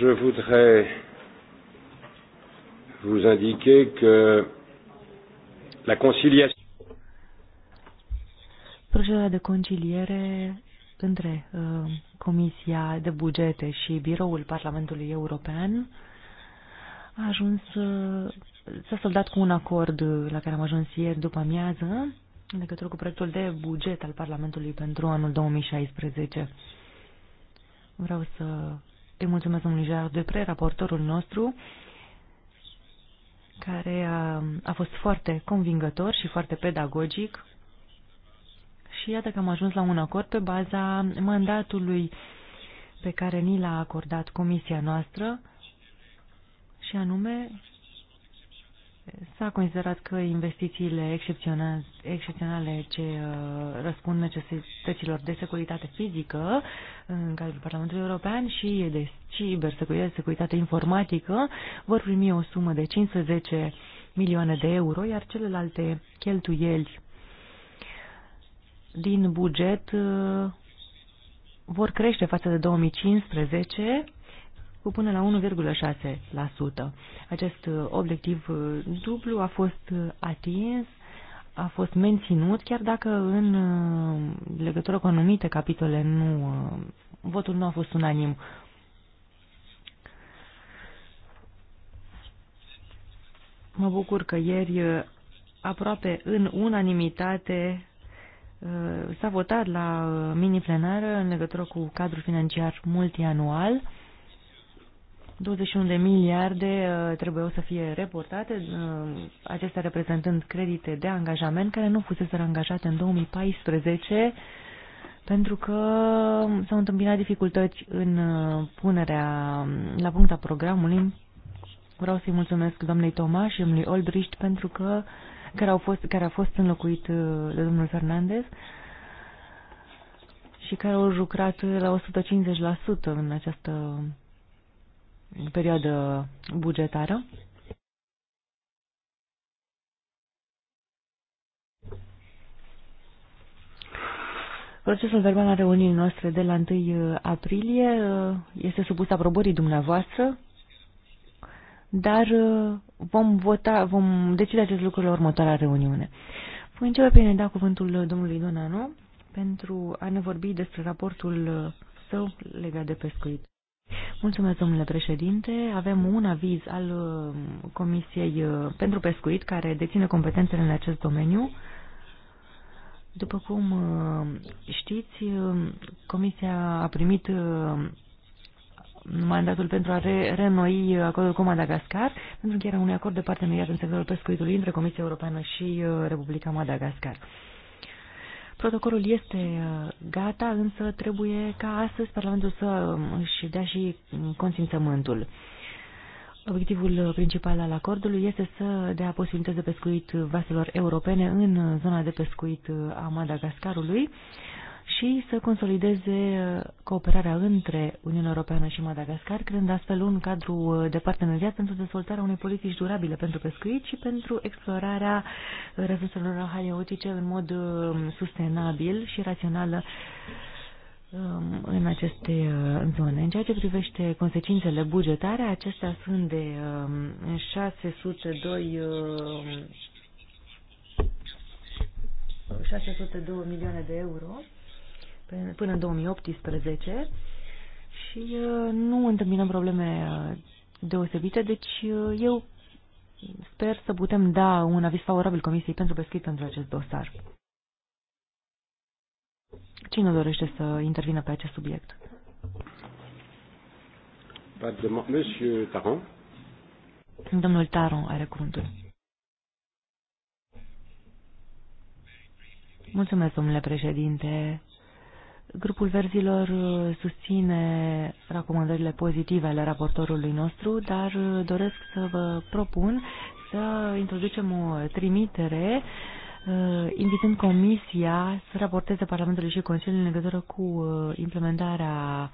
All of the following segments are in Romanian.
je voudrais vous indiquer que la conciliation. Procedura de conciliere între uh, Comisia de Bugete și Biroul Parlamentului European a ajuns, uh, s-a soldat cu un acord la care am ajuns ieri după amiază în legătură cu proiectul de buget al Parlamentului pentru anul 2016. Vreau să îi mulțumesc domnului Gerard Depre, raportorul nostru, care a, a fost foarte convingător și foarte pedagogic. Și iată că am ajuns la un acord pe baza mandatului pe care ni l-a acordat comisia noastră, și anume S-a considerat că investițiile excepționale ce uh, răspund necesităților de securitate fizică uh, în cadrul Parlamentului European și de cibersecuritate, securitate informatică vor primi o sumă de 510 milioane de euro, iar celelalte cheltuieli din buget uh, vor crește față de 2015 cu până la 1,6%. Acest uh, obiectiv uh, dublu a fost uh, atins, a fost menținut, chiar dacă în legătură cu anumite capitole nu, votul nu a fost unanim. Mă bucur că ieri, aproape în unanimitate, s-a votat la mini-plenară în legătură cu cadrul financiar multianual 21 de miliarde uh, trebuiau să fie reportate, uh, acestea reprezentând credite de angajament care nu fusese angajate în 2014 pentru că s-au întâmpinat dificultăți în uh, punerea la punct a programului. Vreau să-i mulțumesc doamnei Toma și domnului Oldricht pentru că care, au fost, care a fost înlocuit de domnul Fernandez și care au lucrat la 150% în această perioadă bugetară. Procesul verbal al reuniunii noastre de la 1 uh, aprilie uh, este supus aprobării dumneavoastră, dar uh, vom vota, vom decide acest lucru la următoarea reuniune. Voi începe prin a da cuvântul domnului Donanu pentru a ne vorbi despre raportul său legat de pescuit. Mulțumesc, domnule președinte. Avem un aviz al uh, Comisiei uh, pentru Pescuit, care deține competențele în acest domeniu. După cum uh, știți, Comisia a primit mandatul pentru a re renoi acordul cu Madagascar, pentru era un acord de parteneriat în sectorul pescuitului între Comisia Europeană și Republica Madagascar. Protocolul este uh, gata, însă trebuie ca astăzi Parlamentul să um, își dea și consimțământul. Obiectivul principal al acordului este să dea posibilități de pescuit vaselor europene în zona de pescuit uh, a Madagascarului și să consolideze uh, cooperarea între Uniunea Europeană și Madagascar, creând astfel un cadru uh, de parteneriat pentru dezvoltarea unei politici durabile pentru pescuit și pentru explorarea uh, resurselor haleotice în mod sustenabil și rațional um, în aceste zone. În ceea ce privește consecințele bugetare, acestea sunt de 602 um, 602 um, milioane de euro până în 2018 și uh, nu întâmpinăm probleme uh, deosebite, deci uh, eu sper să putem da un aviz favorabil Comisiei pentru pescuit pentru acest dosar. Cine dorește să intervină pe acest subiect? Monsieur Taron. Domnul Taron are cuvântul. Mulțumesc, domnule președinte. Grupul Verzilor uh, susține recomandările pozitive ale raportorului nostru, dar uh, doresc să vă propun să introducem o trimitere uh, invitând Comisia să raporteze Parlamentului și Consiliului în legătură cu implementarea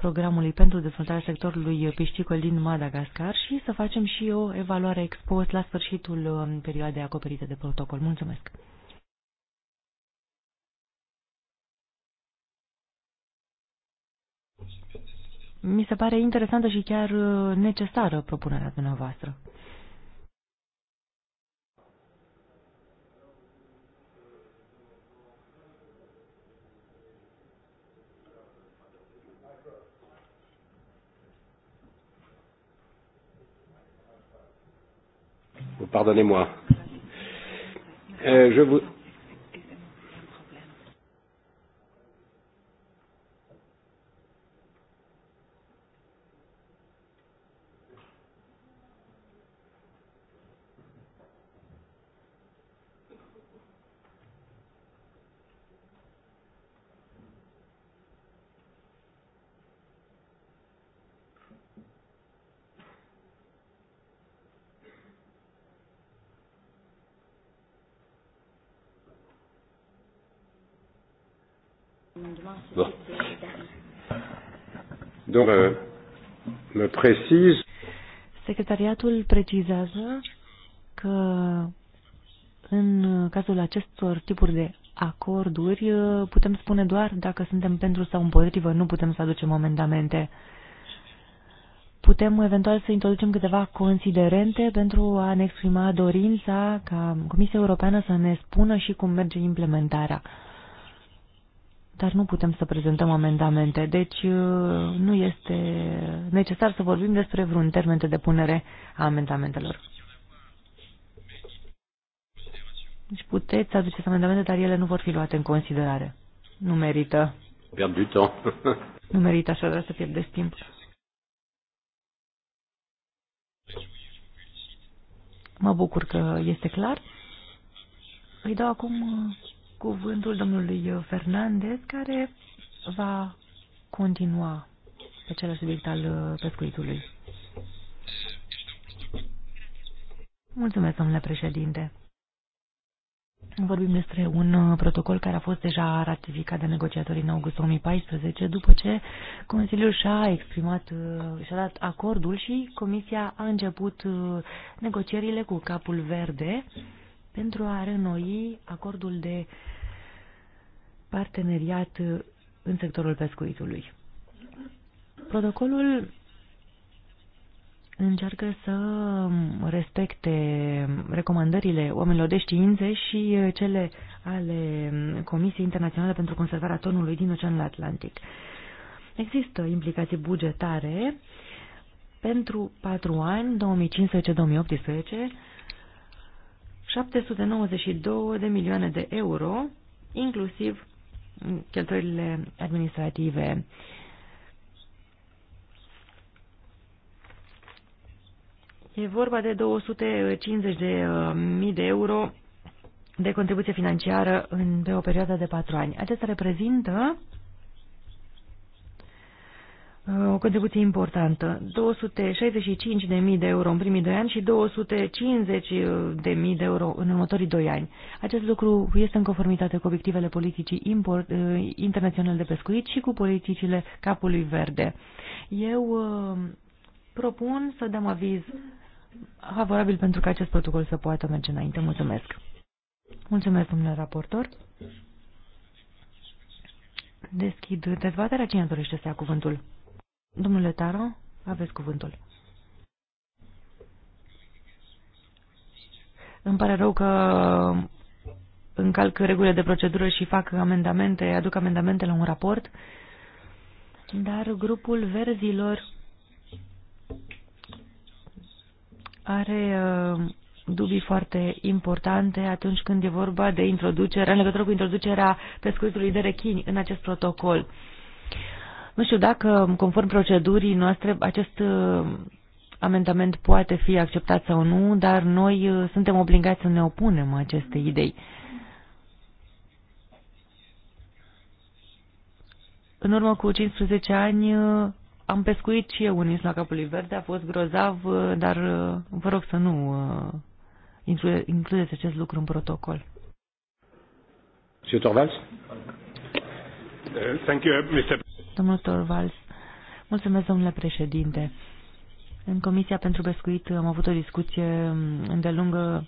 programului pentru dezvoltarea sectorului piscicol din Madagascar și să facem și o evaluare expost la sfârșitul um, perioadei acoperite de protocol. Mulțumesc! Mi se pare interesantă și chiar uh, necesară propunerea dumneavoastră. Pardonnez-moi. Euh, je vous Bon. Donc, euh, me précise. Secretariatul precizează că în cazul acestor tipuri de acorduri uh, putem spune doar dacă suntem pentru sau împotrivă, nu putem să aducem amendamente. Putem eventual să introducem câteva considerente pentru a ne exprima dorința ca Comisia Europeană să ne spună și cum merge implementarea dar nu putem să prezentăm amendamente, deci uh, nu este necesar să vorbim despre vreun termen de depunere a amendamentelor. Deci puteți aduce amendamente, dar ele nu vor fi luate în considerare. Nu merită. Pierd du nu merită așadar să pierdeți timp. Mă bucur că este clar. Îi dau acum uh, cuvântul domnului Fernandez, care va continua pe celălalt subiect al uh, pescuitului. Mulțumesc, domnule președinte. Vorbim despre un uh, protocol care a fost deja ratificat de negociatorii în august 2014, după ce Consiliul și-a exprimat, uh, și-a dat acordul și Comisia a început negocierile cu capul verde pentru a renoi acordul de parteneriat uh, în sectorul pescuitului. Protocolul încearcă să respecte recomandările oamenilor de știință și uh, cele ale um, Comisiei Internaționale pentru Conservarea Tonului din Oceanul Atlantic. Există implicații bugetare pentru 4 ani, 2015-2018, 792 de milioane de euro, inclusiv cheltuielile administrative. E vorba de 250.000 de uh, de euro de contribuție financiară în, pe o perioadă de patru ani. Acesta reprezintă Uh, o contribuție importantă. 265.000 de euro în primii doi ani și 250.000 uh, de euro în următorii doi ani. Acest lucru este în conformitate cu obiectivele politicii import, uh, internaționale de pescuit și cu politicile capului verde. Eu propun să dăm aviz favorabil pentru că acest protocol să poată merge înainte. Mulțumesc. Mulțumesc, domnule raportor. Deschid dezbaterea. Cine dorește să ia cuvântul? Domnule Taro, aveți cuvântul. Îmi pare rău că încalc regulile de procedură și fac amendamente, aduc amendamente la un raport, dar grupul verzilor are uh, dubii foarte importante atunci când e vorba de introducerea, în legătură cu introducerea pescuitului de rechini în acest protocol. Nu știu dacă, conform procedurii noastre, acest uh, amendament poate fi acceptat sau nu, dar noi uh, suntem obligați să ne opunem acestei idei. În urmă cu 15 ani uh, am pescuit și eu în insula Capului Verde, a fost grozav, dar vă rog să nu includeți acest lucru în protocol. Monsieur Torvalds? Thank you, Mr. Domnul Torvalds, mulțumesc, domnule președinte. În Comisia pentru Pescuit am avut o discuție îndelungă,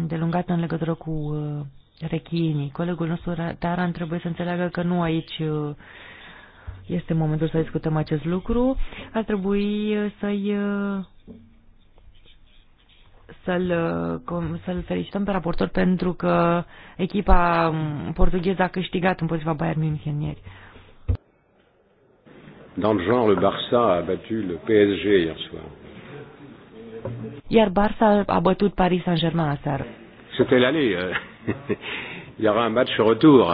îndelungată în legătură cu uh, rechinii. Colegul nostru, Taran, trebuie să înțeleagă că nu aici uh, este momentul să discutăm acest lucru. Ar trebui uh, să-i să-l, să-l felicităm pe raportor pentru că echipa portugheză a câștigat împotriva Bayern München ieri. Dans le genre, le Barça a battu le PSG hier soir. Hier Barça a battu Paris Saint-Germain hier. C'était l'aller. Euh. Il y aura un match retour.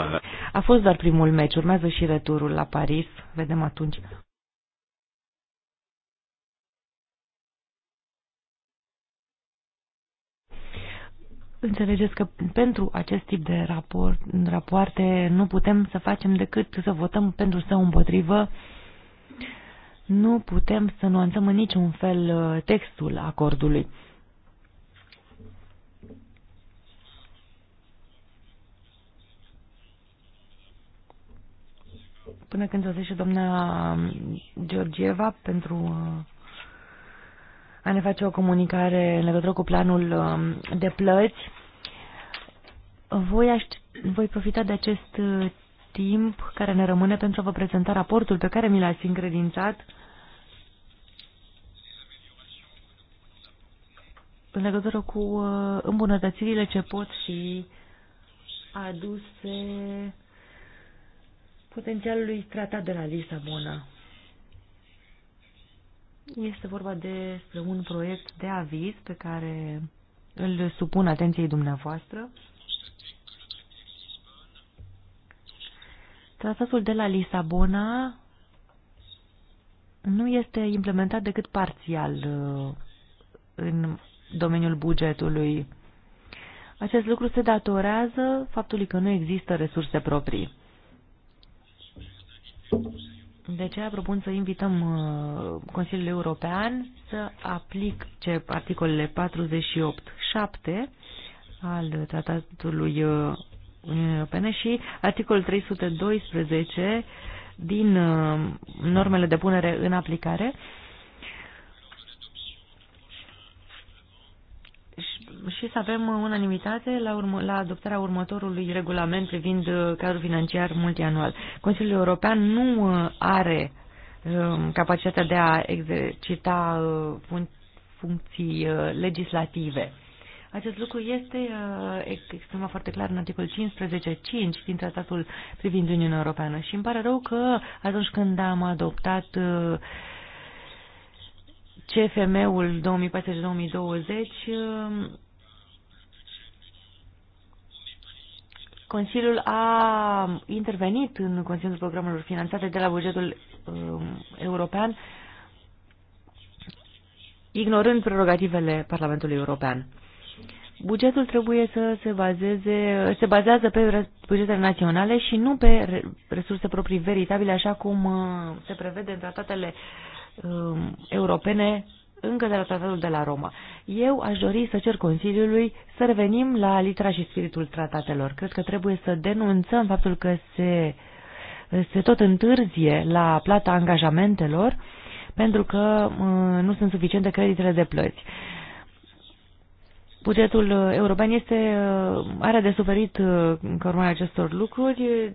A fost doar primul meci, urmează și returul la Paris. Vedem atunci. Înțelegeți că pentru acest tip de raport, rapoarte nu putem să facem decât să votăm pentru sau împotrivă nu putem să nuanțăm în niciun fel uh, textul acordului. Până când și doamna um, Georgieva pentru uh, a ne face o comunicare în legătură cu planul um, de plăți, voi, aș, voi profita de acest uh, timp care ne rămâne pentru a vă prezenta raportul pe care mi l-ați încredințat în legătură cu uh, îmbunătățirile ce pot fi aduse potențialului tratat de la Lisabona. Este vorba despre un proiect de aviz pe care îl supun atenției dumneavoastră. Tratatul de la Lisabona nu este implementat decât parțial uh, în domeniul bugetului. Acest lucru se datorează faptului că nu există resurse proprii. De aceea propun să invităm uh, Consiliul European să aplice articolele 48.7 al tratatului uh, Europene și articolul 312 din uh, normele de punere în aplicare și să avem unanimitate la, urmă, la adoptarea următorului regulament privind uh, cadrul financiar multianual. Consiliul European nu uh, are um, capacitatea de a exercita funcții legislative. Acest lucru este uh, exprimat foarte clar în articolul 15.5 din tratatul privind Uniunea Europeană și îmi pare rău că atunci când am adoptat uh, CFM-ul 2014-2020 uh, Consiliul a intervenit în conținutul programelor finanțate de la bugetul uh, european, ignorând prerogativele Parlamentului European. Bugetul trebuie să se bazeze, se bazează pe bugetele naționale și nu pe resurse proprii veritabile, așa cum uh, se prevede în tratatele um, europene încă de la tratatul de la Roma. Eu aș dori să cer Consiliului să revenim la litera și spiritul tratatelor. Cred că trebuie să denunțăm faptul că se, se tot întârzie la plata angajamentelor pentru că uh, nu sunt suficiente creditele de plăți. Bugetul uh, european este, uh, are de suferit uh, ca urmare acestor lucruri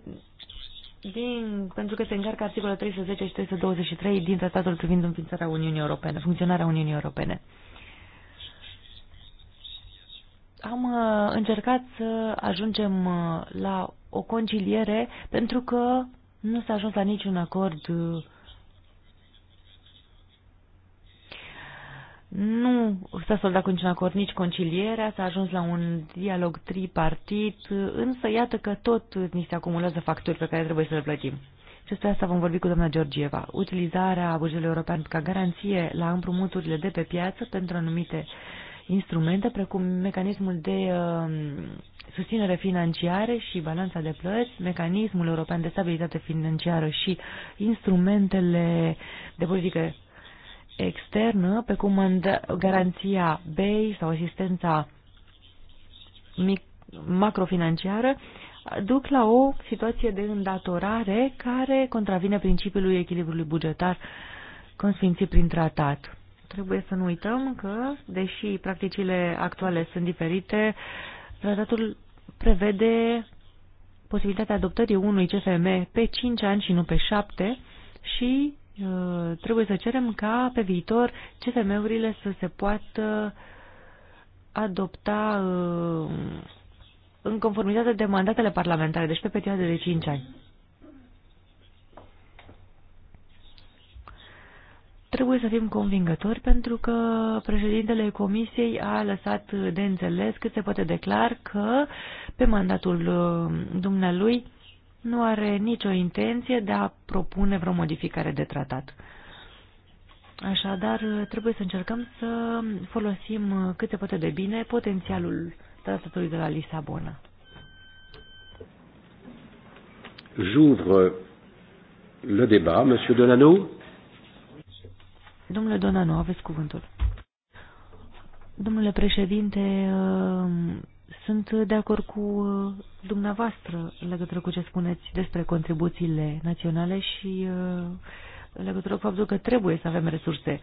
din, pentru că se încarcă articolul 310 și 323 din tratatul privind înființarea Uniunii Europene, funcționarea Uniunii Europene. Am încercat să ajungem la o conciliere pentru că nu s-a ajuns la niciun acord uh, Nu s-a soldat cu niciun acord, nici concilierea, s-a ajuns la un dialog tripartit, însă iată că tot ni se acumulează facturi pe care trebuie să le plătim. Și despre asta vom vorbi cu doamna Georgieva. Utilizarea bugetului european ca garanție la împrumuturile de pe piață pentru anumite instrumente, precum mecanismul de uh, susținere financiară și balanța de plăți, mecanismul european de stabilitate financiară și instrumentele de politică externă, pe cum garanția BEI sau asistența macrofinanciară, duc la o situație de îndatorare care contravine principiului echilibrului bugetar consfințit prin tratat. Trebuie să nu uităm că, deși practicile actuale sunt diferite, tratatul prevede posibilitatea adoptării unui CFM pe 5 ani și nu pe 7 și Uh, trebuie să cerem ca pe viitor CFM-urile să se poată adopta uh, în conformitate de mandatele parlamentare, deci pe perioada de 5 ani. Trebuie să fim convingători pentru că președintele Comisiei a lăsat de înțeles cât se poate declar că pe mandatul uh, dumnealui nu are nicio intenție de a propune vreo modificare de tratat. Așadar, trebuie să încercăm să folosim cât se poate de bine potențialul tratatului de la Lisabona. J'ouvre le débat. Monsieur Donano Domnule Donano, aveți cuvântul. Domnule președinte, sunt de acord cu uh, dumneavoastră în legătură cu ce spuneți despre contribuțiile naționale și uh, în legătură cu faptul că trebuie să avem resurse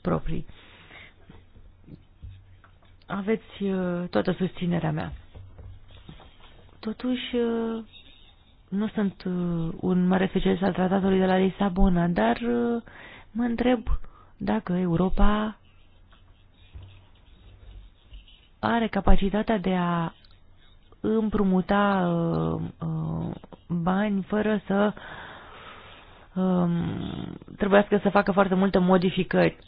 proprii. Aveți uh, toată susținerea mea. Totuși, nu sunt un mare specialist al tratatului de la Lisabona, dar mă întreb dacă Europa are capacitatea de a împrumuta uh, uh, bani fără să um, trebuiască să facă foarte multe modificări.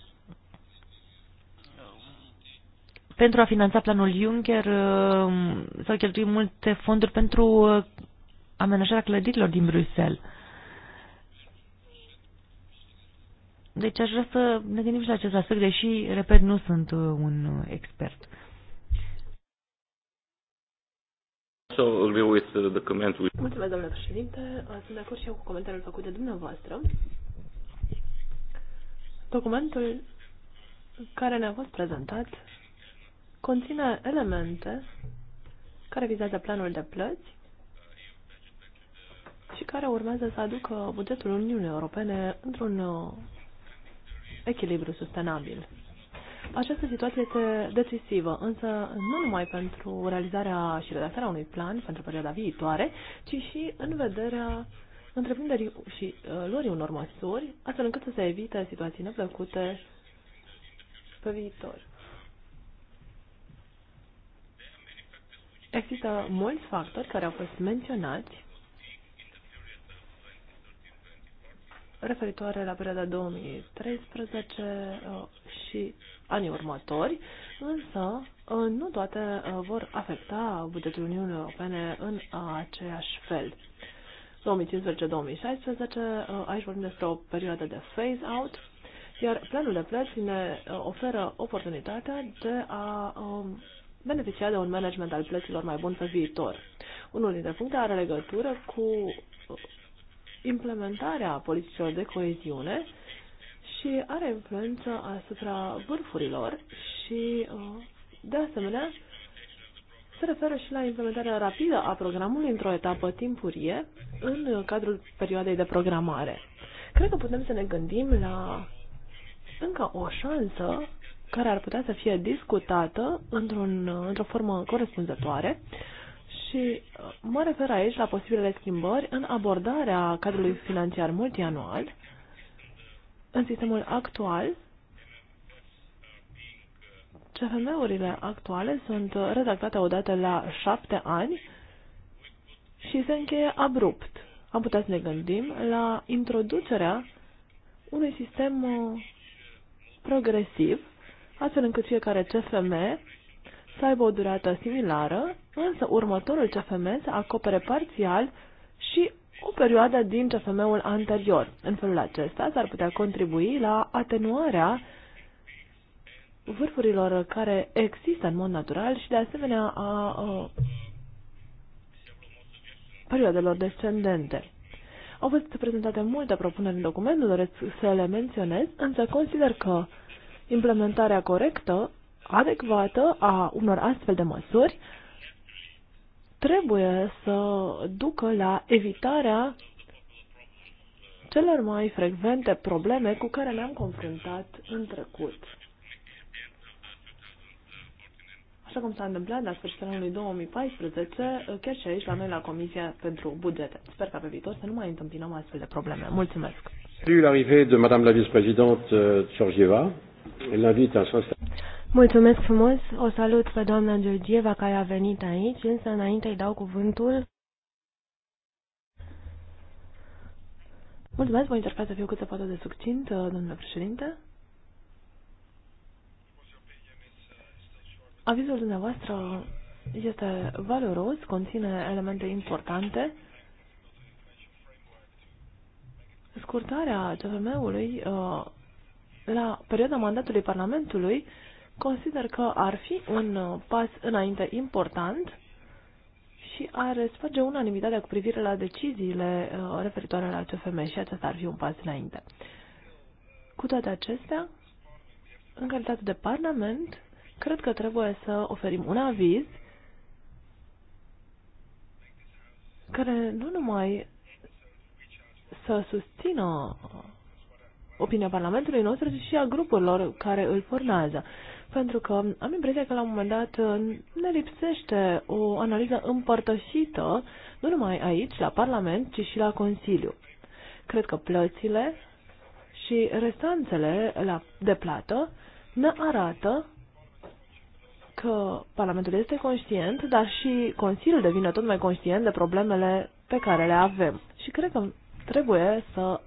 Pentru a finanța planul Juncker uh, s-au cheltuit multe fonduri pentru amenajarea clădirilor din Bruxelles. Deci aș vrea să ne gândim și la acest aspect, deși, repet, nu sunt un expert. Uh, Mulțumesc, domnule președinte. Sunt de acord și eu cu comentariul făcut de dumneavoastră. Documentul care ne-a fost prezentat conține elemente care vizează planul de plăți și care urmează să aducă bugetul Uniunii Europene într-un uh, echilibru sustenabil. Această situație este decisivă, însă nu numai pentru realizarea și redactarea unui plan pentru perioada viitoare, ci și în vederea întreprinderii și uh, luării unor măsuri, astfel încât să se evite situații neplăcute pe viitor. Există mulți factori care au fost menționați referitoare la perioada 2013 uh, și anii următori, însă uh, nu toate uh, vor afecta bugetul Uniunii Europene în aceeași fel. 2015-2016, aici vorbim despre o perioadă de phase-out, iar planul de plăți ne oferă oportunitatea de a um, beneficia de un management al plăților mai bun pe viitor. Unul dintre puncte are legătură cu implementarea politicilor de coeziune și are influență asupra vârfurilor și, uh, de asemenea, se referă și la implementarea rapidă a programului într-o etapă timpurie în cadrul perioadei de programare. Cred că putem să ne gândim la încă o șansă care ar putea să fie discutată într o într-o formă corespunzătoare și uh, mă refer aici la posibilele schimbări în abordarea cadrului financiar multianual în sistemul actual. CFM-urile actuale sunt redactate odată la șapte ani și se încheie abrupt. Am putea să ne gândim la introducerea unui sistem uh, progresiv, astfel încât fiecare CFM să aibă o durată similară, însă următorul CFM să acopere parțial și o perioadă din CFM-ul anterior. În felul acesta s-ar putea contribui la atenuarea vârfurilor care există în mod natural și de asemenea a, a perioadelor descendente. Au fost prezentate multe propuneri în document, nu doresc să le menționez, însă consider că implementarea corectă adecvată a unor astfel de măsuri trebuie să ducă la evitarea celor mai frecvente probleme cu care ne-am confruntat în trecut. Așa cum s-a întâmplat la sfârșitul anului 2014, chiar și aici la noi la Comisia pentru Bugete. Sper ca pe viitor să nu mai întâmpinăm astfel de probleme. Mulțumesc! Salut l'arrivée de Madame la vice-présidente euh, Georgieva. L'invite à s'installer. Mulțumesc frumos. O salut pe doamna Georgieva care a venit aici, însă înainte îi dau cuvântul. Mulțumesc, voi încerca să fiu cât se poate de succint, uh, domnule președinte. Avizul dumneavoastră este valoros, conține elemente importante. Scurtarea CFM-ului uh, la perioada mandatului Parlamentului consider că ar fi un uh, pas înainte important și ar sparge unanimitatea cu privire la deciziile uh, referitoare la CFM și acesta ar fi un pas înainte. Cu toate acestea, în calitate de Parlament, cred că trebuie să oferim un aviz care nu numai să susțină opinia Parlamentului nostru, ci și a grupurilor care îl formează pentru că am impresia că la un moment dat ne lipsește o analiză împărtășită, nu numai aici, la Parlament, ci și la Consiliu. Cred că plățile și restanțele la, de plată ne arată că Parlamentul este conștient, dar și Consiliul devine tot mai conștient de problemele pe care le avem. Și cred că trebuie să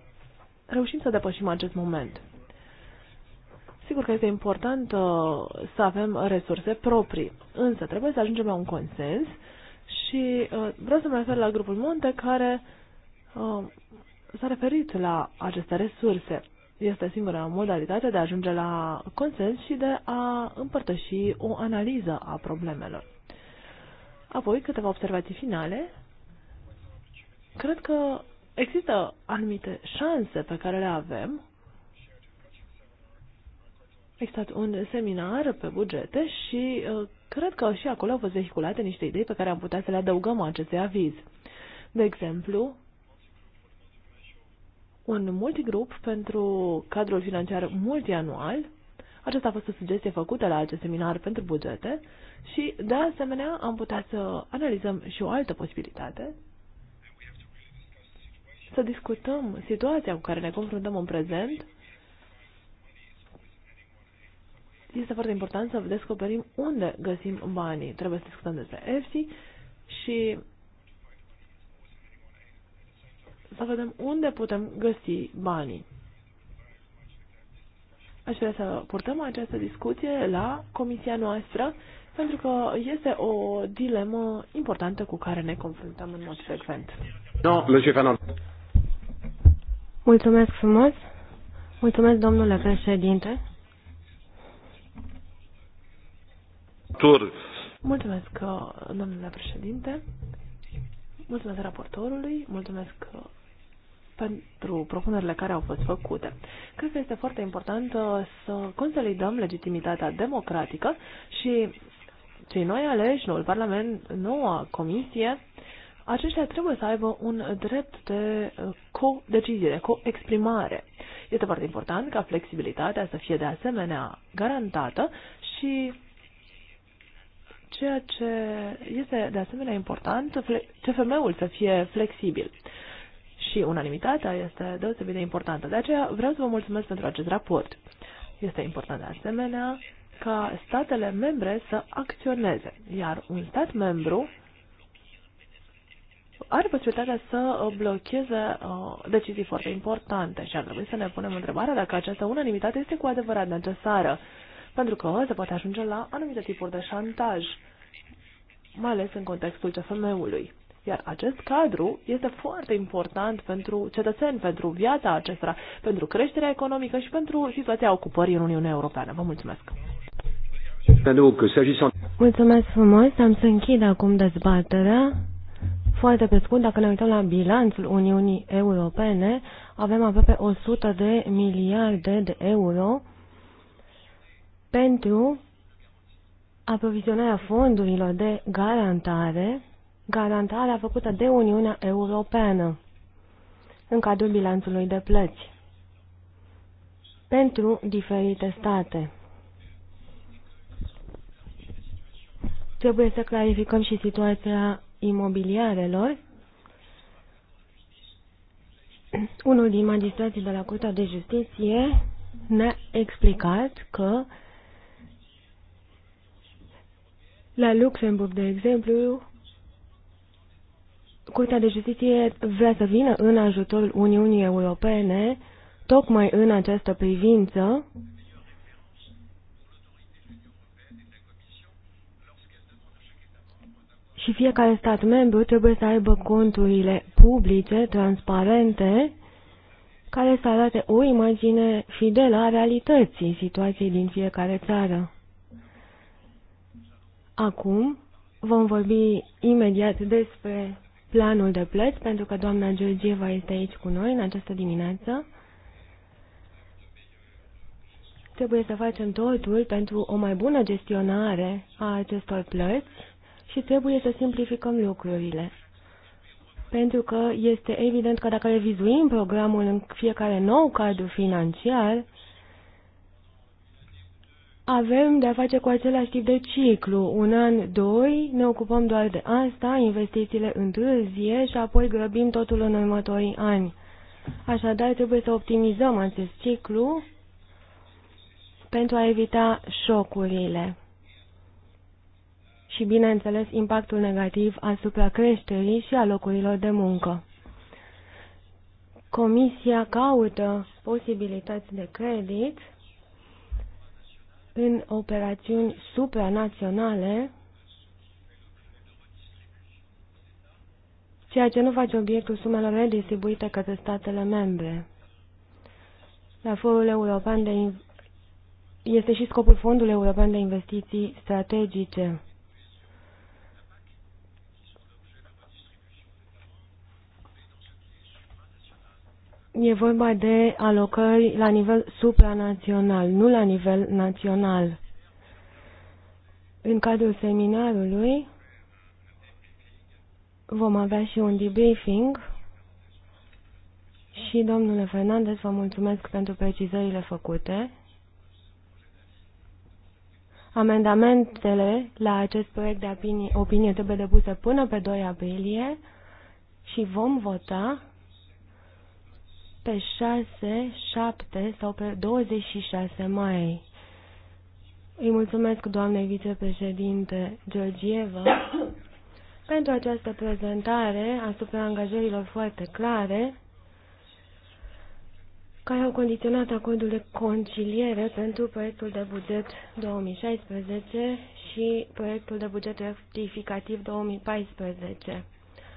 reușim să depășim acest moment. Sigur că este important uh, să avem resurse proprii, însă trebuie să ajungem la un consens și uh, vreau să mă refer la grupul Monte care uh, s-a referit la aceste resurse. Este singura modalitate de a ajunge la consens și de a împărtăși o analiză a problemelor. Apoi, câteva observații finale. Cred că există anumite șanse pe care le avem existat un seminar pe bugete și uh, cred că și acolo au fost vehiculate niște idei pe care am putea să le adăugăm acestui aviz. De exemplu, un multigrup pentru cadrul financiar multianual. Aceasta a fost o sugestie făcută la acest seminar pentru bugete și, de asemenea, am putea să analizăm și o altă posibilitate, să discutăm situația cu care ne confruntăm în prezent este foarte important să descoperim unde găsim banii. Trebuie să discutăm despre EFSI și să vedem unde putem găsi banii. Aș vrea să purtăm această discuție la comisia noastră, pentru că este o dilemă importantă cu care ne confruntăm în mod frecvent. No, Mulțumesc frumos! Mulțumesc, domnule președinte! Tur. Mulțumesc, domnule președinte. Mulțumesc raportorului, mulțumesc pentru propunerile care au fost făcute. Cred că este foarte important uh, să consolidăm legitimitatea democratică și cei noi aleși, noul Parlament, noua Comisie, aceștia trebuie să aibă un drept de uh, co-decizie, co-exprimare. Este foarte important ca flexibilitatea să fie de asemenea garantată și ceea ce este de asemenea important, ce femeul să fie flexibil. Și unanimitatea este deosebit de importantă. De aceea vreau să vă mulțumesc pentru acest raport. Este important de asemenea ca statele membre să acționeze, iar un stat membru are posibilitatea să blocheze uh, decizii foarte importante și ar trebui să ne punem întrebarea dacă această unanimitate este cu adevărat necesară pentru că se poate ajunge la anumite tipuri de șantaj, mai ales în contextul CFM-ului. Iar acest cadru este foarte important pentru cetățeni, pentru viața acestora, pentru creșterea economică și pentru situația ocupării în Uniunea Europeană. Vă mulțumesc! Mulțumesc frumos! Am să închid acum dezbaterea. Foarte pe scurt, dacă ne uităm la bilanțul Uniunii Europene, avem aproape 100 de miliarde de euro pentru aprovizionarea fondurilor de garantare, garantarea făcută de Uniunea Europeană în cadrul bilanțului de plăți pentru diferite state. Trebuie să clarificăm și situația imobiliarelor. Unul din magistrații de la Curtea de Justiție ne-a explicat că uh, La Luxemburg, de exemplu, Curtea de Justiție vrea să vină în ajutorul Uniunii Europene tocmai în această privință și fiecare stat membru trebuie să aibă conturile publice, transparente, care să arate o imagine fidelă a realității situației din fiecare țară. Acum vom vorbi imediat despre planul de plăți, pentru că doamna Georgieva este aici cu noi în această dimineață. Trebuie să facem totul pentru o mai bună gestionare a acestor plăți și trebuie să simplificăm lucrurile. Pentru că este evident că dacă revizuim programul în fiecare nou cadru financiar, avem de a face cu același tip de ciclu. Un an, doi, ne ocupăm doar de asta, investițiile întârzie și apoi grăbim totul în următorii ani. Așadar, trebuie să optimizăm acest ciclu pentru a evita șocurile și, bineînțeles, impactul negativ asupra creșterii și a locurilor de muncă. Comisia caută posibilități de credit în operațiuni supranaționale, ceea ce nu face obiectul sumelor redistribuite către statele membre. La Forul European de este și scopul Fondului European de Investiții Strategice. e vorba de alocări la nivel supranațional, nu la nivel național. În cadrul seminarului vom avea și un debriefing și, domnule Fernandez, vă mulțumesc pentru precizările făcute. Amendamentele la acest proiect de opinie, trebuie depuse până pe 2 aprilie și vom vota pe 6, 7 sau pe 26 mai. Îi mulțumesc doamne vicepreședinte Georgieva pentru această prezentare asupra angajărilor foarte clare care au condiționat acordul de conciliere pentru proiectul de buget 2016 și proiectul de buget rectificativ 2014,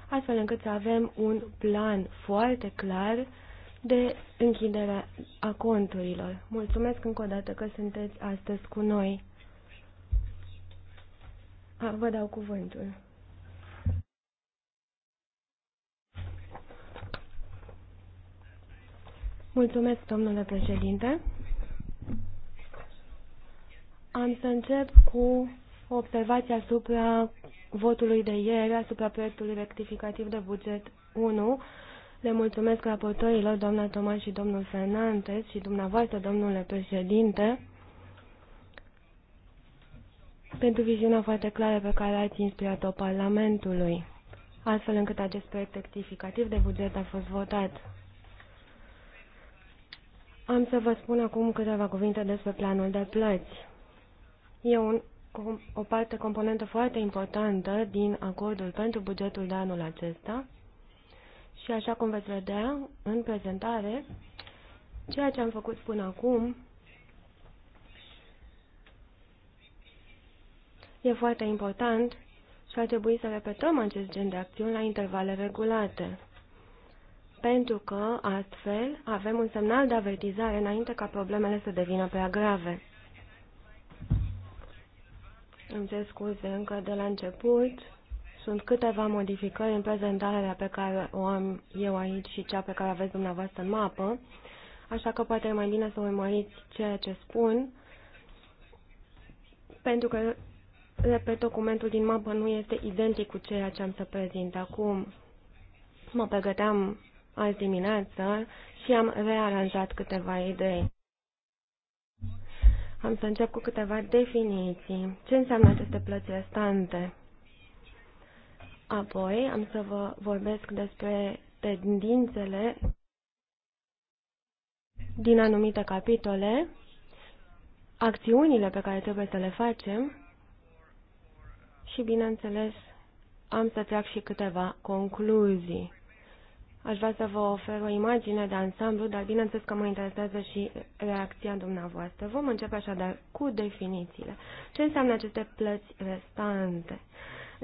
astfel încât să avem un plan foarte clar de închiderea a conturilor. Mulțumesc încă o dată că sunteți astăzi cu noi. A, vă dau cuvântul. Mulțumesc, domnule președinte. Am să încep cu observația asupra votului de ieri, asupra proiectului rectificativ de buget 1, le mulțumesc raportorilor, doamna Toman și domnul Fernandez și dumneavoastră, domnule președinte, pentru viziunea foarte clară pe care ați inspirat-o Parlamentului, astfel încât acest proiect rectificativ de buget a fost votat. Am să vă spun acum câteva cuvinte despre planul de plăți. E un, o parte, componentă foarte importantă din acordul pentru bugetul de anul acesta, și așa cum veți vedea în prezentare, ceea ce am făcut până acum e foarte important și ar trebui să repetăm acest gen de acțiuni la intervale regulate. Pentru că, astfel, avem un semnal de avertizare înainte ca problemele să devină prea grave. Îmi cer scuze încă de la început sunt câteva modificări în prezentarea pe care o am eu aici și cea pe care o aveți dumneavoastră în mapă, așa că poate e mai bine să urmăriți ceea ce spun, pentru că, repet, documentul din mapă nu este identic cu ceea ce am să prezint acum. Mă pregăteam azi dimineață și am rearanjat câteva idei. Am să încep cu câteva definiții. Ce înseamnă aceste plăți restante? Apoi am să vă vorbesc despre tendințele din anumite capitole, acțiunile pe care trebuie să le facem și, bineînțeles, am să trag și câteva concluzii. Aș vrea să vă ofer o imagine de ansamblu, dar bineînțeles că mă interesează și reacția dumneavoastră. Vom începe așadar cu definițiile. Ce înseamnă aceste plăți restante?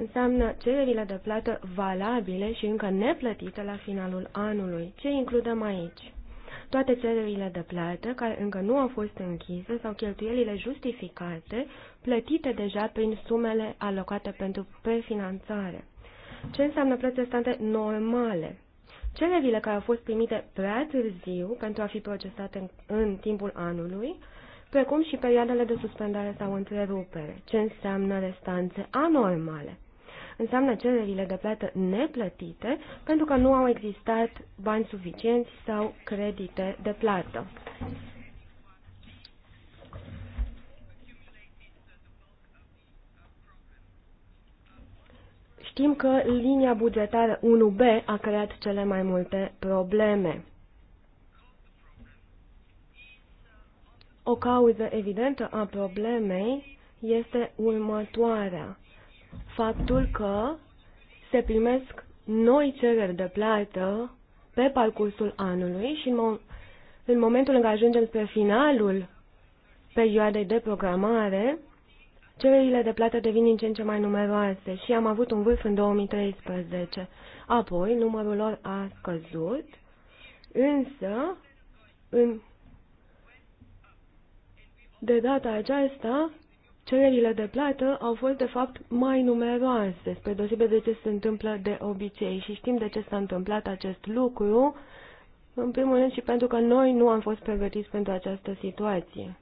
înseamnă cererile de plată valabile și încă neplătite la finalul anului. Ce includem aici? Toate cererile de plată care încă nu au fost închise sau cheltuielile justificate, plătite deja prin sumele alocate pentru prefinanțare. Ce înseamnă restante normale? Cererile care au fost primite prea târziu pentru a fi procesate în, în timpul anului, precum și perioadele de suspendare sau întrerupere, ce înseamnă restanțe anormale înseamnă cererile de plată neplătite pentru că nu au existat bani suficienți sau credite de plată. Știm că linia bugetară 1B a creat cele mai multe probleme. O cauză evidentă a problemei este următoarea faptul că se primesc noi cereri de plată pe parcursul anului și în, mo- în momentul în care ajungem spre finalul perioadei de programare, cererile de plată devin din ce în ce mai numeroase și am avut un vârf în 2013. Apoi, numărul lor a scăzut, însă, în... de data aceasta, cererile de plată au fost, de fapt, mai numeroase, spre deosebire de ce se întâmplă de obicei. Și știm de ce s-a întâmplat acest lucru, în primul rând și pentru că noi nu am fost pregătiți pentru această situație.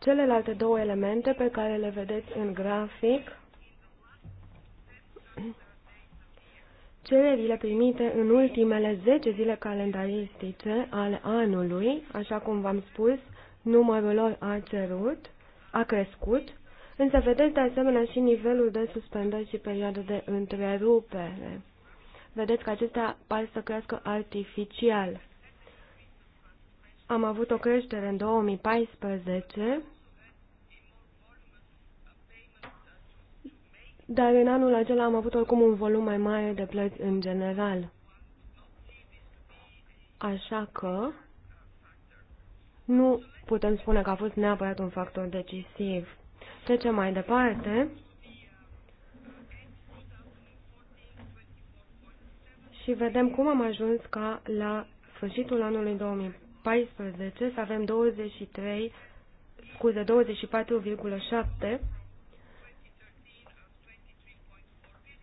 Celelalte două elemente pe care le vedeți în grafic, cererile primite în ultimele 10 zile calendaristice ale anului, așa cum v-am spus, numărul lor a cerut, a crescut, însă vedeți de asemenea și nivelul de suspendări și perioada de întrerupere. Vedeți că acestea par să crească artificial. Am avut o creștere în 2014, dar în anul acela am avut oricum un volum mai mare de plăți în general. Așa că nu putem spune că a fost neapărat un factor decisiv. Trecem mai departe. Și vedem cum am ajuns ca la sfârșitul anului 2014 să avem 23, scuze, 24,7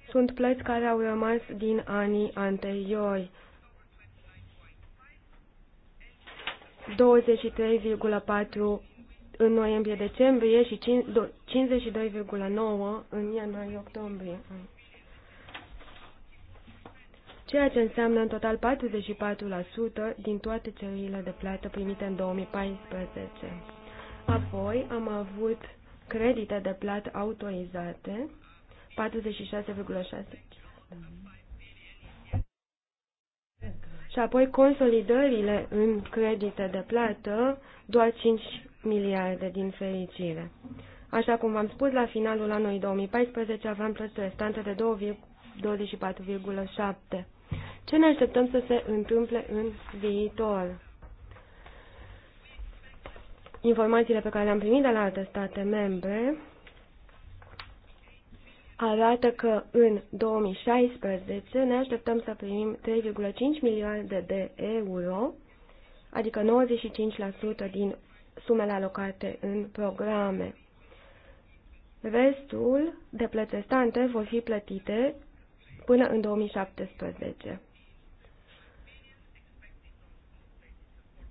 sunt plăți care au rămas din anii anteriori. 23,4 în noiembrie-decembrie și 52,9 în ianuarie-octombrie. Ceea ce înseamnă în total 44% din toate cererile de plată primite în 2014. Apoi am avut credite de plată autorizate, 46,6% și apoi consolidările în credite de plată, doar 5 miliarde din fericire. Așa cum v-am spus, la finalul anului 2014 aveam plăți restante de 24,7. Ce ne așteptăm să se întâmple în viitor? Informațiile pe care le-am primit de la alte state membre arată că în 2016 ne așteptăm să primim 3,5 milioane de euro, adică 95% din sumele alocate în programe. Restul de plăți restante vor fi plătite până în 2017.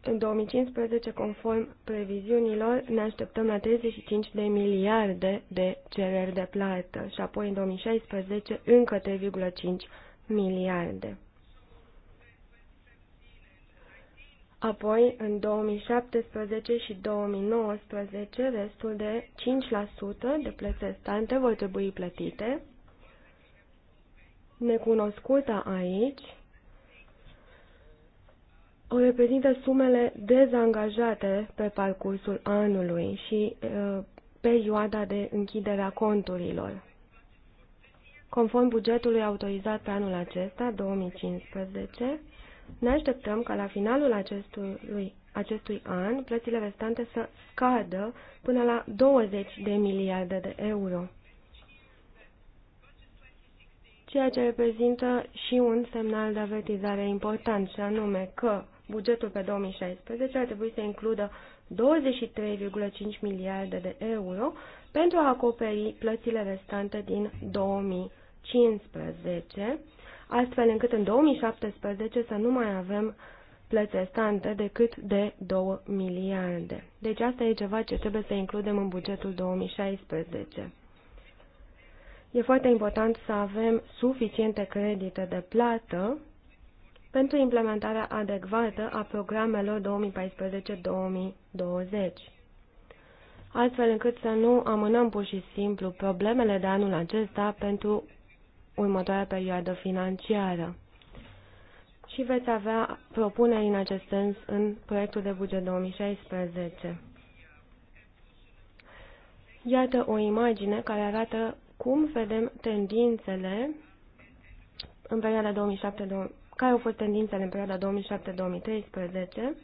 În 2015, conform previziunilor, ne așteptăm la 35 de miliarde de cereri de plată și apoi în 2016 încă 3,5 miliarde. Apoi, în 2017 și 2019, restul de 5% de plăți restante vor trebui plătite. Necunoscută aici o reprezintă sumele dezangajate pe parcursul anului și uh, perioada de închidere a conturilor. Conform bugetului autorizat pe anul acesta, 2015, ne așteptăm ca la finalul acestui, acestui an plățile restante să scadă până la 20 de miliarde de euro, ceea ce reprezintă și un semnal de avertizare important, și anume că bugetul pe 2016 ar trebui să includă 23,5 miliarde de euro pentru a acoperi plățile restante din 2015, astfel încât în 2017 să nu mai avem plăți restante decât de 2 miliarde. Deci asta e ceva ce trebuie să includem în bugetul 2016. E foarte important să avem suficiente credite de plată pentru implementarea adecvată a programelor 2014-2020, astfel încât să nu amânăm pur și simplu problemele de anul acesta pentru următoarea perioadă financiară. Și veți avea propuneri în acest sens în proiectul de buget 2016. Iată o imagine care arată cum vedem tendințele în perioada care au fost tendințele în perioada 2007-2013,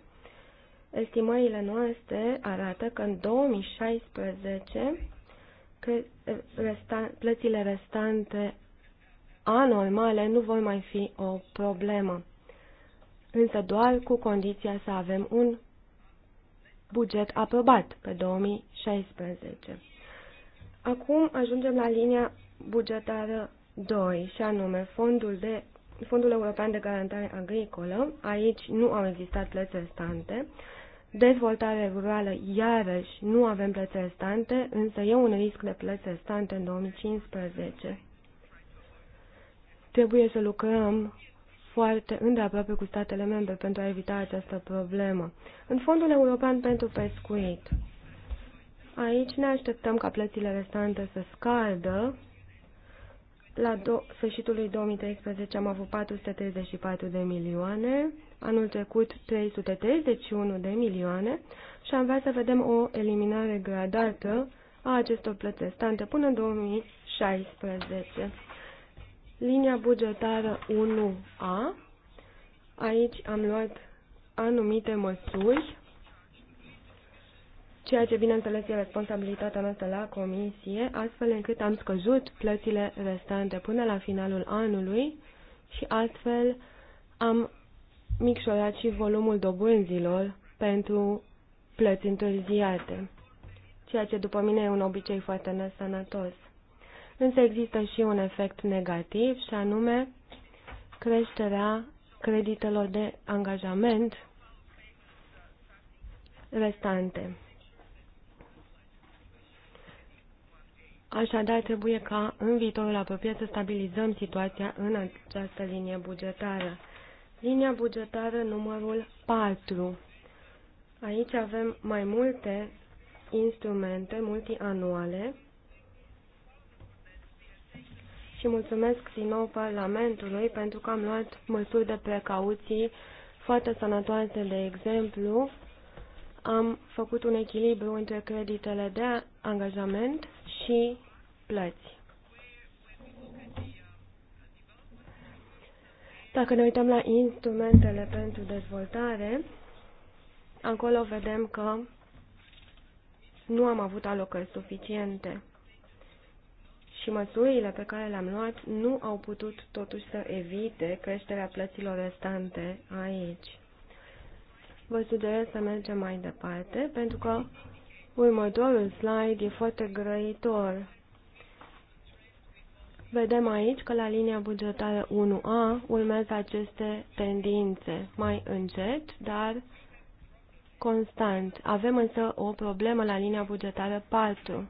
estimările noastre arată că în 2016 că eh, resta, plățile restante anormale nu vor mai fi o problemă, însă doar cu condiția să avem un buget aprobat pe 2016. Acum ajungem la linia bugetară 2, și anume fondul de Fondul European de Garantare Agricolă, aici nu au existat plăți restante. Dezvoltare rurală, iarăși, nu avem plăți restante, însă e un risc de plăți restante în 2015. Trebuie să lucrăm foarte îndeaproape cu statele membre pentru a evita această problemă. În Fondul European pentru Pescuit, aici ne așteptăm ca plățile restante să scadă la do sfârșitul 2013 am avut 434 de milioane, anul trecut 331 de milioane și am vrea să vedem o eliminare gradată a acestor plăți restante până în 2016. Linia bugetară 1A, aici am luat anumite măsuri ceea ce bineînțeles e responsabilitatea noastră la comisie, astfel încât am scăzut plățile restante până la finalul anului și astfel am micșorat și volumul dobânzilor pentru plăți întârziate, ceea ce după mine e un obicei foarte nesănătos. Însă există și un efect negativ și anume creșterea creditelor de angajament restante. Așadar, trebuie ca în viitorul apropiat să stabilizăm situația în această linie bugetară. Linia bugetară numărul 4. Aici avem mai multe instrumente multianuale și mulțumesc din nou Parlamentului pentru că am luat măsuri de precauții foarte sănătoase, de exemplu, am făcut un echilibru între creditele de angajament și plăți. Dacă ne uităm la instrumentele pentru dezvoltare, acolo vedem că nu am avut alocări suficiente și măsurile pe care le-am luat nu au putut totuși să evite creșterea plăților restante aici. Vă sugerez să mergem mai departe, pentru că Următorul slide e foarte grăitor. Vedem aici că la linia bugetară 1A urmează aceste tendințe, mai încet, dar constant. Avem însă o problemă la linia bugetară 4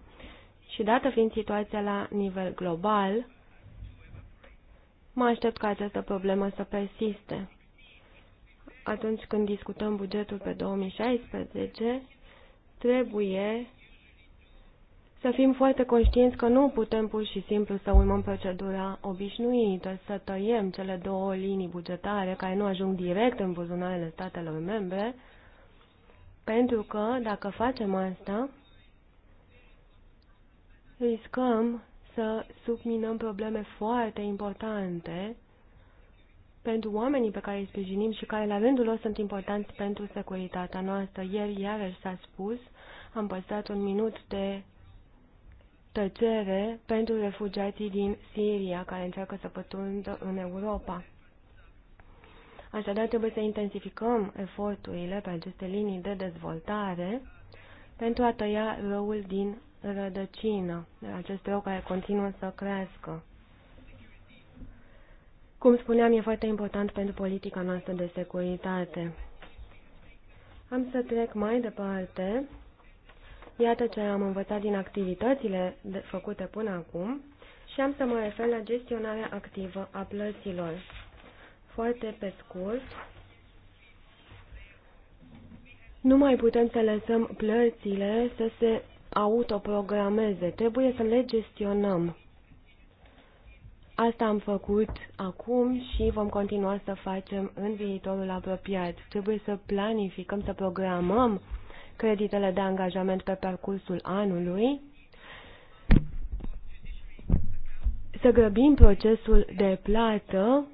și dată fiind situația la nivel global, mă aștept ca această problemă să persiste. Atunci când discutăm bugetul pe 2016, trebuie să fim foarte conștienți că nu putem pur și simplu să urmăm procedura obișnuită, să tăiem cele două linii bugetare care nu ajung direct în buzunarele statelor membre, pentru că dacă facem asta, riscăm să subminăm probleme foarte importante pentru oamenii pe care îi sprijinim și care la rândul lor sunt importanți pentru securitatea noastră. Ieri iarăși s-a spus am păstrat un minut de tăcere pentru refugiații din Siria care încearcă să pătrundă în Europa. Așadar, trebuie să intensificăm eforturile pe aceste linii de dezvoltare pentru a tăia răul din rădăcină, acest rău care continuă să crească. Cum spuneam, e foarte important pentru politica noastră de securitate. Am să trec mai departe Iată ce am învățat din activitățile făcute până acum și am să mă refer la gestionarea activă a plăților. Foarte pe scurt, nu mai putem să lăsăm plățile să se autoprogrameze. Trebuie să le gestionăm. Asta am făcut acum și vom continua să facem în viitorul apropiat. Trebuie să planificăm, să programăm creditele de angajament pe parcursul anului, să grăbim procesul de plată,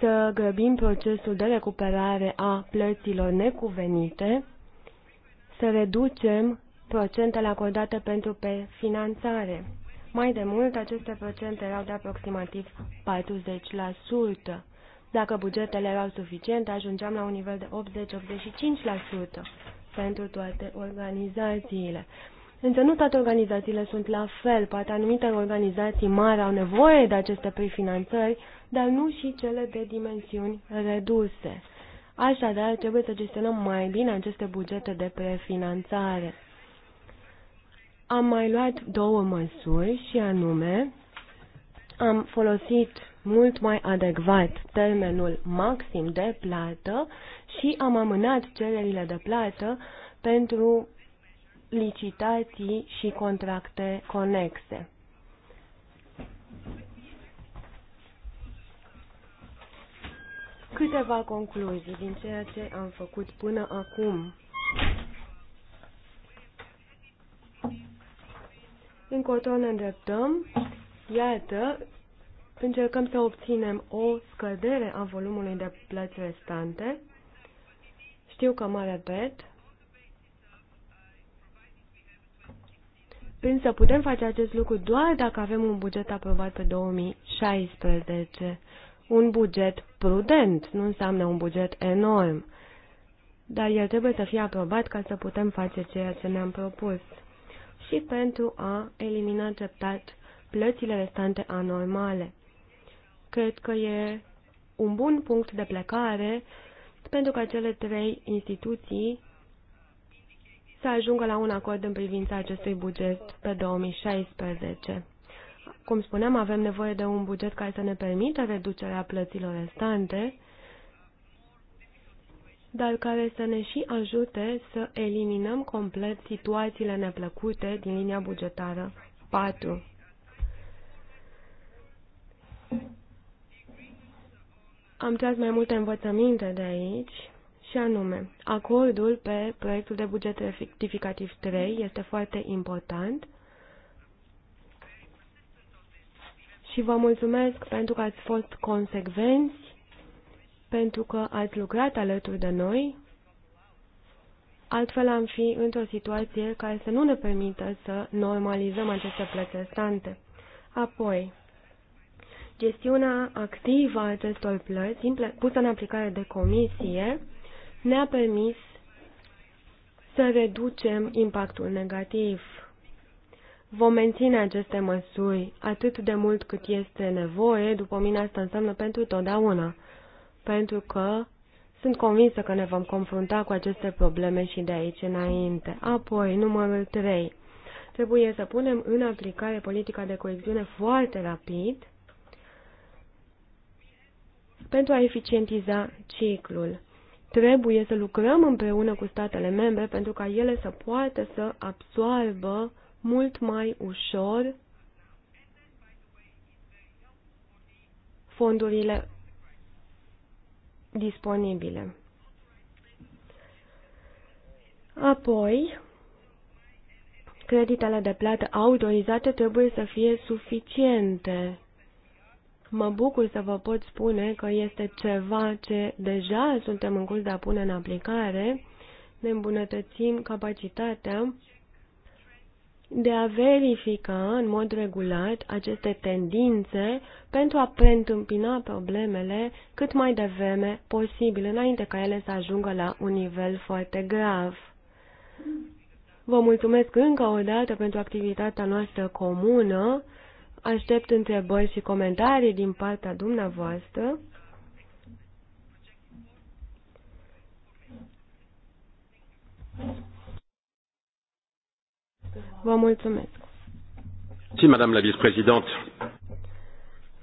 să grăbim procesul de recuperare a plăților necuvenite, să reducem procentele acordate pentru pe finanțare. Mai de mult, aceste procente erau de aproximativ 40%. Dacă bugetele erau suficiente, ajungeam la un nivel de 80-85% pentru toate organizațiile. Însă nu toate organizațiile sunt la fel, poate anumite organizații mari au nevoie de aceste prefinanțări, dar nu și cele de dimensiuni reduse. Așadar, trebuie să gestionăm mai bine aceste bugete de prefinanțare. Am mai luat două măsuri și anume am folosit mult mai adecvat termenul maxim de plată și am amânat cererile de plată pentru licitații și contracte conexe. Câteva concluzii din ceea ce am făcut până acum. Încotro ne îndreptăm. Iată, încercăm să obținem o scădere a volumului de plăți restante. Știu că mă repet, însă putem face acest lucru doar dacă avem un buget aprobat pe 2016. Un buget prudent nu înseamnă un buget enorm, dar el trebuie să fie aprobat ca să putem face ceea ce ne-am propus și pentru a elimina treptat plățile restante anormale. Cred că e un bun punct de plecare pentru ca cele trei instituții să ajungă la un acord în privința acestui buget pe 2016. Cum spuneam, avem nevoie de un buget care să ne permită reducerea plăților restante, dar care să ne și ajute să eliminăm complet situațiile neplăcute din linia bugetară 4. am tras mai multe învățăminte de aici, și anume, acordul pe proiectul de buget rectificativ 3 este foarte important și vă mulțumesc pentru că ați fost consecvenți, pentru că ați lucrat alături de noi. Altfel am fi într-o situație care să nu ne permită să normalizăm aceste plăți restante. Apoi, Gestiunea activă a acestor plăți, pusă în aplicare de comisie, ne-a permis să reducem impactul negativ. Vom menține aceste măsuri atât de mult cât este nevoie, după mine asta înseamnă pentru totdeauna, pentru că sunt convinsă că ne vom confrunta cu aceste probleme și de aici înainte. Apoi, numărul 3. Trebuie să punem în aplicare politica de coeziune foarte rapid pentru a eficientiza ciclul. Trebuie să lucrăm împreună cu statele membre pentru ca ele să poată să absoarbă mult mai ușor fondurile disponibile. Apoi, creditele de plată autorizate trebuie să fie suficiente Mă bucur să vă pot spune că este ceva ce deja suntem în curs de a pune în aplicare. Ne îmbunătățim capacitatea de a verifica în mod regulat aceste tendințe pentru a preîntâmpina problemele cât mai devreme posibil, înainte ca ele să ajungă la un nivel foarte grav. Vă mulțumesc încă o dată pentru activitatea noastră comună Aștept întrebări și comentarii din partea dumneavoastră. Vă mulțumesc. Si, madame la vicepreședinte.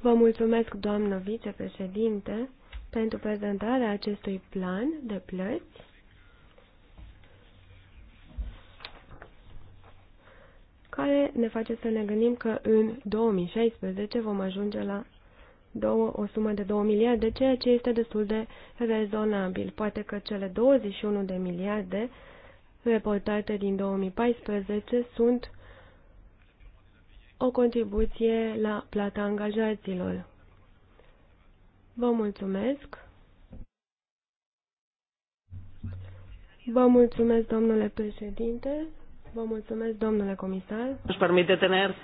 Vă mulțumesc, doamnă vicepreședinte, pentru prezentarea acestui plan de plăți. care ne face să ne gândim că în 2016 vom ajunge la două, o sumă de 2 miliarde, ceea ce este destul de rezonabil. Poate că cele 21 de miliarde reportate din 2014 sunt o contribuție la plata angajaților. Vă mulțumesc! Vă mulțumesc, domnule președinte! Vă mulțumesc, domnule comisar. Își permite tener.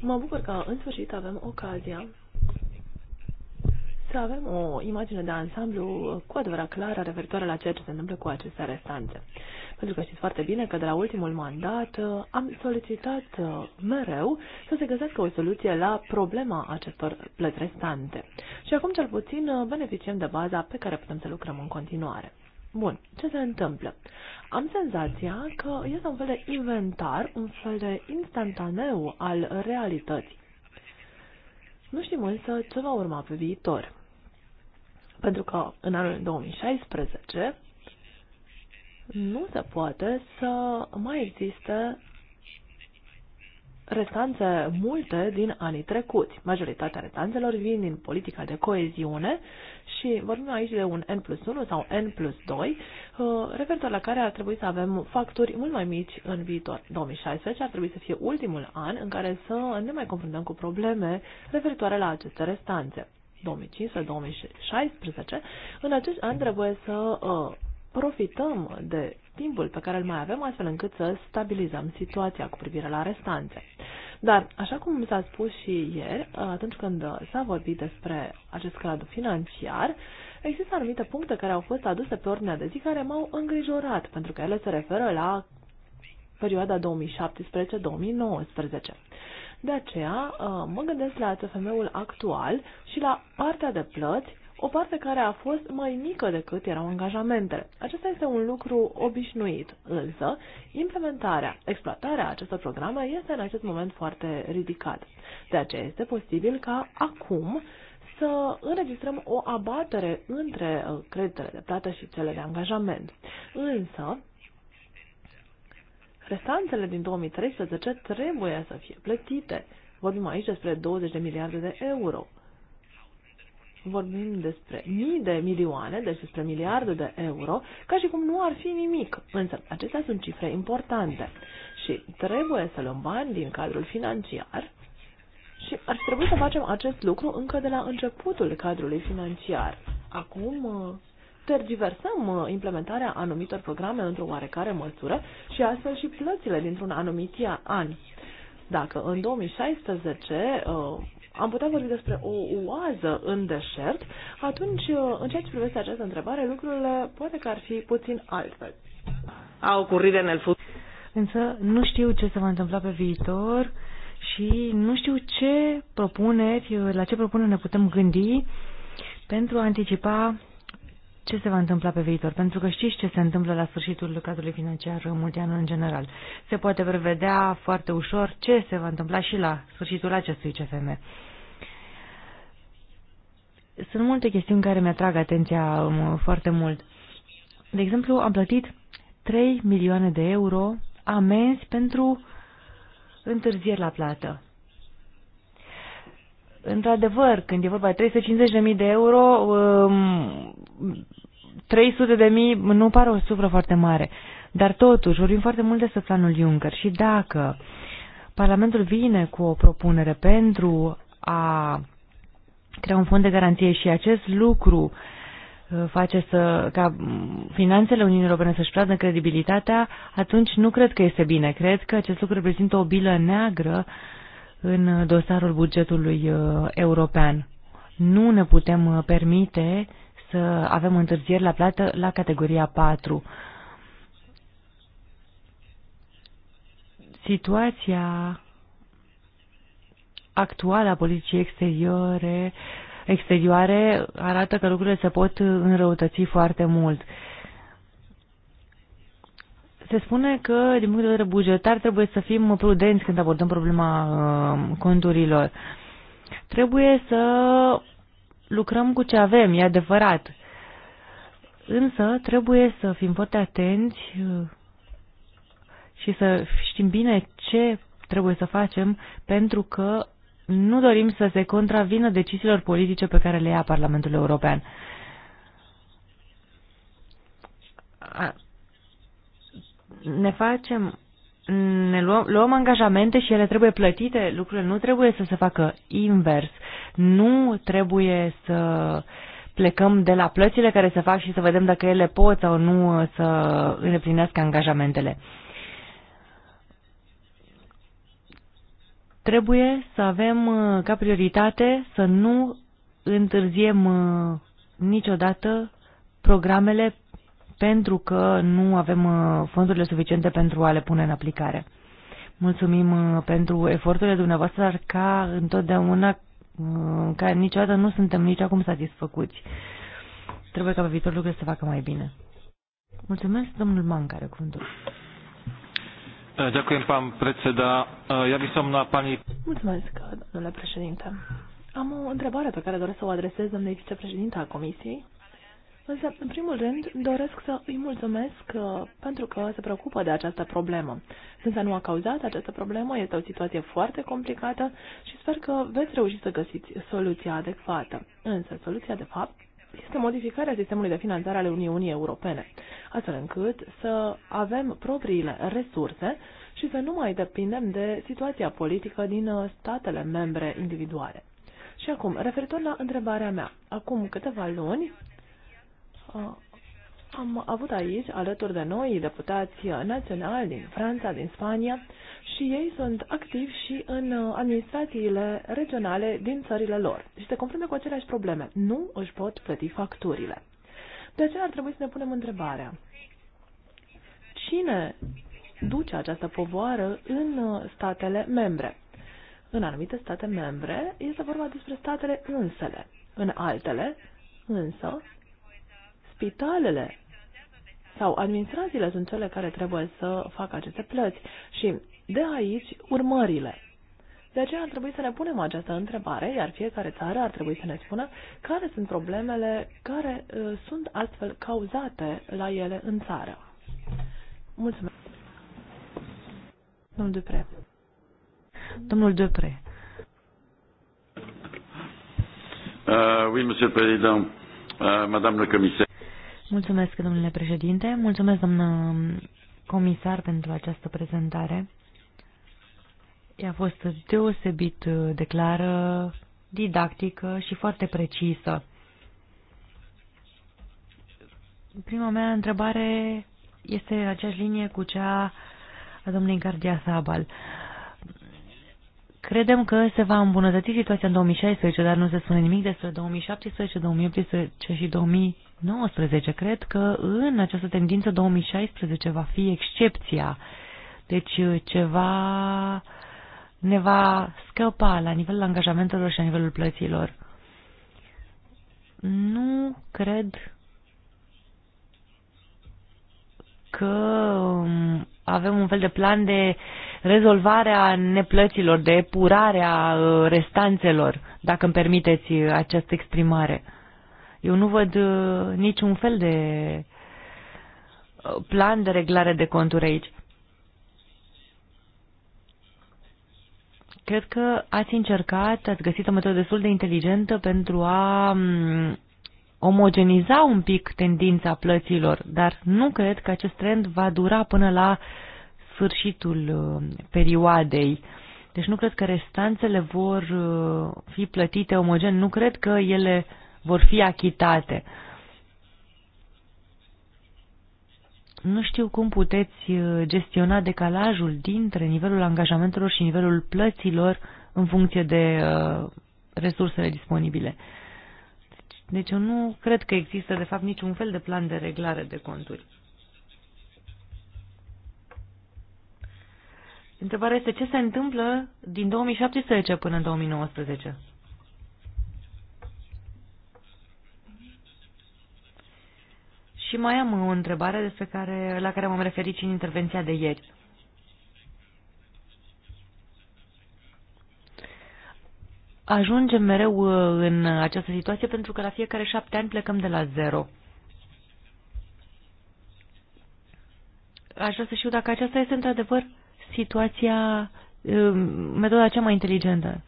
Mă bucur că în sfârșit avem ocazia să avem o imagine de ansamblu cu adevărat clară referitoare la ceea ce se întâmplă cu aceste arestante. Pentru că știți foarte bine că de la ultimul mandat uh, am solicitat uh, mereu să se găsească o soluție la problema acestor plăți restante. Și acum cel puțin uh, beneficiem de baza pe care putem să lucrăm în continuare. Bun, ce se întâmplă? Am senzația că este un fel de inventar, un fel de instantaneu al realității. Nu știm însă ce va urma pe viitor. Pentru că în anul 2016 nu se poate să mai existe restanțe multe din anii trecuți. Majoritatea restanțelor vin din politica de coeziune și vorbim aici de un N plus 1 sau N plus 2, uh, referitor la care ar trebui să avem facturi mult mai mici în viitor. 2016 ar trebui să fie ultimul an în care să ne mai confruntăm cu probleme referitoare la aceste restanțe. 2015-2016, în acest an trebuie să uh, profităm de timpul pe care îl mai avem astfel încât să stabilizăm situația cu privire la restanțe. Dar, așa cum s-a spus și ieri, atunci când s-a vorbit despre acest grad financiar, există anumite puncte care au fost aduse pe ordinea de zi care m-au îngrijorat, pentru că ele se referă la perioada 2017-2019. De aceea mă gândesc la CFM-ul actual și la partea de plăți o parte care a fost mai mică decât erau angajamentele. Acesta este un lucru obișnuit, însă implementarea, exploatarea acestor programe este în acest moment foarte ridicată. De aceea este posibil ca acum să înregistrăm o abatere între uh, creditele de plată și cele de angajament. Însă, restanțele din 2013 trebuie să fie plătite. Vorbim aici despre 20 de miliarde de euro vorbim despre mii de milioane, deci despre miliarde de euro, ca și cum nu ar fi nimic. Însă, acestea sunt cifre importante și trebuie să luăm bani din cadrul financiar și ar trebui să facem acest lucru încă de la începutul cadrului financiar. Acum uh, tergiversăm uh, implementarea anumitor programe într-o oarecare măsură și astfel și plățile dintr-un anumit an. Dacă în 2016 am putea vorbi despre o oază în deșert, atunci, uh, în ceea ce privește această întrebare, lucrurile poate că ar fi puțin altfel. A ocurit în el fut. Însă nu știu ce se va întâmpla pe viitor și nu știu ce propuneri, la ce propuneri ne putem gândi pentru a anticipa ce se va întâmpla pe viitor, pentru că știți ce se întâmplă la sfârșitul cadrului financiar multian în general. Se poate prevedea foarte ușor ce se va întâmpla și la sfârșitul acestui CFM. Sunt multe chestiuni care mi atrag atenția um, foarte mult. De exemplu, am plătit 3 milioane de euro amenzi pentru întârzieri la plată. Într-adevăr, când e vorba de 350.000 de euro, 300.000 um, nu pare o sufră foarte mare. Dar totuși, vorbim foarte mult despre planul Juncker și dacă Parlamentul vine cu o propunere pentru a crea un fond de garanție și acest lucru uh, face să, ca finanțele Uniunii Europene să-și piardă credibilitatea, atunci nu cred că este bine. Cred că acest lucru reprezintă o bilă neagră uh, în dosarul bugetului uh, european. Nu ne putem uh, permite să avem întârzieri la plată la categoria 4. Situația actuală a politicii exterioare, exterioare arată că lucrurile se pot uh, înrăutăți foarte mult. Uh, se spune că, din punct de vedere bugetar, trebuie să fim prudenți când abordăm problema uh, conturilor. Trebuie să lucrăm cu ce avem, e adevărat. Însă, trebuie să fim foarte atenți uh, și să știm bine ce trebuie să facem, pentru că nu dorim să se contravină deciziilor politice pe care le ia Parlamentul European ne facem, ne luăm, luăm angajamente și ele trebuie plătite, lucrurile nu trebuie să se facă invers. Nu trebuie să plecăm de la plățile care se fac și să vedem dacă ele pot sau nu uh, să îndeplinească angajamentele. Trebuie să avem uh, ca prioritate să nu întârziem uh, niciodată programele pentru că nu avem uh, fondurile suficiente pentru a le pune în aplicare. Mulțumim uh, pentru eforturile dumneavoastră, dar ca întotdeauna, uh, ca niciodată nu suntem nici acum satisfăcuți. Trebuie ca pe viitor lucrurile să facă mai bine. Mulțumesc, domnul Mancare, cuvântul. Ďakujem, pán predseda. Ja by som na pani... Mulțumesc, domnule președinte. Am o întrebare pe care doresc să o adresez domnului vicepreședinte al Comisiei Însă, în primul rând, doresc să îi mulțumesc uh, pentru că se preocupă de această problemă. Însă nu a cauzat această problemă, este o situație foarte complicată și sper că veți reuși să găsiți soluția adecvată. Însă, soluția, de fapt, este modificarea sistemului de finanțare ale Uniunii Europene, astfel încât să avem propriile resurse și să nu mai depindem de situația politică din uh, statele membre individuale. Și acum, referitor la întrebarea mea, acum câteva luni am avut aici, alături de noi, deputați naționali din Franța, din Spania și ei sunt activi și în administrațiile regionale din țările lor și se confruntă cu aceleași probleme. Nu își pot plăti facturile. De aceea ar trebui să ne punem întrebarea. Cine duce această povoară în statele membre? În anumite state membre este vorba despre statele însele. În altele, însă, spitalele sau administrațiile sunt cele care trebuie să facă aceste plăți și de aici urmările. De aceea ar trebui să ne punem această întrebare, iar fiecare țară ar trebui să ne spună care sunt problemele care uh, sunt astfel cauzate la ele în țară. Mulțumesc. Domnul Dupre. Domnul Dupre. Uh, oui, monsieur le président, uh, madame le commissaire. Mulțumesc, domnule președinte. Mulțumesc, doamnă comisar, pentru această prezentare. Ea a fost deosebit de clară, didactică și foarte precisă. Prima mea întrebare este în aceeași linie cu cea a domnului Gardia Sabal. Uh, Credem că se va îmbunătăți situația în 2016, dar nu se spune nimic despre 2017, 2018 și 2019. Cred că în această tendință 2016 va fi excepția. Deci uh, ceva ne va scăpa la nivelul angajamentelor și la nivelul plăților. Nu cred că um, avem un fel de plan de rezolvare a neplăților, de epurare a uh, restanțelor, dacă îmi permiteți uh, această exprimare. Eu nu văd uh, niciun fel de plan de reglare de conturi aici. Cred că ați încercat, ați găsit o metodă destul de inteligentă pentru a mm, omogeniza un pic tendința plăților, dar nu cred că acest trend va dura până la sfârșitul uh, perioadei. Deci nu cred că restanțele vor uh, fi plătite omogen, nu cred că ele vor fi achitate. Nu știu cum puteți uh, gestiona decalajul dintre nivelul angajamentelor și nivelul plăților în funcție de resursele disponibile. Deci eu nu cred că există, de fapt, niciun fel de plan de reglare de conturi. Întrebarea este ce se întâmplă din 2017 până în 2019? Și mai am o întrebare despre care, la care m-am referit și în intervenția de ieri. ajungem mereu uh, în această situație pentru că la fiecare șapte ani plecăm de la zero. Aș vrea să știu dacă aceasta este într-adevăr situația, uh, metoda cea mai inteligentă.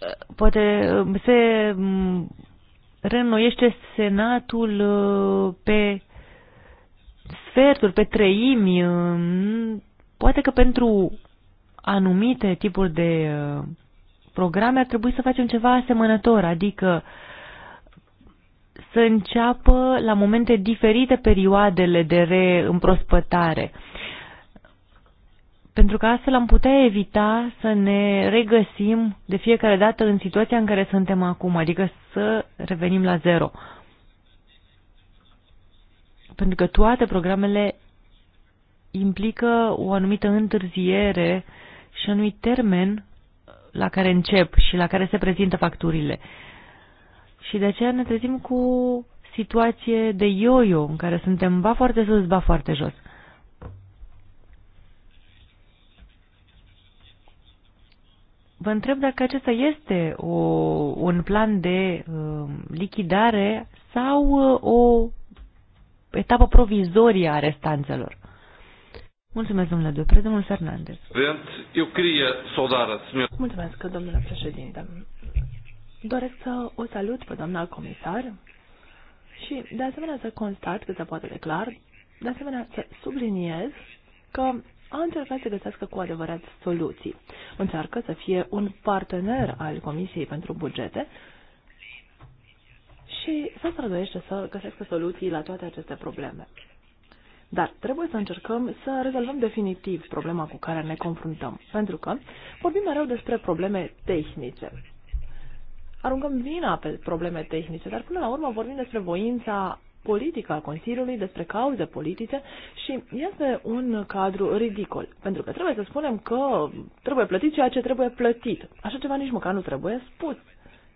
Uh, poate se mm, reînnoiește Senatul pe sferturi, pe treimi, Poate că pentru anumite tipuri de uh, programe ar trebui să facem ceva asemănător, adică să înceapă la momente diferite perioadele de reîmprospătare. Pentru că astfel am putea evita să ne regăsim de fiecare dată în situația în care suntem acum, adică să revenim la zero. Pentru că toate programele implică o anumită întârziere și un anumit termen la care încep și la care se prezintă facturile. Și de aceea ne trezim cu situație de yo-yo, în care suntem ba foarte sus, ba foarte jos. Vă întreb dacă acesta este o, un plan de uh, lichidare sau uh, o etapă provizorie a restanțelor. Mulțumesc, domnule Dupre. Domnul Fernandez. Eu crie sodară. Mulțumesc, domnule președinte. Doresc să o salut pe doamna comisar și, de asemenea, să constat că se poate de clar, de asemenea, să subliniez că a încercat să găsească cu adevărat soluții. Încearcă să fie un partener al Comisiei pentru Bugete și să străduiește să găsească soluții la toate aceste probleme. Dar trebuie să încercăm să rezolvăm definitiv problema cu care ne confruntăm, pentru că vorbim mereu despre probleme tehnice. Aruncăm vina pe probleme tehnice, dar până la urmă vorbim despre voința politică a Consiliului, despre cauze politice și este un cadru ridicol, pentru că trebuie să spunem că trebuie plătit ceea ce trebuie plătit. Așa ceva nici măcar nu trebuie spus.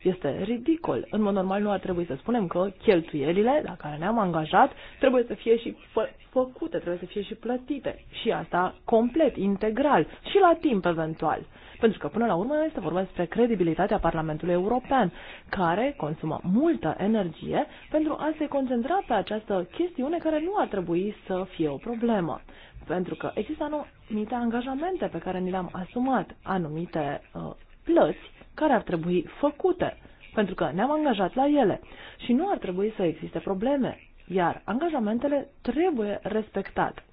Este ridicol. În mod normal nu ar trebui să spunem că cheltuielile la care ne-am angajat trebuie să fie și fă făcute, trebuie să fie și plătite. Și asta complet, integral și la timp eventual. Pentru că până la urmă este vorba despre credibilitatea Parlamentului European, care consumă multă energie pentru a se concentra pe această chestiune care nu ar trebui să fie o problemă pentru că există anumite angajamente pe care ni le-am asumat, anumite uh, plăți care ar trebui făcute, pentru că ne-am angajat la ele și nu ar trebui să existe probleme, iar angajamentele trebuie respectate.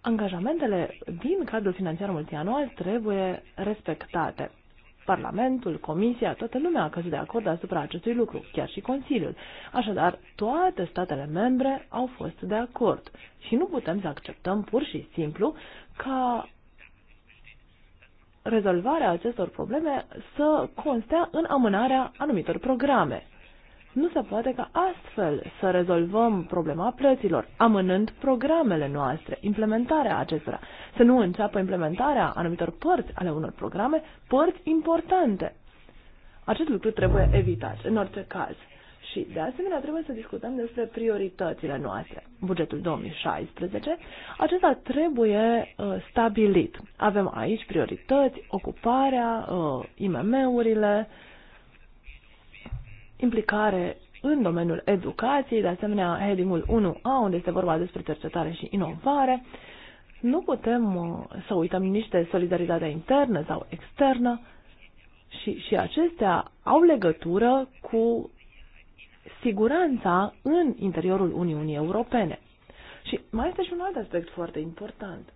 Angajamentele din cadrul financiar multianual trebuie respectate. Parlamentul, Comisia, toată lumea a căzut de acord asupra acestui lucru, chiar și Consiliul. Așadar, toate statele membre au fost de acord și nu putem să acceptăm pur și simplu ca rezolvarea acestor probleme să constea în amânarea anumitor programe. Nu se poate ca astfel să rezolvăm problema plăților, amânând programele noastre, implementarea acestora, să nu înceapă implementarea anumitor părți ale unor programe, părți importante. Acest lucru trebuie evitat în orice caz. Și, de asemenea, trebuie să discutăm despre prioritățile noastre. Bugetul 2016, acesta trebuie uh, stabilit. Avem aici priorități, ocuparea, uh, IMM-urile, implicare în domeniul educației, de asemenea, heading-ul 1A, unde este vorba despre cercetare și inovare. Nu putem uh, să uităm nici de solidaritatea internă sau externă, și, și acestea au legătură cu siguranța în interiorul Uniunii Europene. Și mai este și un alt aspect foarte important.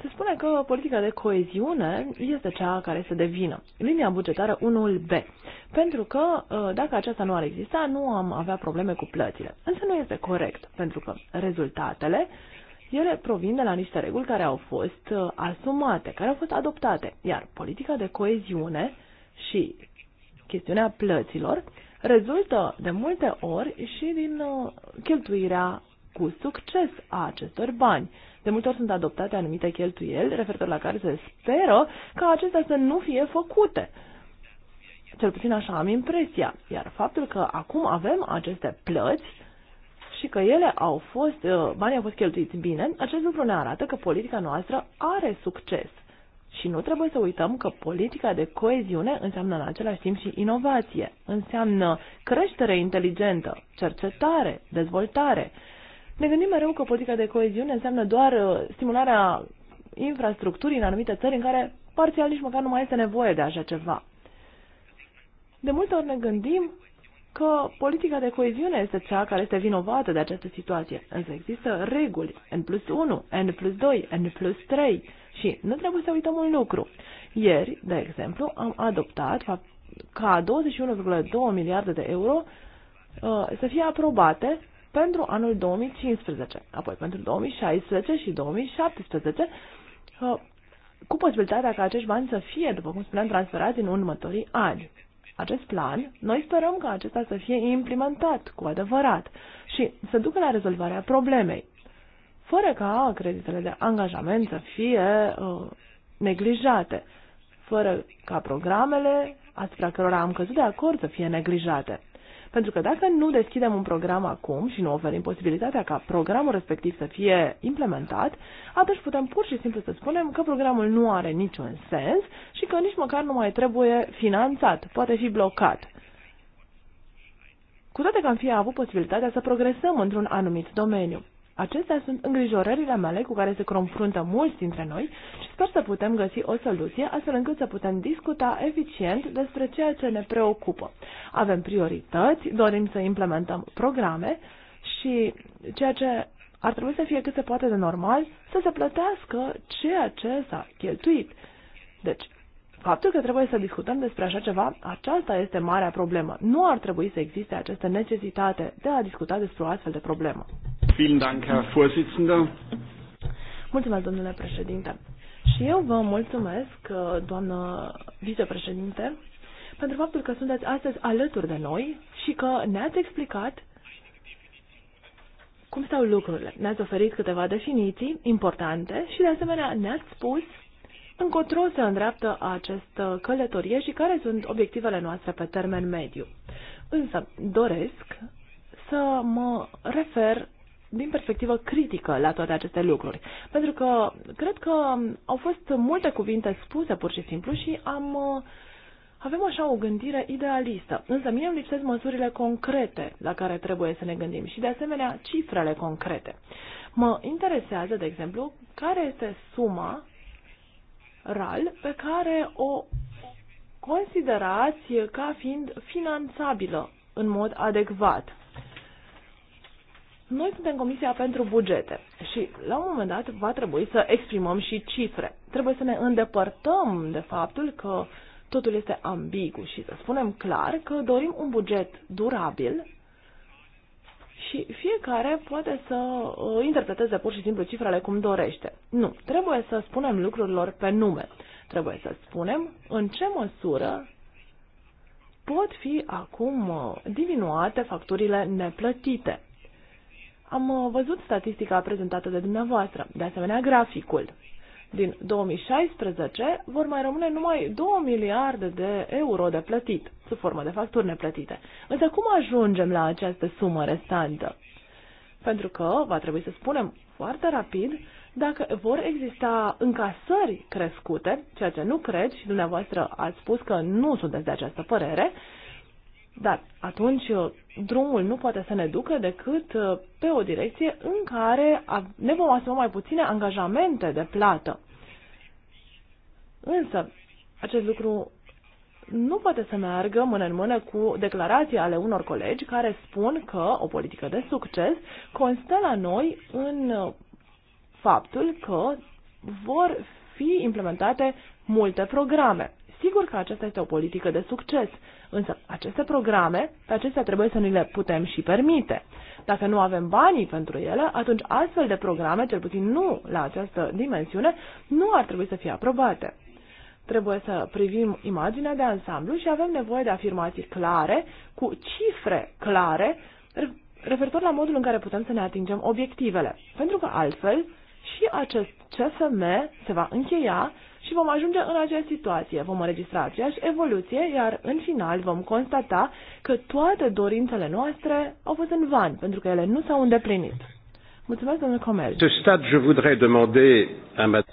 Se spune că politica de coeziune este cea care se devină. Linia bugetară 1B. Pentru că ă, dacă aceasta nu ar exista, nu am avea probleme cu plățile. Însă nu este corect, pentru că rezultatele ele provin de la niște reguli care au fost ă, asumate, care au fost adoptate, iar politica de coeziune și chestiunea plăților rezultă de multe ori și din uh, cheltuirea cu succes a acestor bani. De multe ori sunt adoptate anumite cheltuieli referitor la care se speră ca acestea să nu fie făcute. Cel puțin așa am impresia. Iar faptul că acum avem aceste plăți și că ele au fost, uh, banii au fost cheltuiți bine, acest lucru ne arată că politica noastră are succes. Și nu trebuie să uităm că politica de coeziune înseamnă în același timp și inovație, înseamnă creștere inteligentă, cercetare, dezvoltare. Ne gândim mereu că politica de coeziune înseamnă doar uh, stimularea infrastructurii în anumite țări în care parțial nici măcar nu mai este nevoie de așa ceva. De multe ori ne gândim că politica de coeziune este cea care este vinovată de această situație, însă există reguli N plus 1, N plus 2, N plus 3 și nu trebuie să uităm un lucru. Ieri, de exemplu, am adoptat ca 21,2 miliarde de euro uh, să fie aprobate pentru anul 2015, apoi pentru 2016 și 2017, uh, cu posibilitatea ca acești bani să fie, după cum spuneam, transferați în următorii ani. Acest plan, noi sperăm ca acesta să fie implementat cu adevărat și să ducă la rezolvarea problemei fără ca creditele de angajament să fie uh, neglijate, fără ca programele asupra cărora am căzut de acord să fie neglijate. Pentru că dacă nu deschidem un program acum și nu oferim posibilitatea ca programul respectiv să fie implementat, atunci putem pur și simplu să spunem că programul nu are niciun sens și că nici măcar nu mai trebuie finanțat, poate fi blocat. Cu toate că am fi avut posibilitatea să progresăm într-un anumit domeniu. Acestea sunt îngrijorările mele cu care se confruntă mulți dintre noi și sper să putem găsi o soluție astfel încât să putem discuta eficient despre ceea ce ne preocupă. Avem priorități, dorim să implementăm programe și ceea ce ar trebui să fie cât se poate de normal să se plătească ceea ce s-a cheltuit. Deci, Faptul că trebuie să discutăm despre așa ceva, aceasta este marea problemă. Nu ar trebui să existe această necesitate de a discuta despre o astfel de problemă. Vielen Dank, Herr Vorsitzender. Mulțumesc, domnule președinte. Și eu vă mulțumesc, uh, doamnă vicepreședinte, pentru faptul că sunteți astăzi alături de noi și că ne-ați explicat cum stau lucrurile. Ne-ați oferit câteva definiții importante și, de asemenea, ne-ați spus încotro se îndreaptă această călătorie și care sunt obiectivele noastre pe termen mediu. Însă, doresc să mă refer din perspectivă critică la toate aceste lucruri. Pentru că cred că au fost multe cuvinte spuse pur și simplu și am uh, avem așa o gândire idealistă, însă mie îmi lipsesc măsurile concrete la care trebuie să ne gândim și, de asemenea, cifrele concrete. Mă interesează, de exemplu, care este suma RAL pe care o considerați ca fiind finanțabilă în mod adecvat. Noi suntem Comisia pentru Bugete și la un moment dat va trebui să exprimăm și cifre. Trebuie să ne îndepărtăm de faptul că totul este ambigu și să spunem clar că dorim un buget durabil și fiecare poate să uh, interpreteze pur și simplu cifrele cum dorește. Nu, trebuie să spunem lucrurilor pe nume. Trebuie să spunem în ce măsură pot fi acum uh, diminuate facturile neplătite. Am uh, văzut statistica prezentată de dumneavoastră, de asemenea graficul. Din 2016 vor mai rămâne numai 2 miliarde de euro de plătit, sub formă de facturi neplătite. Însă cum ajungem la această sumă restantă? Pentru că, va trebui să spunem foarte rapid, dacă vor exista încasări crescute, ceea ce nu cred și dumneavoastră ați spus că nu sunteți de această părere, dar atunci uh, drumul nu poate să ne ducă decât uh, pe o direcție în care ne vom asuma mai puține angajamente de plată. Însă, acest lucru nu poate să meargă mână în mână cu declarații ale unor colegi care spun că o politică de succes constă la noi în uh, faptul că vor fi implementate multe programe. Sigur că aceasta este o politică de succes, Însă aceste programe, pe acestea trebuie să ni le putem și permite. Dacă nu avem banii pentru ele, atunci astfel de programe, cel puțin nu la această dimensiune, nu ar trebui să fie aprobate. Trebuie să privim imaginea de ansamblu și avem nevoie de afirmații clare, cu cifre clare, referitor la modul în care putem să ne atingem obiectivele. Pentru că altfel și acest CSM se va încheia și vom ajunge în aceeași situație. Vom înregistra aceeași evoluție, iar în final vom constata că toate dorințele noastre au fost în van, pentru că ele nu s-au îndeplinit. Mulțumesc, domnule Comel. Ce stat, je voudrais demander à ma...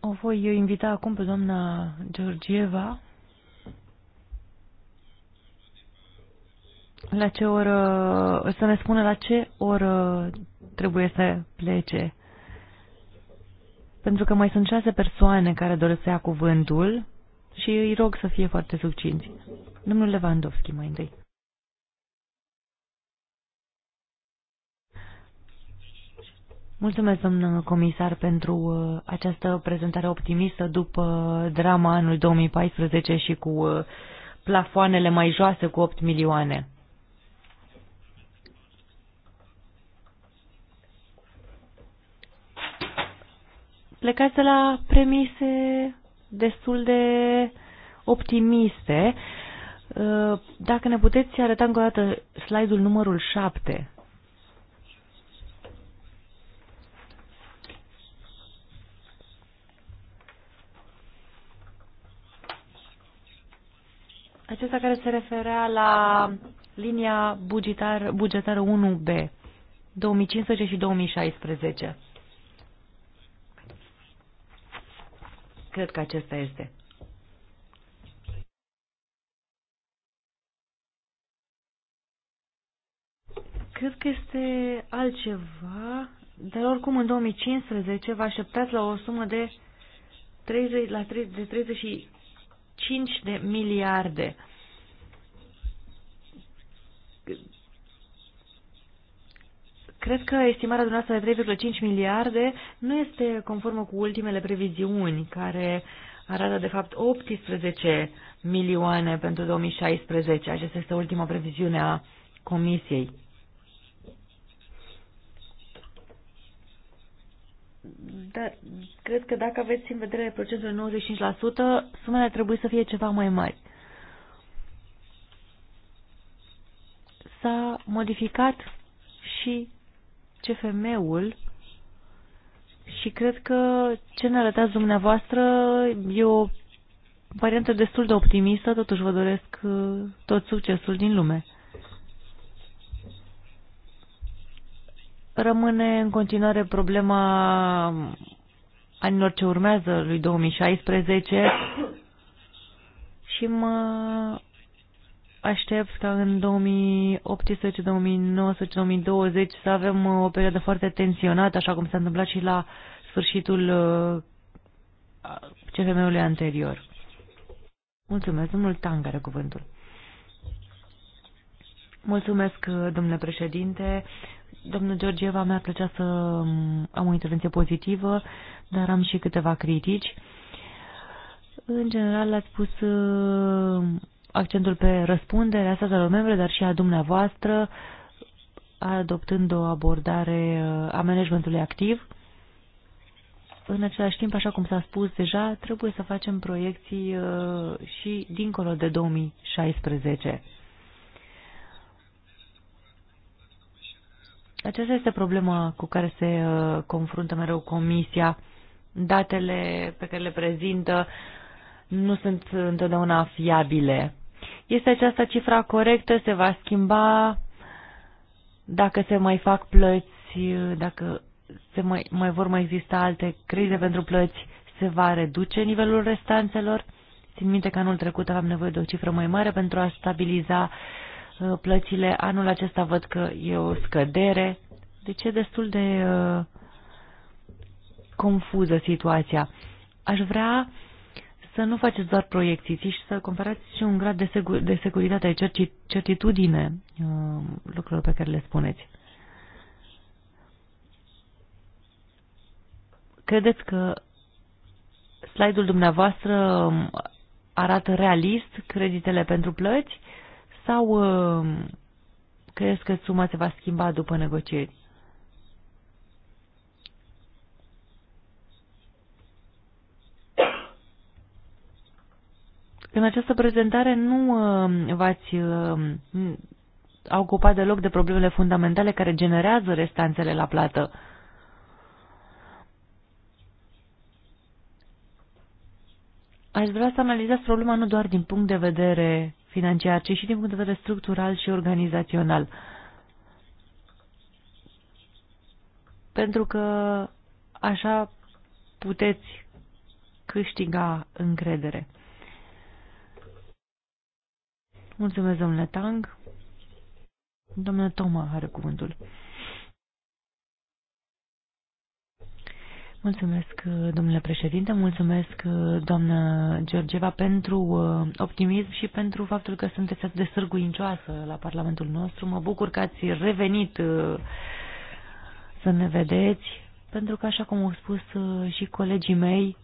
O voi invita acum pe doamna Georgieva. La ce oră, să ne spună la ce oră trebuie să plece pentru că mai sunt șase persoane care doresc să ia cuvântul și îi rog să fie foarte succinți. Domnul Lewandowski mai întâi. Mulțumesc, domnul comisar, pentru uh, această prezentare optimistă după uh, drama anul 2014 și cu uh, plafoanele mai joase cu 8 milioane. plecați de la premise destul de optimiste. Uh, dacă ne puteți arăta încă o dată slide-ul numărul 7. Acesta care se referea la linia bugetar, bugetară 1B 2015 și 2016. Cred că acesta este. Cred că este altceva, dar oricum în 2015 vă așteptați la o sumă de 30, la 30, de 35 de miliarde Cred că estimarea dumneavoastră de 3,5 miliarde nu este conformă cu ultimele previziuni, care arată de fapt 18 milioane pentru 2016. Aceasta este ultima previziune a Comisiei. Da, cred că dacă aveți în vedere procentul 95%, sumele trebuie să fie ceva mai mari. S-a modificat și CFM-ul și cred că ce ne arătați dumneavoastră e o variantă destul de optimistă, totuși vă doresc uh, tot succesul din lume. Rămâne în continuare problema anilor ce urmează, lui 2016, și mă aștept ca în 2018, 2019, 2020 să avem uh, o perioadă foarte tensionată, așa cum s-a întâmplat și la sfârșitul uh, CFM-ului anterior. Mulțumesc, domnul Tang are cuvântul. Mulțumesc, uh, domnule președinte. Domnul Georgieva, mi-ar plăcea să um, am o intervenție pozitivă, dar am și câteva critici. În general, ați spus accentul pe răspunderea statelor membre, dar și a dumneavoastră, adoptând o abordare a managementului activ. În același timp, așa cum s-a spus deja, trebuie să facem proiecții uh, și dincolo de 2016. Aceasta este problema cu care se uh, confruntă mereu Comisia. Datele pe care le prezintă nu sunt întotdeauna fiabile. Este această cifra corectă? Se va schimba dacă se mai fac plăți, dacă se mai, mai vor mai exista alte crize pentru plăți, se va reduce nivelul restanțelor? Țin minte că anul trecut aveam nevoie de o cifră mai mare pentru a stabiliza uh, plățile. Anul acesta văd că e o scădere. Deci e destul de uh, confuză situația. Aș vrea să nu faceți doar proiecții, ci să comparați și un grad de, secur- de securitate, de certitudine uh, lucrurilor pe care le spuneți. Credeți că slide-ul dumneavoastră arată realist creditele pentru plăți sau uh, credeți că suma se va schimba după negocieri? În această prezentare nu uh, v-ați uh, ocupat deloc de problemele fundamentale care generează restanțele la plată. Aș vrea să analizați problema nu doar din punct de vedere financiar, ci și din punct de vedere structural și organizațional. Pentru că așa puteți câștiga încredere. Mulțumesc, domnule Tang. Domnule Toma are cuvântul. Mulțumesc, domnule președinte, mulțumesc, doamnă Georgeva, pentru uh, optimism și pentru faptul că sunteți atât de sârguincioasă la Parlamentul nostru. Mă bucur că ați revenit uh, să ne vedeți, pentru că, așa cum au spus uh, și colegii mei,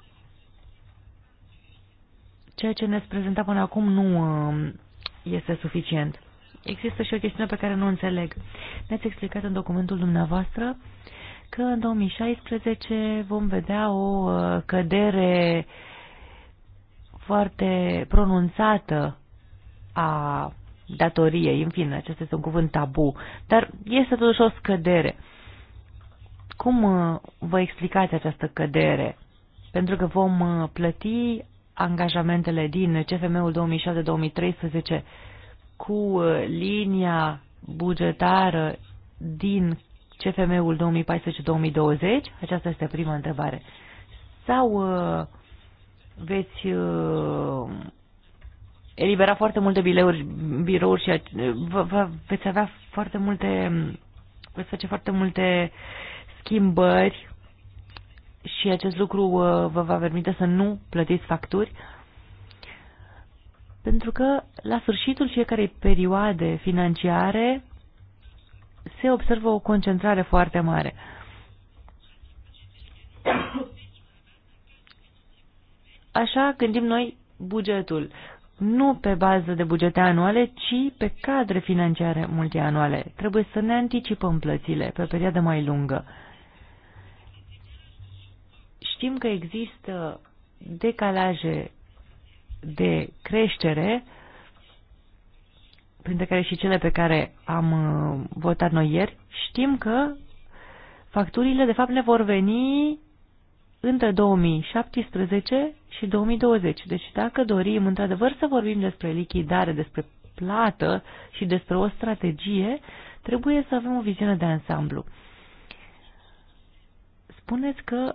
ceea ce ne-ați prezentat până acum nu este suficient. Există și o chestiune pe care nu o înțeleg. Ne-ați explicat în documentul dumneavoastră că în 2016 vom vedea o uh, cădere foarte pronunțată a datoriei. În fine, acesta este un cuvânt tabu, dar este totuși o scădere. Cum uh, vă explicați această cădere? Pentru că vom uh, plăti angajamentele din CFM-ul 2007-2013 cu uh, linia bugetară din CFM-ul 2014-2020? Aceasta este prima întrebare. Sau uh, veți uh, elibera foarte multe bileuri, birouri și veți avea foarte multe veți face foarte multe schimbări și acest lucru uh, vă va permite să nu plătiți facturi? Pentru că la sfârșitul fiecarei perioade financiare se observă o concentrare foarte mare. Așa gândim noi bugetul. Nu pe bază de bugete anuale, ci pe cadre financiare multianuale. Trebuie să ne anticipăm plățile pe o perioadă mai lungă. Știm că există decalaje de creștere, printre care și cele pe care am uh, votat noi ieri, știm că facturile de fapt ne vor veni între 2017 și 2020. Deci dacă dorim într-adevăr să vorbim despre lichidare, despre plată și despre o strategie, trebuie să avem o viziune de ansamblu. Spuneți că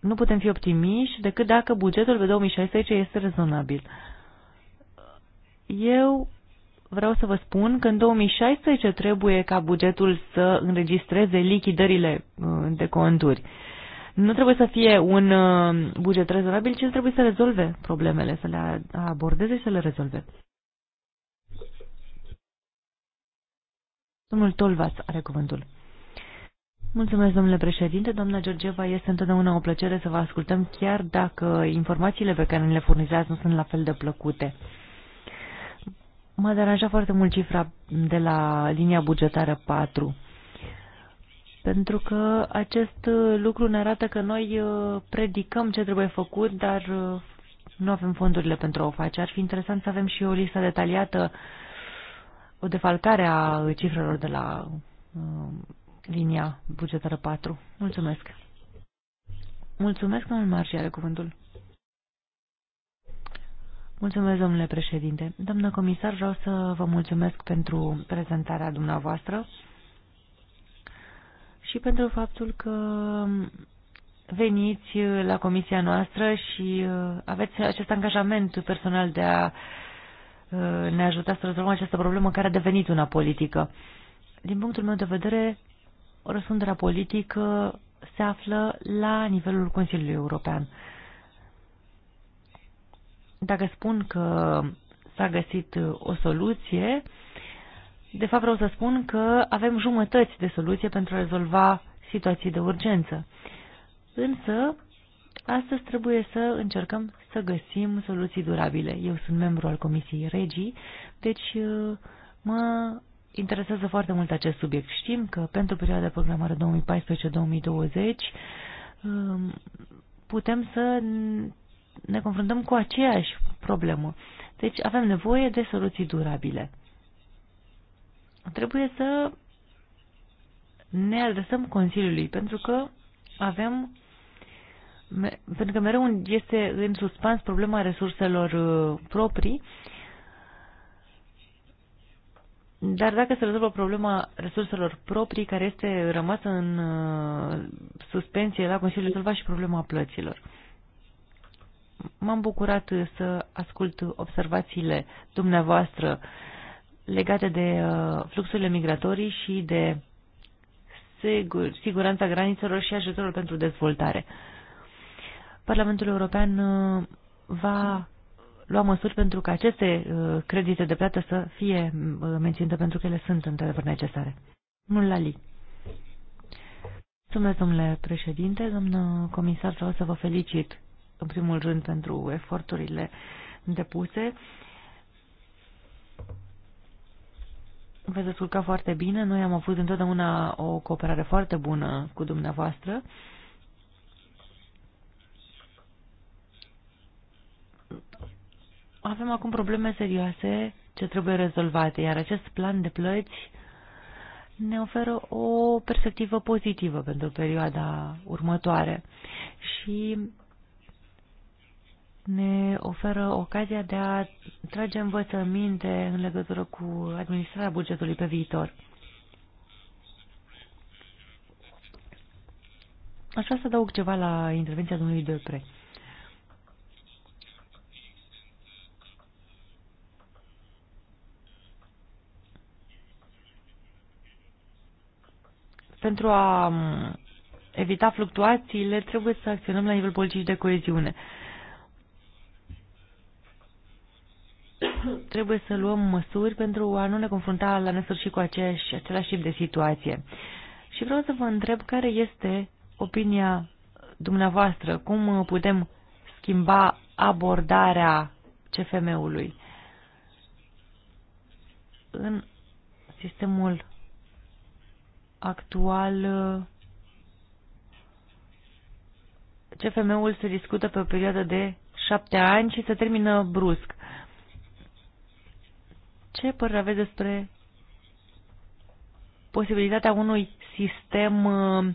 nu putem fi optimiști decât dacă bugetul pe 2016 este rezonabil. Eu vreau să vă spun că în 2016 trebuie ca bugetul să înregistreze lichidările uh, de conturi. Nu trebuie să fie un uh, buget rezonabil, ci trebuie să rezolve problemele, să le abordeze și să le rezolve. Domnul Tolvaț are cuvântul. Mulțumesc, domnule președinte. Doamna Georgeva, este întotdeauna o plăcere să vă ascultăm, chiar dacă informațiile pe care ne le furnizați nu sunt la fel de plăcute. M-a deranjat foarte mult cifra de la linia bugetară 4, pentru că acest lucru ne arată că noi uh, predicăm ce trebuie făcut, dar uh, nu avem fondurile pentru a o face. Ar fi interesant să avem și o listă detaliată, o defalcare a cifrelor de la uh, linia bugetară 4. Mulțumesc. Mulțumesc, domnul Marci, are cuvântul. Mulțumesc, domnule președinte. Doamnă comisar, vreau să vă mulțumesc pentru prezentarea dumneavoastră și pentru faptul că veniți la comisia noastră și uh, aveți acest angajament personal de a uh, ne ajuta să rezolvăm această problemă care a devenit una politică. Din punctul meu de vedere, răspunderea politică se află la nivelul Consiliului European. Dacă spun că s-a găsit uh, o soluție, de fapt vreau să spun că avem jumătăți de soluție pentru a rezolva situații de urgență. Însă, astăzi trebuie să încercăm să găsim soluții durabile. Eu sunt membru al Comisiei Regii, deci uh, mă interesează foarte mult acest subiect. Știm că pentru perioada de programare 2014-2020 um, putem să ne confruntăm cu aceeași problemă. Deci avem nevoie de soluții durabile. Trebuie să ne adresăm Consiliului, pentru că avem pentru că mereu este în suspans problema resurselor uh, proprii dar dacă se rezolvă problema resurselor proprii care este rămasă în uh, suspensie la Consiliul, rezolva și problema plăților. M-am bucurat să ascult observațiile dumneavoastră legate de uh, fluxurile migratorii și de sigur, siguranța granițelor și ajutorul pentru dezvoltare. Parlamentul European uh, va lua măsuri pentru că aceste uh, credite de plată să fie uh, menținute pentru că ele sunt într-adevăr necesare. la li. Mulțumesc, domnule președinte. Domnul comisar, vreau să vă felicit în primul rând pentru eforturile depuse. Vă descurca foarte bine. Noi am avut întotdeauna o cooperare foarte bună cu dumneavoastră. avem acum probleme serioase ce trebuie rezolvate, iar acest plan de plăți ne oferă o perspectivă pozitivă pentru perioada următoare și ne oferă ocazia de a trage învățăminte în legătură cu administrarea bugetului pe viitor. Aș vrea să adaug ceva la intervenția domnului Depre. Pentru a evita fluctuațiile, trebuie să acționăm la nivel politic de coeziune. Trebuie să luăm măsuri pentru a nu ne confrunta la nesfârșit cu aceeași, același tip de situație. Și vreau să vă întreb care este opinia dumneavoastră, cum putem schimba abordarea CFM-ului în sistemul actual CFM-ul se discută pe o perioadă de șapte ani și se termină brusc. Ce părere aveți despre posibilitatea unui sistem uh,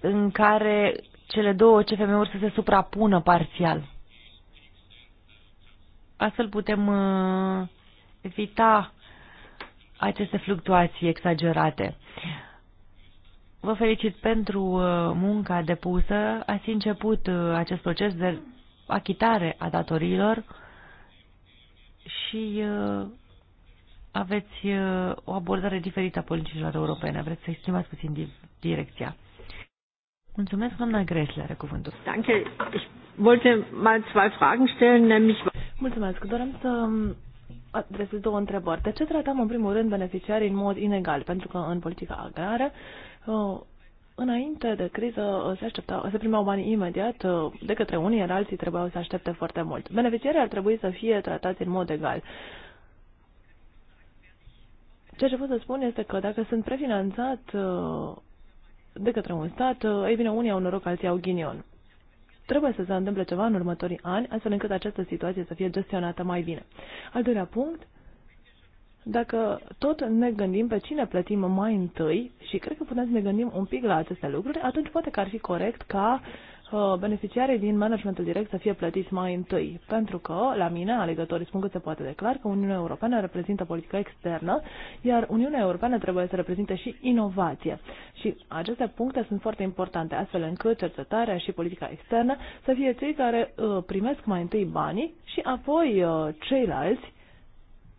în care cele două CFM-uri să se suprapună parțial? Astfel putem uh, evita aceste fluctuații exagerate. Vă felicit pentru uh, munca depusă. Ați început uh, acest proces de achitare a datoriilor și uh, aveți o abordare diferită a politicilor europene. Vreți să exprimați puțin direcția. Mulțumesc, doamna Gresler, are cuvântul. Danke. Ich wollte mal zwei Fragen stellen, nämlich... Mulțumesc. Doream să um, adresez două întrebări. De ce tratăm în primul rând beneficiarii în mod inegal? Pentru că în politica agrară, uh, înainte de criză, uh, se, aștepta, se primeau bani imediat uh, de către unii, iar alții trebuiau să aștepte foarte mult. Beneficiarii ar trebui să fie tratați în mod egal. Ceea ce pot să spun este că dacă sunt prefinanțat de către un stat, ei bine, unii au noroc, alții au ghinion trebuie să se întâmple ceva în următorii ani, astfel încât această situație să fie gestionată mai bine. Al doilea punct, dacă tot ne gândim pe cine plătim mai întâi și cred că putem să ne gândim un pic la aceste lucruri, atunci poate că ar fi corect ca uh, beneficiarii din managementul direct să fie plătiți mai întâi. Pentru că, la mine, alegătorii spun că se poate declar că Uniunea Europeană reprezintă politica externă, iar Uniunea Europeană trebuie să reprezinte și inovație. Și aceste puncte sunt foarte importante, astfel încât cercetarea și politica externă să fie cei care uh, primesc mai întâi banii și apoi uh, ceilalți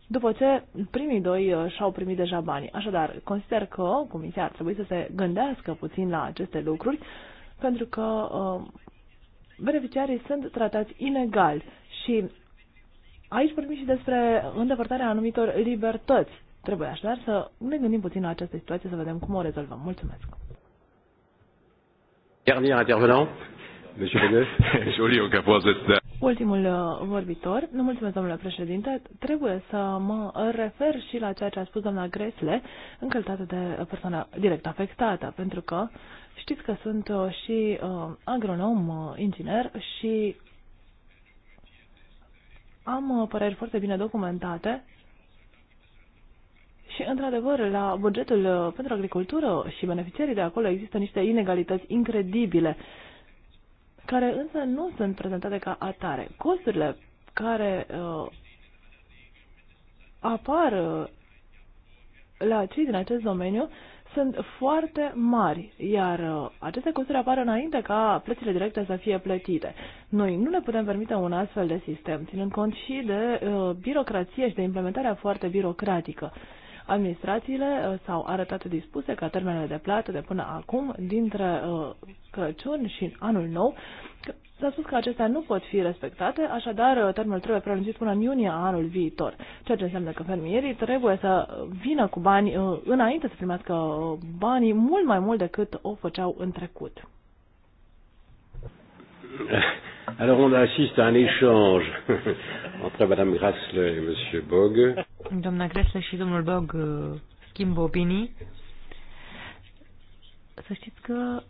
după ce primii doi uh, și-au primit deja banii. Așadar, consider că Comisia ar trebui să se gândească puțin la aceste lucruri pentru că uh, beneficiarii sunt tratați inegal și aici vorbim și despre îndepărtarea anumitor libertăți. Trebuie așadar să ne gândim puțin la această situație, să vedem cum o rezolvăm. Mulțumesc! Dernier intervenant, Monsieur Joli, au capot Ultimul uh, vorbitor, nu mulțumesc, domnule președinte, trebuie să mă refer și la ceea ce a spus doamna Gresle în calitate de persoană direct afectată, pentru că știți că sunt uh, și uh, agronom, inginer și am păreri foarte bine documentate și, într-adevăr, la bugetul pentru agricultură și beneficiarii de acolo există niște inegalități incredibile care însă nu sunt prezentate ca atare. Costurile care uh, apar uh, la cei din acest domeniu sunt foarte mari, iar uh, aceste costuri apar înainte ca plățile directe să fie plătite. Noi nu ne putem permite un astfel de sistem, ținând cont și de uh, birocrație și de implementarea foarte birocratică. Uh, Administrațiile uh, s-au arătat dispuse ca termenele de plată de până acum, dintre uh, Crăciun și anul nou, S-a spus că acestea nu pot fi respectate, așadar uh, termenul trebuie prelungit până în iunie a anul viitor, ceea ce înseamnă că fermierii trebuie să vină cu bani înainte să primească banii mult mai mult decât o făceau în trecut. Alors on assiste à un échange entre Madame Grassle et Monsieur Bog. Doamna Grassle și domnul Bog uh, schimbă opinii. Să știți că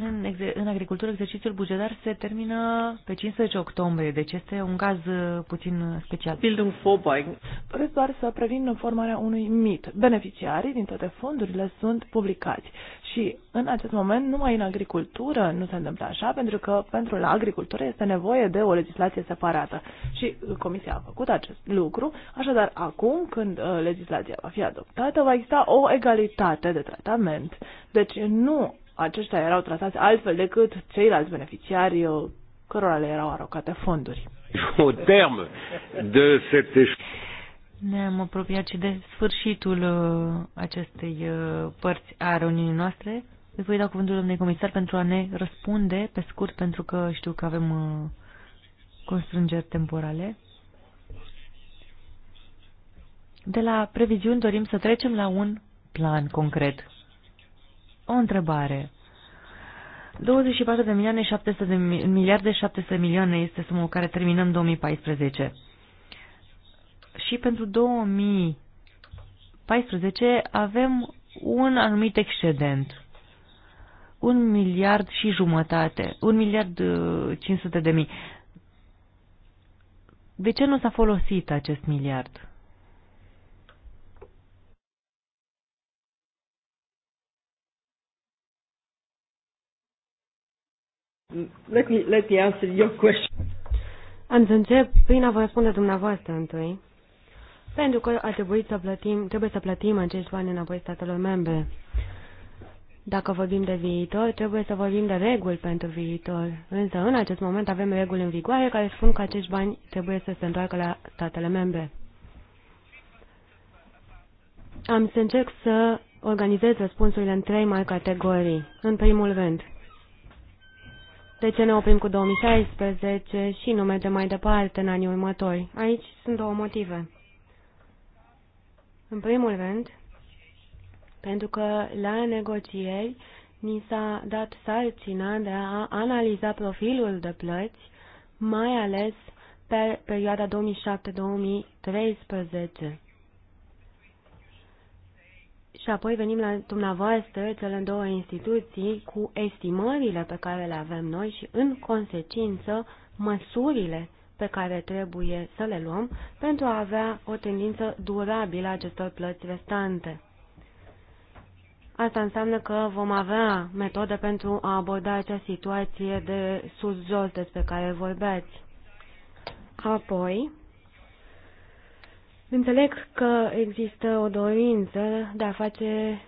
în, în agricultură exercițiul bugetar se termină pe 15 octombrie, deci este un caz uh, puțin special. Bildung vorbeugen. Doresc doar să previn formarea unui mit. Beneficiarii din toate fondurile sunt publicați și în acest moment, numai în agricultură nu se întâmplă așa, pentru că pentru la agricultură este nevoie de o legislație separată. Și uh, Comisia a făcut acest lucru, așadar acum, când uh, legislația va fi adoptată, va exista o egalitate de tratament. Deci nu aceștia erau tratați altfel decât ceilalți beneficiari uh, cărora le erau arocate fonduri. Au termen de cette ne-am apropiat și de sfârșitul uh, acestei uh, părți a reuniunii noastre. Îi voi da cuvântul domnului comisar pentru a ne răspunde pe scurt, pentru că știu că avem uh, constrângeri temporale. De la previziuni dorim să trecem la un plan concret. O întrebare. 24 de milioane 700 de miliarde 700 milioane este suma cu care terminăm 2014 și pentru 2014 avem un anumit excedent. Un miliard și jumătate, un miliard 500 uh, de mii. De ce nu s-a folosit acest miliard? Let me, let me answer your question. Am să încep prin a vă răspunde dumneavoastră întâi pentru că a trebuit să plătim, trebuie să plătim acești bani înapoi statelor membre. Dacă vorbim de viitor, trebuie să vorbim de reguli pentru viitor. Însă, în acest moment avem reguli în vigoare care spun că acești bani trebuie să se întoarcă la statele membre. Am să încerc să organizez răspunsurile în trei mari categorii. În primul rând, de ce ne oprim cu 2016 și nu mergem mai departe în anii următori? Aici sunt două motive. În primul rând, pentru că la negocieri ni s-a dat sarcina de a analiza profilul de plăți, mai ales pe perioada 2007-2013. Și apoi venim la dumneavoastră, cele două instituții, cu estimările pe care le avem noi și, în consecință, măsurile pe care trebuie să le luăm pentru a avea o tendință durabilă a acestor plăți restante. Asta înseamnă că vom avea metode pentru a aborda acea situație de sus-jos despre care vorbeați. Apoi, înțeleg că există o dorință de a face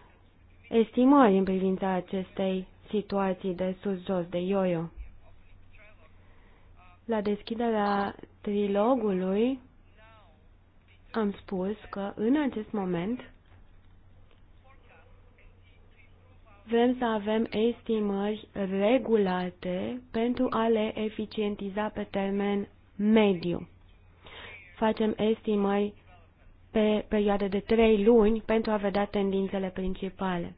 estimări în privința acestei situații de sus-jos, de yo-yo. La deschiderea trilogului am spus că în acest moment vrem să avem estimări regulate pentru a le eficientiza pe termen mediu. Facem estimări pe perioade de trei luni pentru a vedea tendințele principale.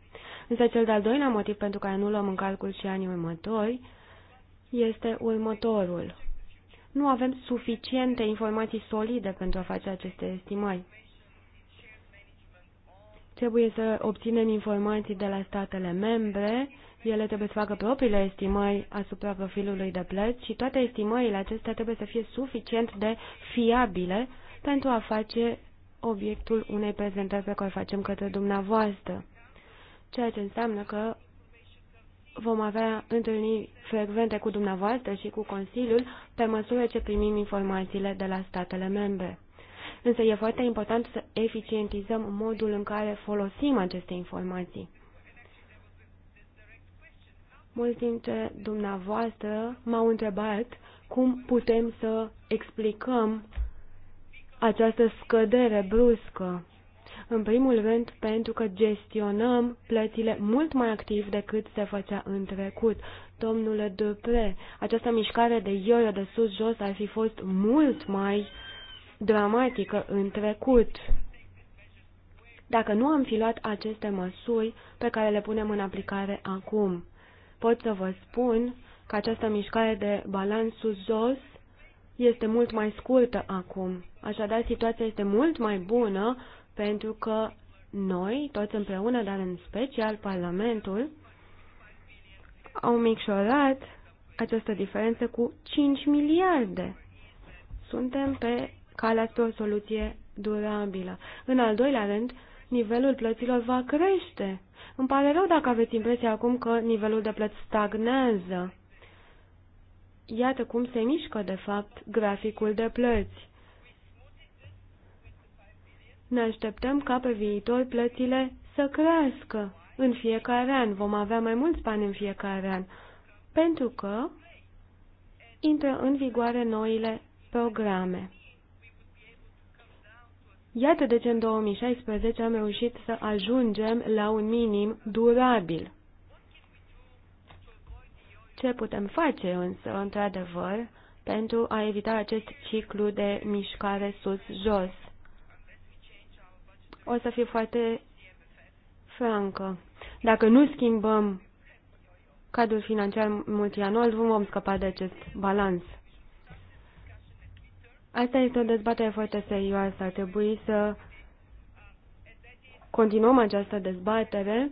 Însă cel de-al doilea motiv pentru care nu luăm în calcul și anii următori este următorul nu avem suficiente informații solide pentru a face aceste estimări. Trebuie să obținem informații de la statele membre, ele trebuie să facă propriile estimări asupra profilului de plăți și toate estimările acestea trebuie să fie suficient de fiabile pentru a face obiectul unei prezentări pe care o facem către dumneavoastră. Ceea ce înseamnă că vom avea întâlniri frecvente cu dumneavoastră și cu Consiliul pe măsură ce primim informațiile de la statele membre. Însă e foarte important să eficientizăm modul în care folosim aceste informații. Mulți dintre dumneavoastră m-au întrebat cum putem să explicăm această scădere bruscă în primul rând, pentru că gestionăm plățile mult mai activ decât se făcea în trecut. Domnule Dupre, această mișcare de ioră de sus-jos ar fi fost mult mai dramatică în trecut dacă nu am fi luat aceste măsuri pe care le punem în aplicare acum. Pot să vă spun că această mișcare de balans sus-jos este mult mai scurtă acum. Așadar, situația este mult mai bună pentru că noi, toți împreună, dar în special Parlamentul, au micșorat această diferență cu 5 miliarde. Suntem pe calea spre o soluție durabilă. În al doilea rând, nivelul plăților va crește. Îmi pare rău dacă aveți impresia acum că nivelul de plăți stagnează. Iată cum se mișcă, de fapt, graficul de plăți. Ne așteptăm ca pe viitor plățile să crească. În fiecare an vom avea mai mulți bani în fiecare an, pentru că intră în vigoare noile programe. Iată de ce în 2016 am reușit să ajungem la un minim durabil. Ce putem face însă, într-adevăr, pentru a evita acest ciclu de mișcare sus-jos? o să fiu foarte francă. Dacă nu schimbăm cadrul financiar multianual, nu vom scăpa de acest balans. Asta este o dezbatere foarte serioasă. Ar trebui să continuăm această dezbatere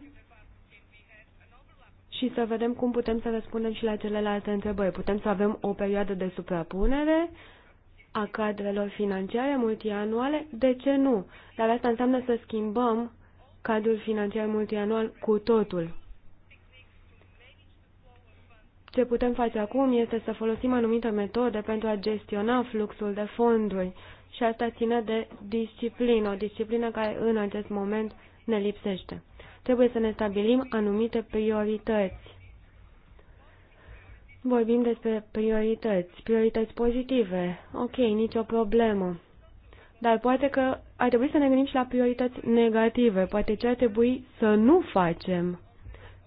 și să vedem cum putem să răspundem și la celelalte întrebări. Putem să avem o perioadă de suprapunere a cadrelor financiare multianuale, de ce nu? Dar asta înseamnă să schimbăm cadrul financiar multianual cu totul. Ce putem face acum este să folosim anumite metode pentru a gestiona fluxul de fonduri și asta ține de disciplină, o disciplină care în acest moment ne lipsește. Trebuie să ne stabilim anumite priorități Vorbim despre priorități, priorități pozitive. Ok, nicio problemă. Dar poate că ar trebui să ne gândim și la priorități negative. Poate ce ar trebui să nu facem.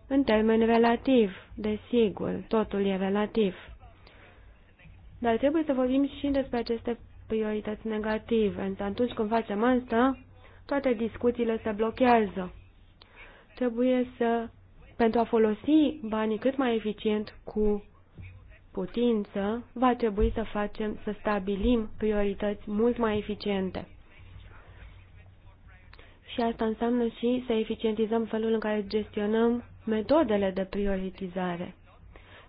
În termen relativ, desigur, totul e relativ. Dar trebuie să vorbim și despre aceste priorități negative. Însă atunci când facem asta, toate discuțiile se blochează. Trebuie să, pentru a folosi banii cât mai eficient cu putință, va trebui să facem, să stabilim priorități mult mai eficiente. Și asta înseamnă și să eficientizăm felul în care gestionăm metodele de prioritizare.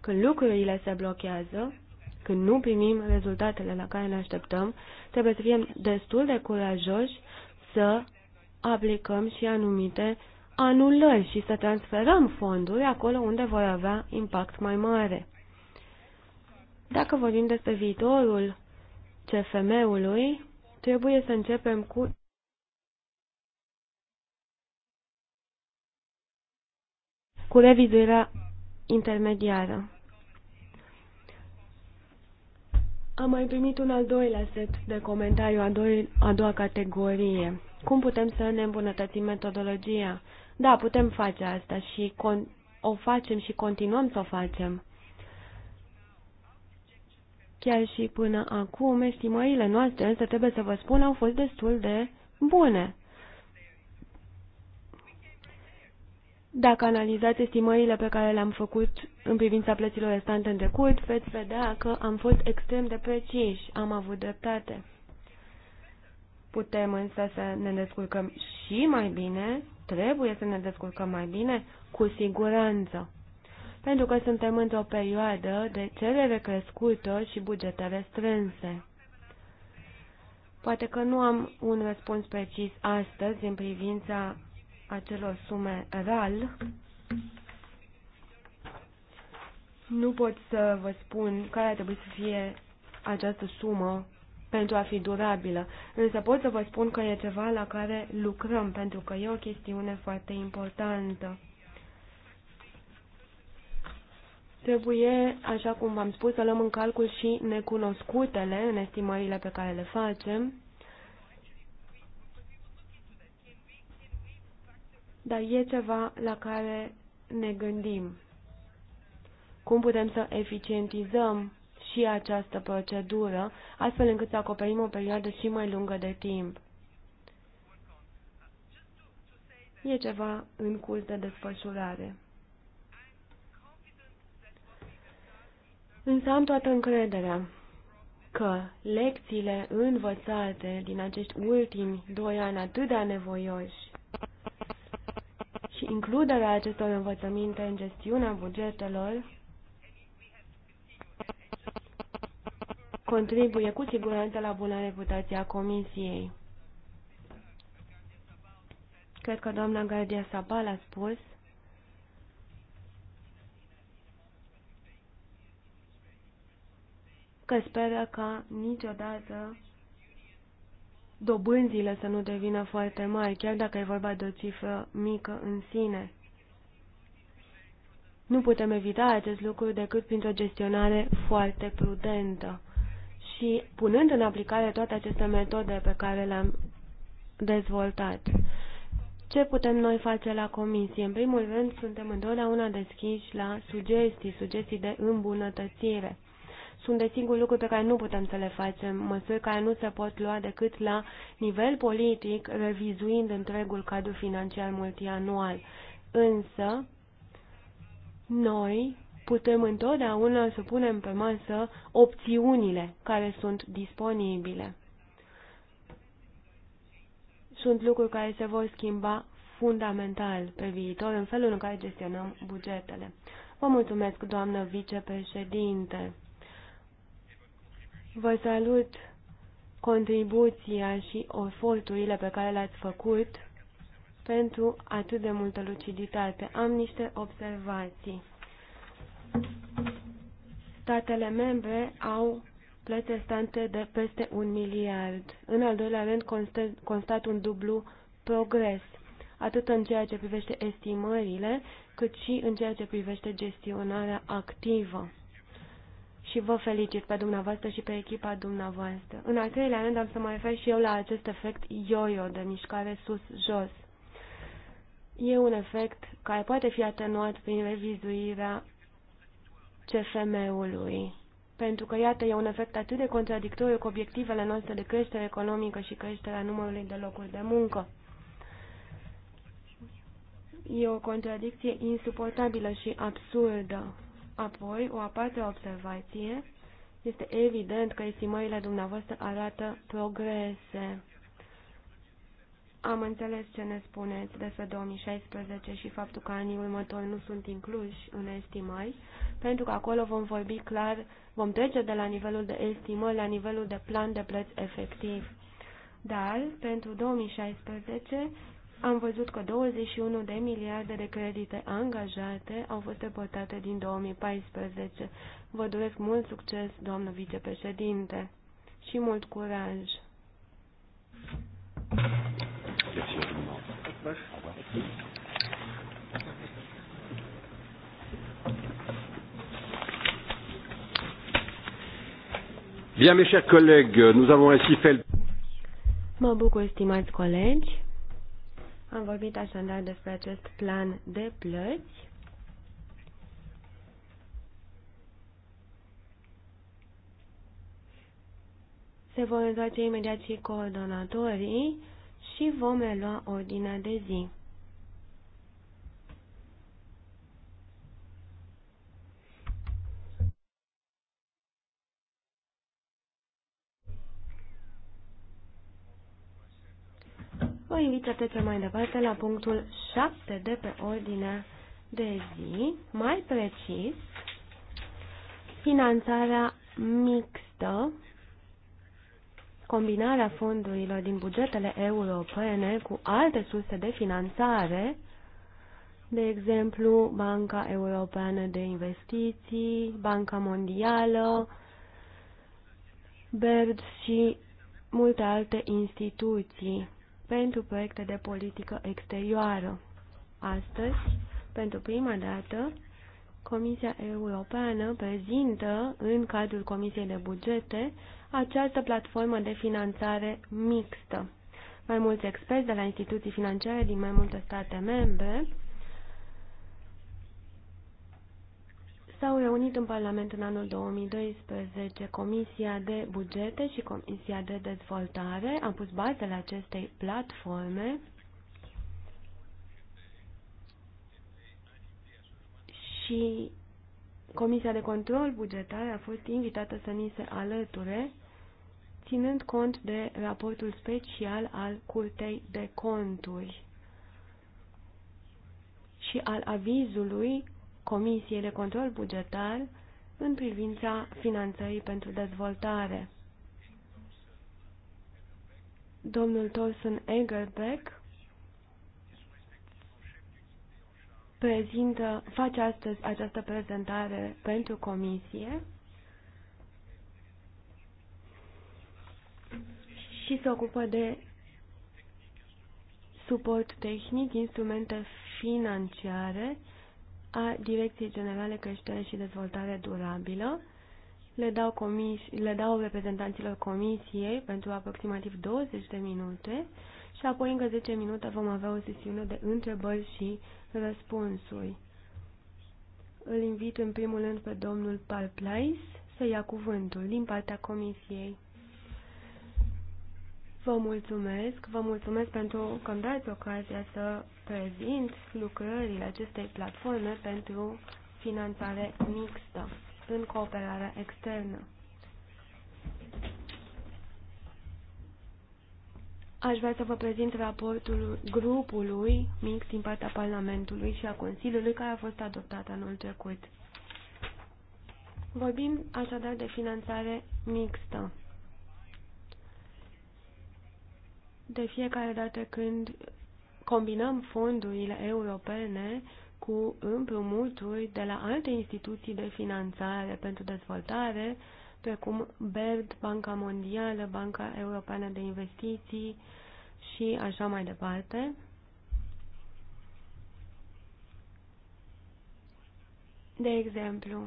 Când lucrurile se blochează, când nu primim rezultatele la care ne așteptăm, trebuie să fim destul de curajoși să aplicăm și anumite anulări și să transferăm fonduri acolo unde vor avea impact mai mare. Dacă vorbim despre viitorul CFM-ului, trebuie să începem cu cu revizuirea intermediară. Am mai primit un al doilea set de comentariu, a, doi, a doua categorie. Cum putem să ne îmbunătățim metodologia? Da, putem face asta și con o facem și continuăm să o facem. Chiar și până acum, estimările noastre, însă trebuie să vă spun, au fost destul de bune. Dacă analizați estimările pe care le-am făcut în privința plăților restante în decurt, veți vedea că am fost extrem de preciși, am avut dreptate. Putem însă să ne descurcăm și mai bine, trebuie să ne descurcăm mai bine, cu siguranță pentru că suntem într-o perioadă de cerere crescută și bugetele strânse. Poate că nu am un răspuns precis astăzi în privința acelor sume RAL. Nu pot să vă spun care ar trebui să fie această sumă pentru a fi durabilă, însă pot să vă spun că e ceva la care lucrăm, pentru că e o chestiune foarte importantă. Trebuie, așa cum v-am spus, să luăm în calcul și necunoscutele în estimările pe care le facem. Dar e ceva la care ne gândim. Cum putem să eficientizăm și această procedură, astfel încât să acoperim o perioadă și mai lungă de timp. E ceva în curs de desfășurare. Însă am toată încrederea că lecțiile învățate din acești ultimi doi ani atât de anevoioși și includerea acestor învățăminte în gestiunea bugetelor contribuie cu siguranță la bună reputația Comisiei. Cred că doamna Gardia Sabal a spus că speră ca niciodată dobânzile să nu devină foarte mari, chiar dacă e vorba de o cifră mică în sine. Nu putem evita acest lucru decât printr-o gestionare foarte prudentă. Și punând în aplicare toate aceste metode pe care le-am dezvoltat, ce putem noi face la comisie? În primul rând, suntem întotdeauna deschiși la sugestii, sugestii de îmbunătățire sunt de singur lucru pe care nu putem să le facem, măsuri care nu se pot lua decât la nivel politic, revizuind întregul cadru financiar multianual. Însă, noi putem întotdeauna să punem pe masă opțiunile care sunt disponibile. Sunt lucruri care se vor schimba fundamental pe viitor în felul în care gestionăm bugetele. Vă mulțumesc, doamnă vicepreședinte. Vă salut contribuția și eforturile pe care le-ați făcut pentru atât de multă luciditate. Am niște observații. Statele membre au plăți restante de peste un miliard. În al doilea rând, constat un dublu progres, atât în ceea ce privește estimările, cât și în ceea ce privește gestionarea activă și vă felicit pe dumneavoastră și pe echipa dumneavoastră. În al treilea rând am să mă refer și eu la acest efect yo-yo de mișcare sus-jos. E un efect care poate fi atenuat prin revizuirea CFM-ului. Pentru că, iată, e un efect atât de contradictoriu cu obiectivele noastre de creștere economică și creșterea numărului de locuri de muncă. E o contradicție insuportabilă și absurdă. Apoi, o a patra observație. Este evident că estimările dumneavoastră arată progrese. Am înțeles ce ne spuneți despre 2016 și faptul că anii următori nu sunt incluși în estimări, pentru că acolo vom vorbi clar, vom trece de la nivelul de estimări la nivelul de plan de plăți efectiv. Dar, pentru 2016, am văzut că 21 de miliarde de credite angajate au fost deportate din 2014. Vă doresc mult succes, doamnă vicepreședinte, și mult curaj. Bien, mes chers collègues, nous avons ainsi fait. le... Mă bucur, stimați colegi. Am vorbit așadar despre acest plan de plăți. Se vor întoarce imediat și coordonatorii și vom relua ordinea de zi. Vă invit să trecem mai departe la punctul 7 de pe ordinea de zi, mai precis, finanțarea mixtă, combinarea fondurilor din bugetele europene cu alte surse de finanțare, de exemplu Banca Europeană de Investiții, Banca Mondială, BERD și multe alte instituții pentru proiecte de politică exterioară. Astăzi, pentru prima dată, Comisia Europeană prezintă, în cadrul Comisiei de Bugete, această platformă de finanțare mixtă. Mai mulți experți de la instituții financiare din mai multe state membre s-au reunit în Parlament în anul 2012 Comisia de Bugete și Comisia de Dezvoltare. Am pus bazele acestei platforme și Comisia de Control Bugetar a fost invitată să ni se alăture, ținând cont de raportul special al Curtei de Conturi și al avizului Comisiei de Control Bugetar în privința finanțării pentru dezvoltare. Domnul Tolson Egerbeck prezintă, face astăzi această prezentare pentru comisie și se ocupă de suport tehnic, instrumente financiare a Direcției Generale Creștere și Dezvoltare Durabilă. Le dau, comis, le dau reprezentanților comisiei pentru aproximativ 20 de minute și apoi încă 10 minute vom avea o sesiune de întrebări și răspunsuri. Îl invit în primul rând pe domnul Palplais să ia cuvântul din partea comisiei. Vă mulțumesc, vă mulțumesc pentru că îmi dați ocazia să prezint lucrările acestei platforme pentru finanțare mixtă în cooperarea externă. Aș vrea să vă prezint raportul grupului mix din partea Parlamentului și a Consiliului care a fost adoptat anul trecut. Vorbim așadar de finanțare mixtă. De fiecare dată când combinăm fondurile europene cu împrumuturi de la alte instituții de finanțare pentru dezvoltare, precum BERD, Banca Mondială, Banca Europeană de Investiții și așa mai departe. De exemplu,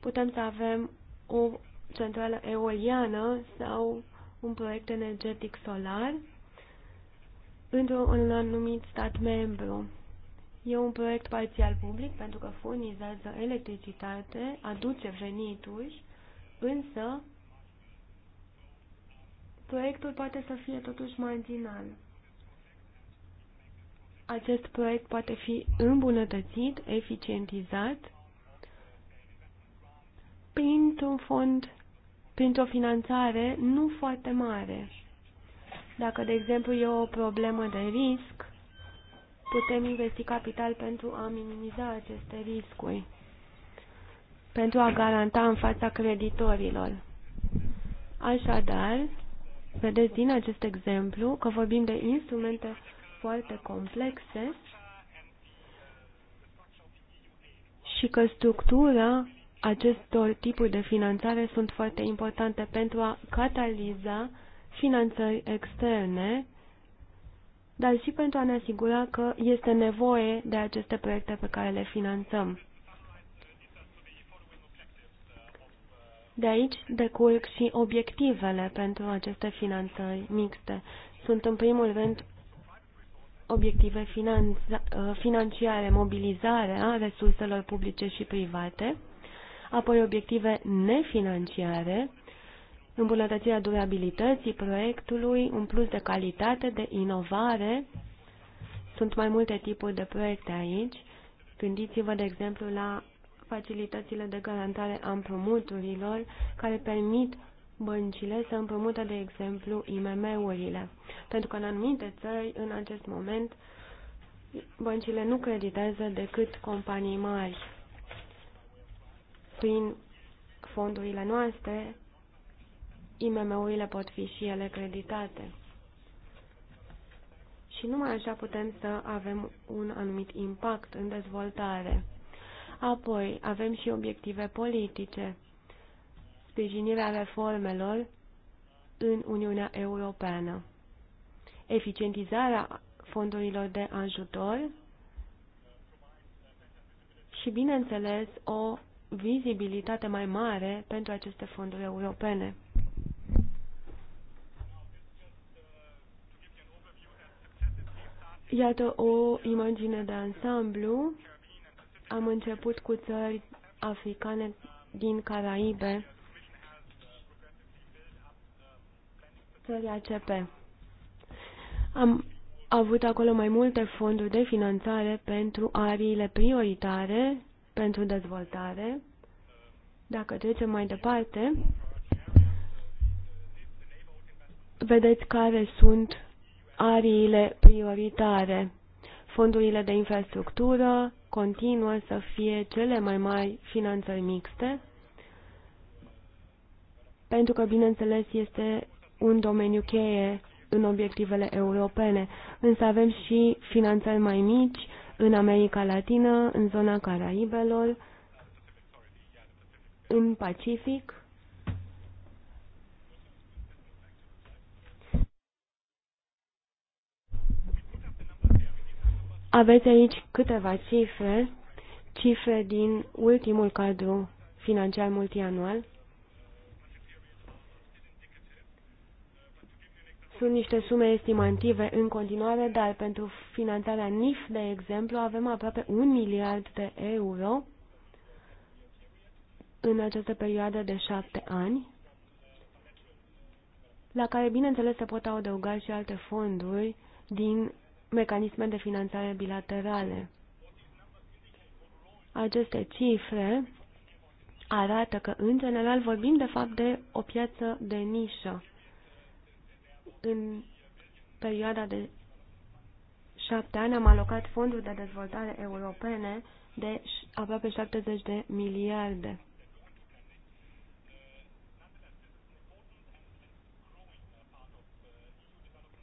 putem să avem o centrală eoliană sau un proiect energetic solar într-un anumit stat membru. E un proiect parțial public pentru că furnizează electricitate, aduce venituri, însă proiectul poate să fie totuși marginal. Acest proiect poate fi îmbunătățit, eficientizat printr-un fond, printr-o finanțare nu foarte mare. Dacă, de exemplu, e o problemă de risc, putem investi capital pentru a minimiza aceste riscuri, pentru a garanta în fața creditorilor. Așadar, vedeți din acest exemplu că vorbim de instrumente foarte complexe și că structura acestor tipuri de finanțare sunt foarte importante pentru a cataliza finanțări externe, dar și pentru a ne asigura că este nevoie de aceste proiecte pe care le finanțăm. De aici decurg și obiectivele pentru aceste finanțări mixte. Sunt în primul rând obiective financiare, mobilizarea resurselor publice și private, apoi obiective nefinanciare, îmbunătățirea durabilității proiectului, un plus de calitate, de inovare. Sunt mai multe tipuri de proiecte aici. Gândiți-vă, de exemplu, la facilitățile de garantare a împrumuturilor care permit băncile să împrumute, de exemplu, IMM-urile. Pentru că în anumite țări, în acest moment, băncile nu creditează decât companii mari. Prin fondurile noastre, IMM-urile pot fi și ele creditate. Și numai așa putem să avem un anumit impact în dezvoltare. Apoi, avem și obiective politice. Sprijinirea reformelor în Uniunea Europeană. Eficientizarea fondurilor de ajutor și, bineînțeles, o vizibilitate mai mare pentru aceste fonduri europene. Iată o imagine de ansamblu. Am început cu țări africane din Caraibe, țări ACP. Am avut acolo mai multe fonduri de finanțare pentru ariile prioritare pentru dezvoltare. Dacă trecem mai departe, vedeți care sunt ariile prioritare. Fondurile de infrastructură continuă să fie cele mai mari finanțări mixte, pentru că, bineînțeles, este un domeniu cheie în obiectivele europene, însă avem și finanțări mai mici în America Latină, în zona Caraibelor, în Pacific Aveți aici câteva cifre, cifre din ultimul cadru financiar multianual. Sunt niște sume estimative în continuare, dar pentru finanțarea NIF, de exemplu, avem aproape un miliard de euro în această perioadă de șapte ani, la care, bineînțeles, se pot adăuga și alte fonduri din mecanisme de finanțare bilaterale. Aceste cifre arată că, în general, vorbim de fapt de o piață de nișă. În perioada de șapte ani am alocat fonduri de dezvoltare europene de aproape 70 de miliarde.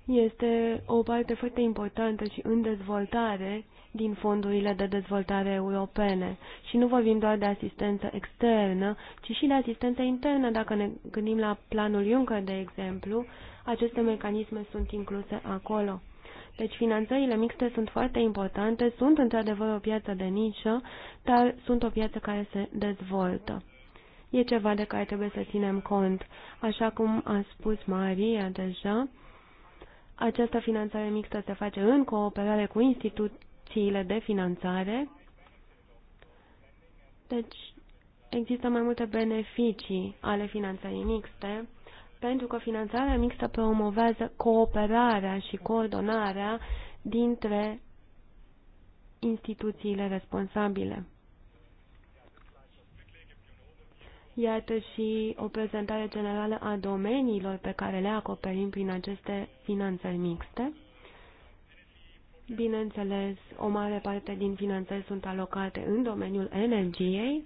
este o parte foarte importantă și în dezvoltare din fondurile de dezvoltare europene. Și nu vorbim doar de asistență externă, ci și de asistență internă. Dacă ne gândim la planul Juncker, de exemplu, aceste mecanisme sunt incluse acolo. Deci finanțările mixte sunt foarte importante, sunt într-adevăr o piață de nișă, dar sunt o piață care se dezvoltă. E ceva de care trebuie să ținem cont. Așa cum a spus Maria deja, această finanțare mixtă se face în cooperare cu instituțiile de finanțare. Deci, există mai multe beneficii ale finanțării mixte, pentru că finanțarea mixtă promovează cooperarea și coordonarea dintre instituțiile responsabile. Iată și o prezentare generală a domeniilor pe care le acoperim prin aceste finanțări mixte. Bineînțeles, o mare parte din finanțări sunt alocate în domeniul energiei,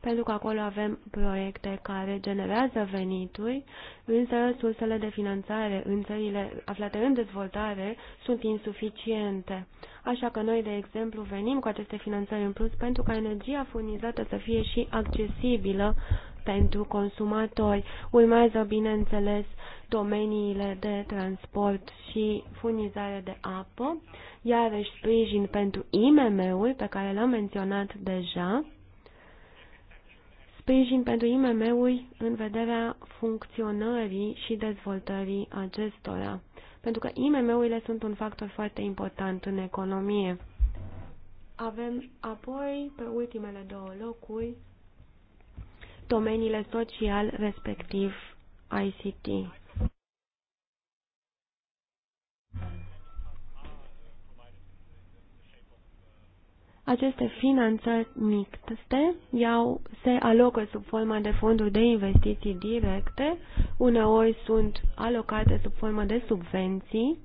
pentru că acolo avem proiecte care generează venituri, însă sursele de finanțare în țările aflate în dezvoltare sunt insuficiente. Așa că noi, de exemplu, venim cu aceste finanțări în plus pentru ca energia furnizată să fie și accesibilă pentru consumatori. Urmează, bineînțeles, domeniile de transport și furnizare de apă, iarăși sprijin pentru IMM-uri, pe care l-am menționat deja, sprijin pentru IMM-uri în vederea funcționării și dezvoltării acestora, pentru că IMM-urile sunt un factor foarte important în economie. Avem apoi, pe ultimele două locuri, domeniile social, respectiv ICT. Aceste finanțări mixte iau, se alocă sub forma de fonduri de investiții directe, uneori sunt alocate sub formă de subvenții.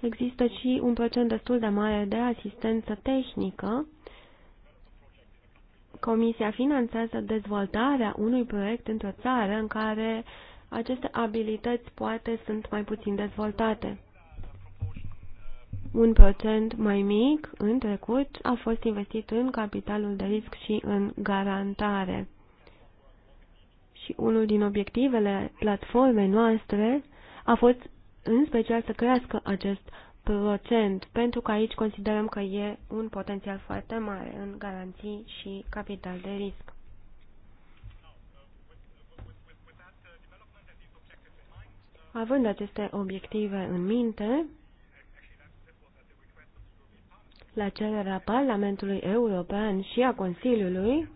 Există și un procent destul de mare de asistență tehnică Comisia finanțează dezvoltarea unui proiect într-o țară în care aceste abilități poate sunt mai puțin dezvoltate. Un procent mai mic în trecut a fost investit în capitalul de risc și în garantare. Și unul din obiectivele platformei noastre a fost în special să crească acest procent, pentru că aici considerăm că e un potențial foarte mare în garanții și capital de risc. Având aceste obiective în minte, la cererea Parlamentului European și a Consiliului,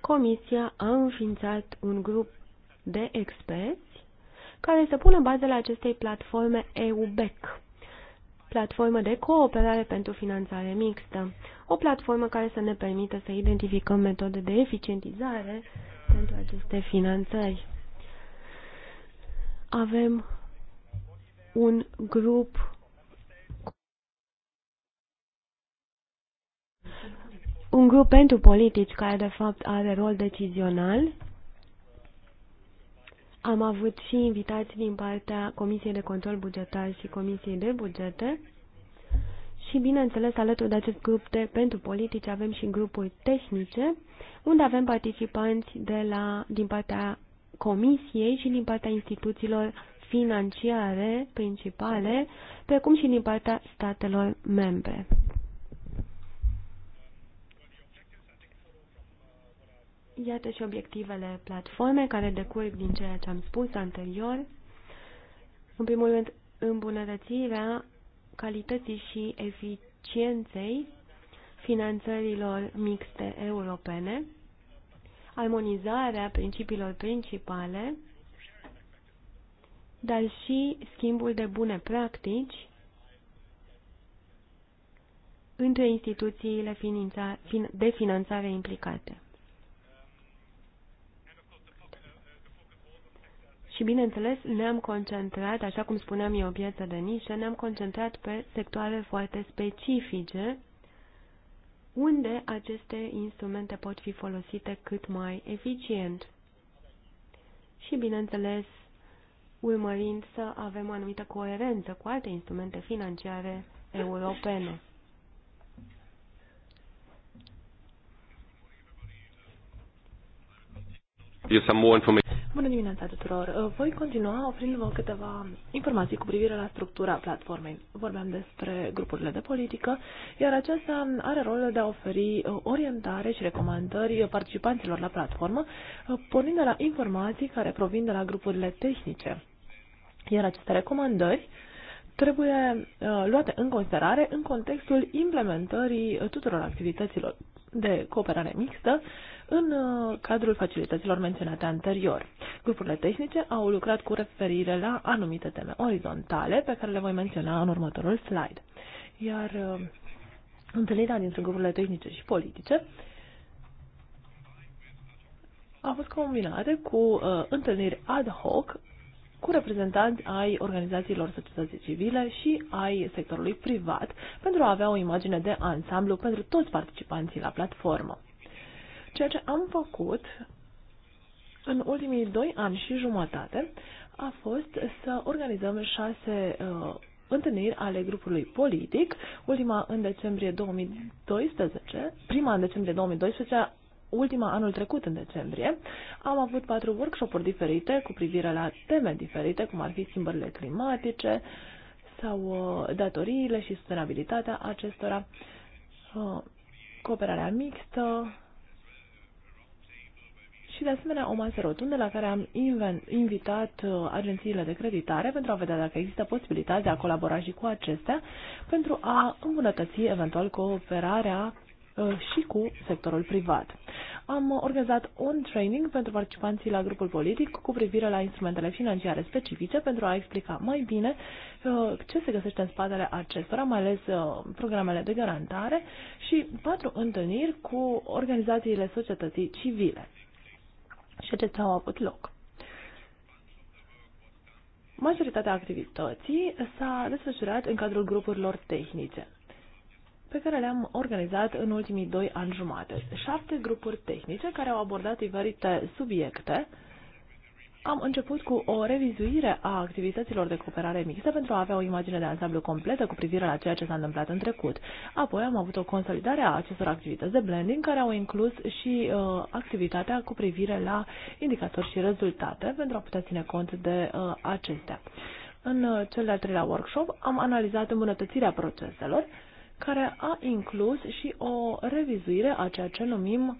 Comisia a înființat un grup de experți care să pună bazele acestei platforme EUBEC platformă de cooperare pentru finanțare mixtă, o platformă care să ne permită să identificăm metode de eficientizare pentru aceste finanțări. Avem un grup un grup pentru politici care de fapt are rol decizional am avut și invitații din partea Comisiei de Control Bugetar și Comisiei de Bugete. Și, bineînțeles, alături de acest grup de pentru politici avem și grupuri tehnice, unde avem participanți de la, din partea Comisiei și din partea instituțiilor financiare principale, precum și din partea statelor membre. Iată și obiectivele platformei care decurg din ceea ce am spus anterior. În primul rând, îmbunătățirea calității și eficienței finanțărilor mixte europene, armonizarea principiilor principale, dar și schimbul de bune practici între instituțiile de finanțare implicate. Și, bineînțeles, ne-am concentrat, așa cum spuneam eu, piața de nișă, ne-am concentrat pe sectoare foarte specifice unde aceste instrumente pot fi folosite cât mai eficient. Și, bineînțeles, urmărind să avem o anumită coerență cu alte instrumente financiare europene. Some more information. Bună dimineața tuturor! Uh, voi continua oferindu-vă câteva informații cu privire la structura platformei. Vorbeam despre grupurile de politică, iar aceasta are rolul de a oferi uh, orientare și recomandări participanților la platformă, uh, pornind de la informații care provin de la grupurile tehnice. Iar aceste recomandări trebuie luate în considerare în contextul implementării tuturor activităților de cooperare mixtă în uh, cadrul facilităților menționate anterior. Grupurile tehnice au lucrat cu referire la anumite teme orizontale pe care le voi menționa în următorul slide. Iar uh, întâlnirea dintre grupurile tehnice și politice a fost combinate cu uh, întâlniri ad hoc cu reprezentanți ai organizațiilor societății civile și ai sectorului privat pentru a avea o imagine de ansamblu pentru toți participanții la platformă. Ceea ce am făcut în ultimii doi ani și jumătate a fost să organizăm șase uh, întâlniri ale grupului politic, ultima în decembrie 2012, prima în decembrie 2012, ultima anul trecut în decembrie. Am avut patru workshop-uri diferite cu privire la teme diferite, cum ar fi schimbările climatice sau uh, datoriile și sustenabilitatea acestora, uh, cooperarea mixtă, și de asemenea o masă rotundă la care am invitat uh, agențiile de creditare pentru a vedea dacă există posibilitatea de a colabora și cu acestea pentru a îmbunătăți eventual cooperarea uh, și cu sectorul privat. Am organizat un training pentru participanții la grupul politic cu privire la instrumentele financiare specifice pentru a explica mai bine uh, ce se găsește în spatele acestora, mai ales programele de garantare și patru întâlniri cu organizațiile societății civile și acestea au avut loc. Majoritatea activității s-a desfășurat în cadrul grupurilor tehnice pe care le-am organizat în ultimii doi ani jumate. Șapte grupuri tehnice care au abordat diferite subiecte am început cu o revizuire a activităților de cooperare mixtă pentru a avea o imagine de ansamblu completă cu privire la ceea ce s-a întâmplat în trecut. Apoi am avut o consolidare a acestor activități de blending care au inclus și uh, activitatea cu privire la indicatori și rezultate pentru a putea ține cont de uh, acestea. În uh, cel de-al treilea workshop am analizat îmbunătățirea proceselor care a inclus și o revizuire a ceea ce numim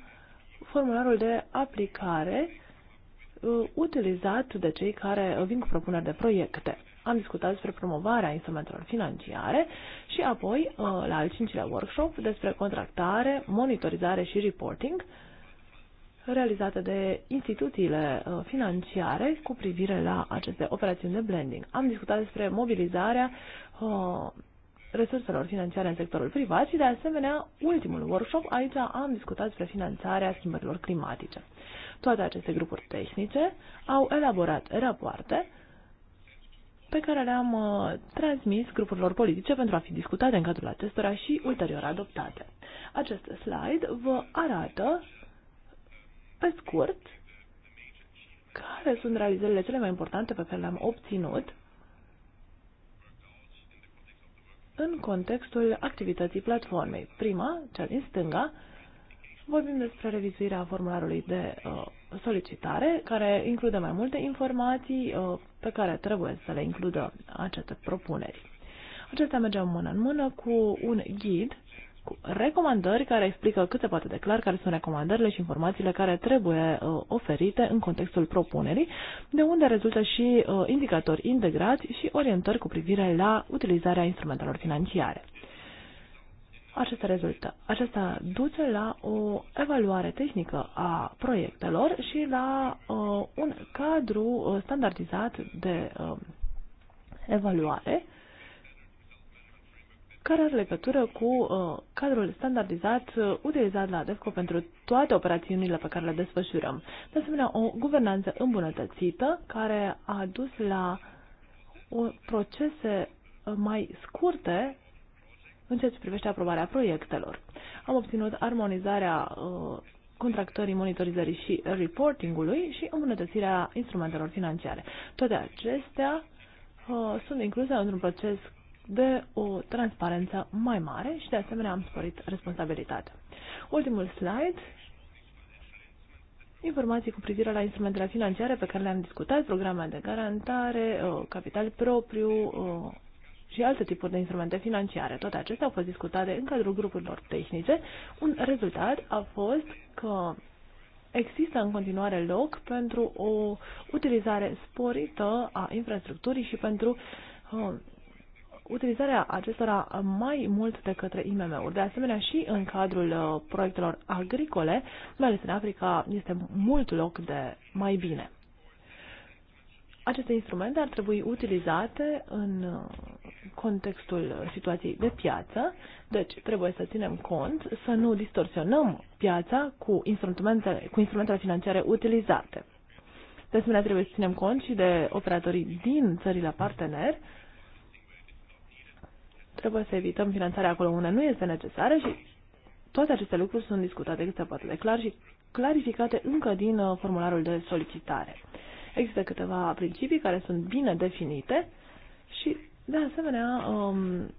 formularul de aplicare Uh, utilizat de cei care vin cu propuneri de proiecte. Am discutat despre promovarea instrumentelor financiare și apoi, uh, la al cincilea workshop, despre contractare, monitorizare și reporting realizate de instituțiile uh, financiare cu privire la aceste operațiuni de blending. Am discutat despre mobilizarea resurselor financiare în sectorul privat și, de asemenea, ultimul workshop, aici am discutat despre finanțarea schimbărilor climatice. Toate aceste grupuri tehnice au elaborat rapoarte pe care le-am uh, transmis grupurilor politice pentru a fi discutate în cadrul acestora și ulterior adoptate. Acest slide vă arată pe scurt care sunt realizările cele mai importante pe care le-am obținut în contextul activității platformei. Prima, cea din stânga, Vorbim despre revizuirea formularului de uh, solicitare, care include mai multe informații uh, pe care trebuie să le includă aceste propuneri. Acestea mergeau mână în mână cu un ghid cu recomandări care explică cât se poate de clar care sunt recomandările și informațiile care trebuie uh, oferite în contextul propunerii, de unde rezultă și uh, indicatori integrați și orientări cu privire la utilizarea instrumentelor financiare. Acesta, rezultă, acesta duce la o evaluare tehnică a proiectelor și la uh, un cadru uh, standardizat de uh, evaluare care are legătură cu uh, cadrul standardizat uh, utilizat la DEFCO pentru toate operațiunile pe care le desfășurăm. De asemenea, o guvernanță îmbunătățită care a dus la o procese uh, mai scurte în ceea ce privește aprobarea proiectelor. Am obținut armonizarea uh, contractării, monitorizării și reportingului și îmbunătățirea instrumentelor financiare. Toate acestea uh, sunt incluse într-un proces de o transparență mai mare și de asemenea am sporit responsabilitatea. Ultimul slide. Informații cu privire la instrumentele financiare pe care le-am discutat, programe de garantare, uh, capital propriu, uh, și alte tipuri de instrumente financiare. Toate acestea au fost discutate în cadrul grupurilor tehnice. Un rezultat a fost că există în continuare loc pentru o utilizare sporită a infrastructurii și pentru uh, utilizarea acestora mai mult de către IMM-uri. De asemenea, și în cadrul uh, proiectelor agricole, mai ales în Africa, este mult loc de mai bine. Aceste instrumente ar trebui utilizate în uh, contextul situației de piață, deci trebuie să ținem cont să nu distorsionăm piața cu instrumentele, cu instrumentele financiare utilizate. De asemenea, trebuie să ținem cont și de operatorii din țările partener. Trebuie să evităm finanțarea acolo unde nu este necesară și toate aceste lucruri sunt discutate cât se poate de clar și clarificate încă din uh, formularul de solicitare. Există câteva principii care sunt bine definite și, de asemenea, um,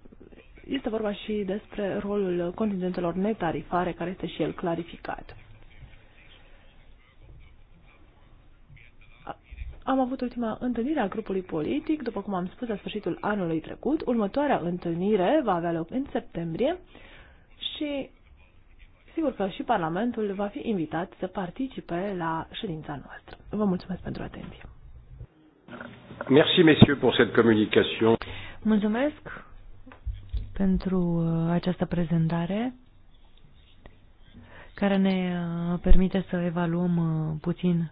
este vorba și despre rolul contingentelor netarifare, care este și el clarificat. Am avut ultima întâlnire a grupului politic, după cum am spus, la sfârșitul anului trecut. Următoarea întâlnire va avea loc în septembrie și Sigur că și Parlamentul va fi invitat să participe la ședința noastră. Vă mulțumesc pentru atenție. Merci, messieurs, pour cette communication. Mulțumesc pentru uh, această prezentare care ne uh, permite să evaluăm uh, puțin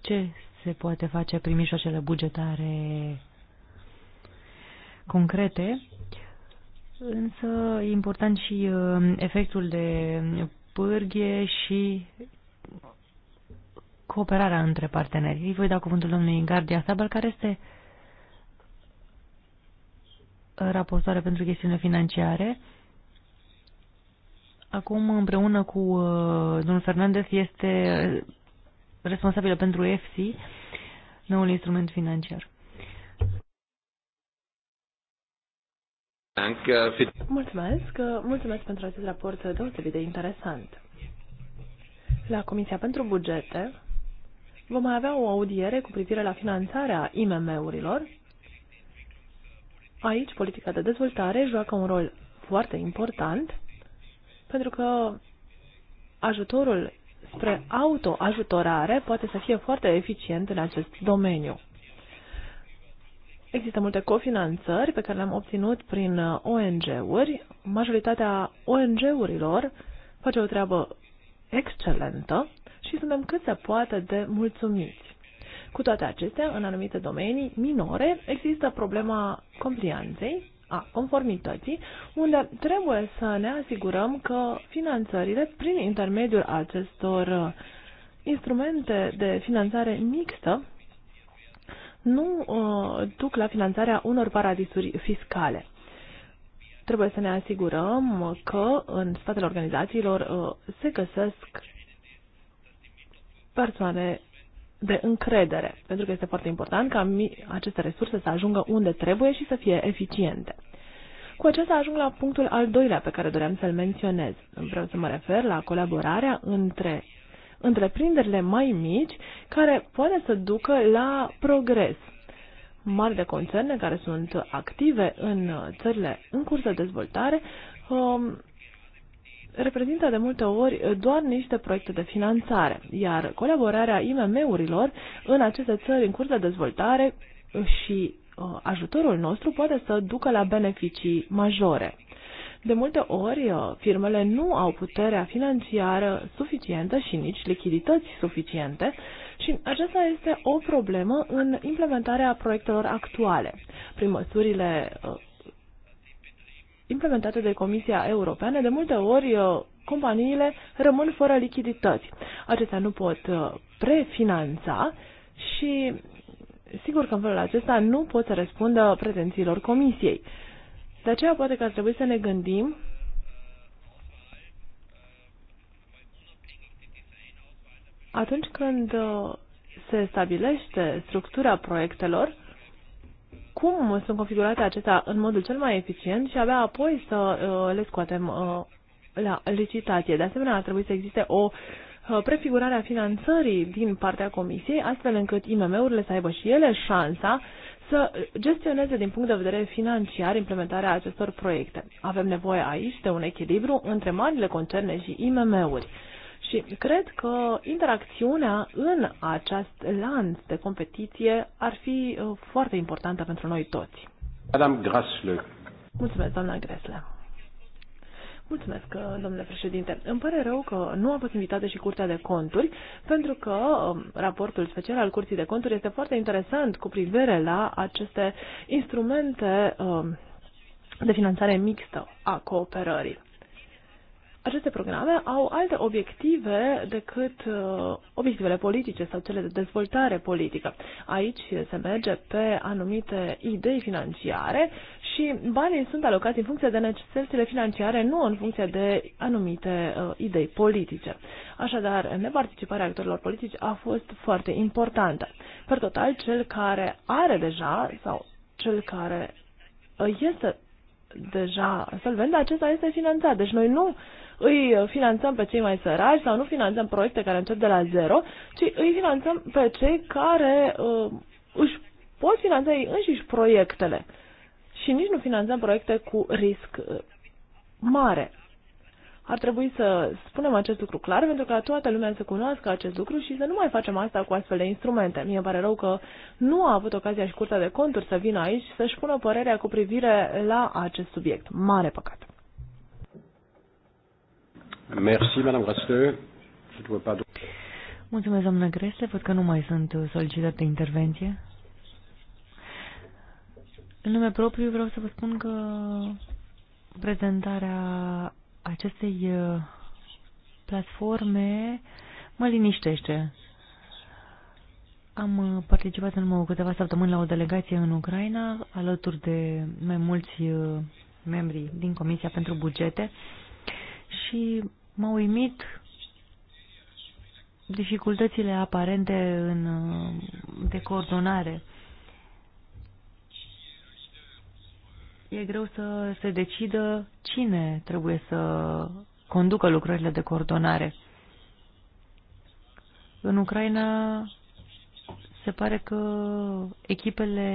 ce se poate face prin mijloacele bugetare concrete. Însă e important și uh, efectul de pârghie și cooperarea între parteneri. Îi voi da cuvântul domnului Gardia Sabel, care este raportoare pentru chestiune financiare. Acum, împreună cu uh, domnul Fernandez, este responsabilă pentru EFSI, noul instrument financiar. Uh, mulțumesc, uh, mulțumesc pentru acest raport deosebit de interesant. La Comisia pentru Bugete vom mai avea o audiere cu privire la finanțarea IMM-urilor. Aici, politica de dezvoltare joacă un rol foarte important pentru că ajutorul spre autoajutorare poate să fie foarte eficient în acest domeniu. Există multe cofinanțări pe care le-am obținut prin uh, ONG-uri. Majoritatea ONG-urilor face o treabă excelentă și suntem cât se poate de mulțumiți. Cu toate acestea, în anumite domenii minore, există problema complianței, a conformității, unde trebuie să ne asigurăm că finanțările, prin intermediul acestor uh, instrumente de finanțare mixtă, nu uh, duc la finanțarea unor paradisuri fiscale. Trebuie să ne asigurăm că în spatele organizațiilor uh, se găsesc persoane de încredere, pentru că este foarte important ca aceste resurse să ajungă unde trebuie și să fie eficiente. Cu acesta ajung la punctul al doilea pe care doream să-l menționez. Vreau să mă refer la colaborarea între întreprinderile mai mici care poate să ducă la progres. Mari de concerne care sunt active în țările în curs de dezvoltare um, reprezintă de multe ori doar niște proiecte de finanțare, iar colaborarea IMM-urilor în aceste țări în curs de dezvoltare și uh, ajutorul nostru poate să ducă la beneficii majore. De multe ori, uh, firmele nu au puterea financiară suficientă și nici lichidități suficiente și aceasta este o problemă în implementarea proiectelor actuale. Prin măsurile uh, implementate de Comisia Europeană, de multe ori uh, companiile rămân fără lichidități. Acestea nu pot prefinanța și sigur că în felul acesta nu pot să răspundă pretențiilor Comisiei. De aceea poate că ar trebui să ne gândim atunci când uh, se stabilește structura proiectelor, cum sunt configurate acestea în modul cel mai eficient și abia apoi să uh, le scoatem uh, la licitație. De asemenea, ar trebui să existe o prefigurare a finanțării din partea Comisiei, astfel încât IMM-urile să aibă și ele șansa să gestioneze din punct de vedere financiar implementarea acestor proiecte. Avem nevoie aici de un echilibru între marile concerne și IMM-uri. Și cred că interacțiunea în acest lanț de competiție ar fi uh, foarte importantă pentru noi toți. Madame Grasle. Mulțumesc, doamna Gresle. Mulțumesc, uh, domnule președinte. Îmi pare rău că nu a fost invitată și Curtea de Conturi, pentru că um, raportul special al Curții de Conturi este foarte interesant cu privire la aceste instrumente um, de finanțare mixtă a cooperării. Aceste programe au alte obiective decât uh, obiectivele politice sau cele de dezvoltare politică. Aici se merge pe anumite idei financiare și banii sunt alocați în funcție de necesitățile financiare, nu în funcție de anumite uh, idei politice. Așadar, neparticiparea actorilor politici a fost foarte importantă. Per total, cel care are deja sau cel care uh, este deja solvent, acesta este finanțat. Deci noi nu îi finanțăm pe cei mai săraci sau nu finanțăm proiecte care încep de la zero, ci îi finanțăm pe cei care uh, își pot finanța ei înșiși proiectele. Și nici nu finanțăm proiecte cu risc uh, mare. Ar trebui să spunem acest lucru clar pentru ca toată lumea să cunoască acest lucru și să nu mai facem asta cu astfel de instrumente. Mie pare rău că nu a avut ocazia și Curtea de Conturi să vină aici să-și pună părerea cu privire la acest subiect. Mare păcat! Merci, Madame d'autres. Mulțumesc, doamnă Gresle. Văd că nu mai sunt uh, solicitate de intervenție. În nume propriu vreau să vă spun că prezentarea acestei uh, platforme mă liniștește. Am uh, participat în urmă câteva săptămâni la o delegație în Ucraina, alături de mai mulți membri din Comisia pentru Bugete și m-a uimit dificultățile aparente în, de coordonare. E greu să se decidă cine trebuie să conducă lucrările de coordonare. În Ucraina se pare că echipele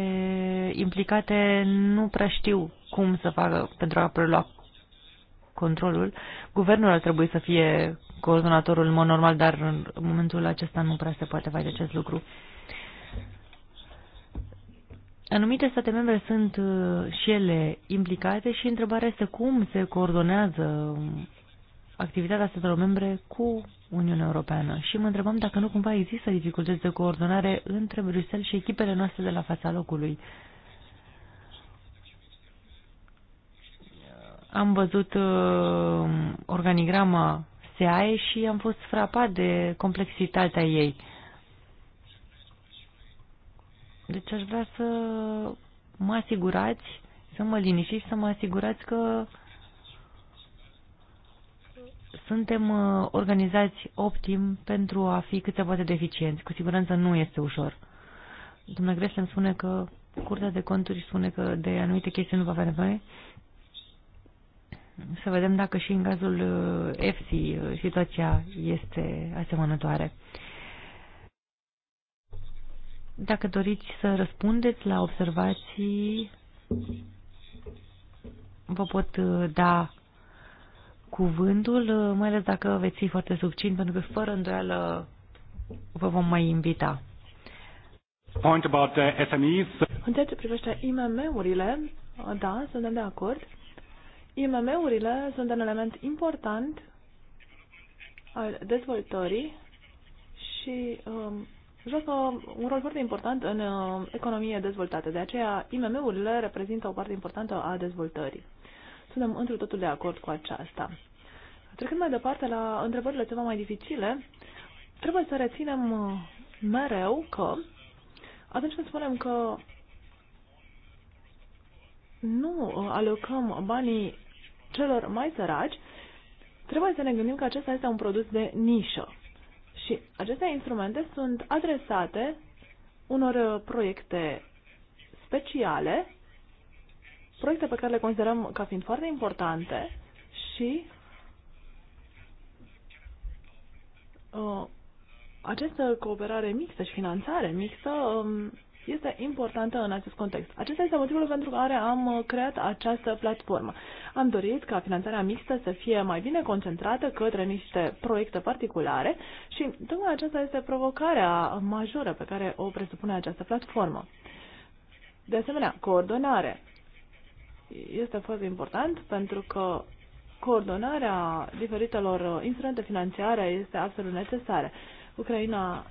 implicate nu prea știu cum să facă pentru a prelua controlul. Guvernul ar trebui să fie coordonatorul în mod normal, dar în momentul acesta nu prea se poate face acest lucru. Anumite state membre sunt uh, și ele implicate și întrebarea este cum se coordonează um, activitatea statelor membre cu Uniunea Europeană și mă întrebam dacă nu cumva există dificultăți de coordonare între Bruxelles și echipele noastre de la fața locului. am văzut uh, organigrama SEAE și am fost frapat de complexitatea ei. Deci aș vrea să mă asigurați, să mă liniștiți, să mă asigurați că suntem uh, organizați optim pentru a fi cât se poate deficienți. eficienți. Cu siguranță nu este ușor. Domnul Gresle îmi spune că Curtea de Conturi spune că de anumite chestii nu va avea nevoie să vedem dacă și în cazul EFSI uh, uh, situația este asemănătoare. Dacă doriți să răspundeți la observații, vă pot uh, da cuvântul, mai ales dacă veți fi foarte subțin, pentru că fără îndoială vă vom mai invita. Point about SMEs. În ceea ce privește IMM-urile, da, suntem de acord. IMM-urile sunt un element important al dezvoltării și um, joacă un rol foarte important în uh, economie dezvoltată. De aceea, IMM-urile reprezintă o parte importantă a dezvoltării. Suntem într totul de acord cu aceasta. Trecând mai departe la întrebările ceva mai dificile, trebuie să reținem uh, mereu că atunci când spunem că nu uh, alocăm banii celor mai săraci, trebuie să ne gândim că acesta este un produs de nișă. Și aceste instrumente sunt adresate unor uh, proiecte speciale, proiecte pe care le considerăm ca fiind foarte importante și uh, această cooperare mixtă și finanțare mixtă um, este importantă în acest context. Acesta este motivul pentru care am creat această platformă. Am dorit ca finanțarea mixtă să fie mai bine concentrată către niște proiecte particulare și tocmai aceasta este provocarea majoră pe care o presupune această platformă. De asemenea, coordonare. Este foarte important pentru că coordonarea diferitelor instrumente financiare este absolut necesară. Ucraina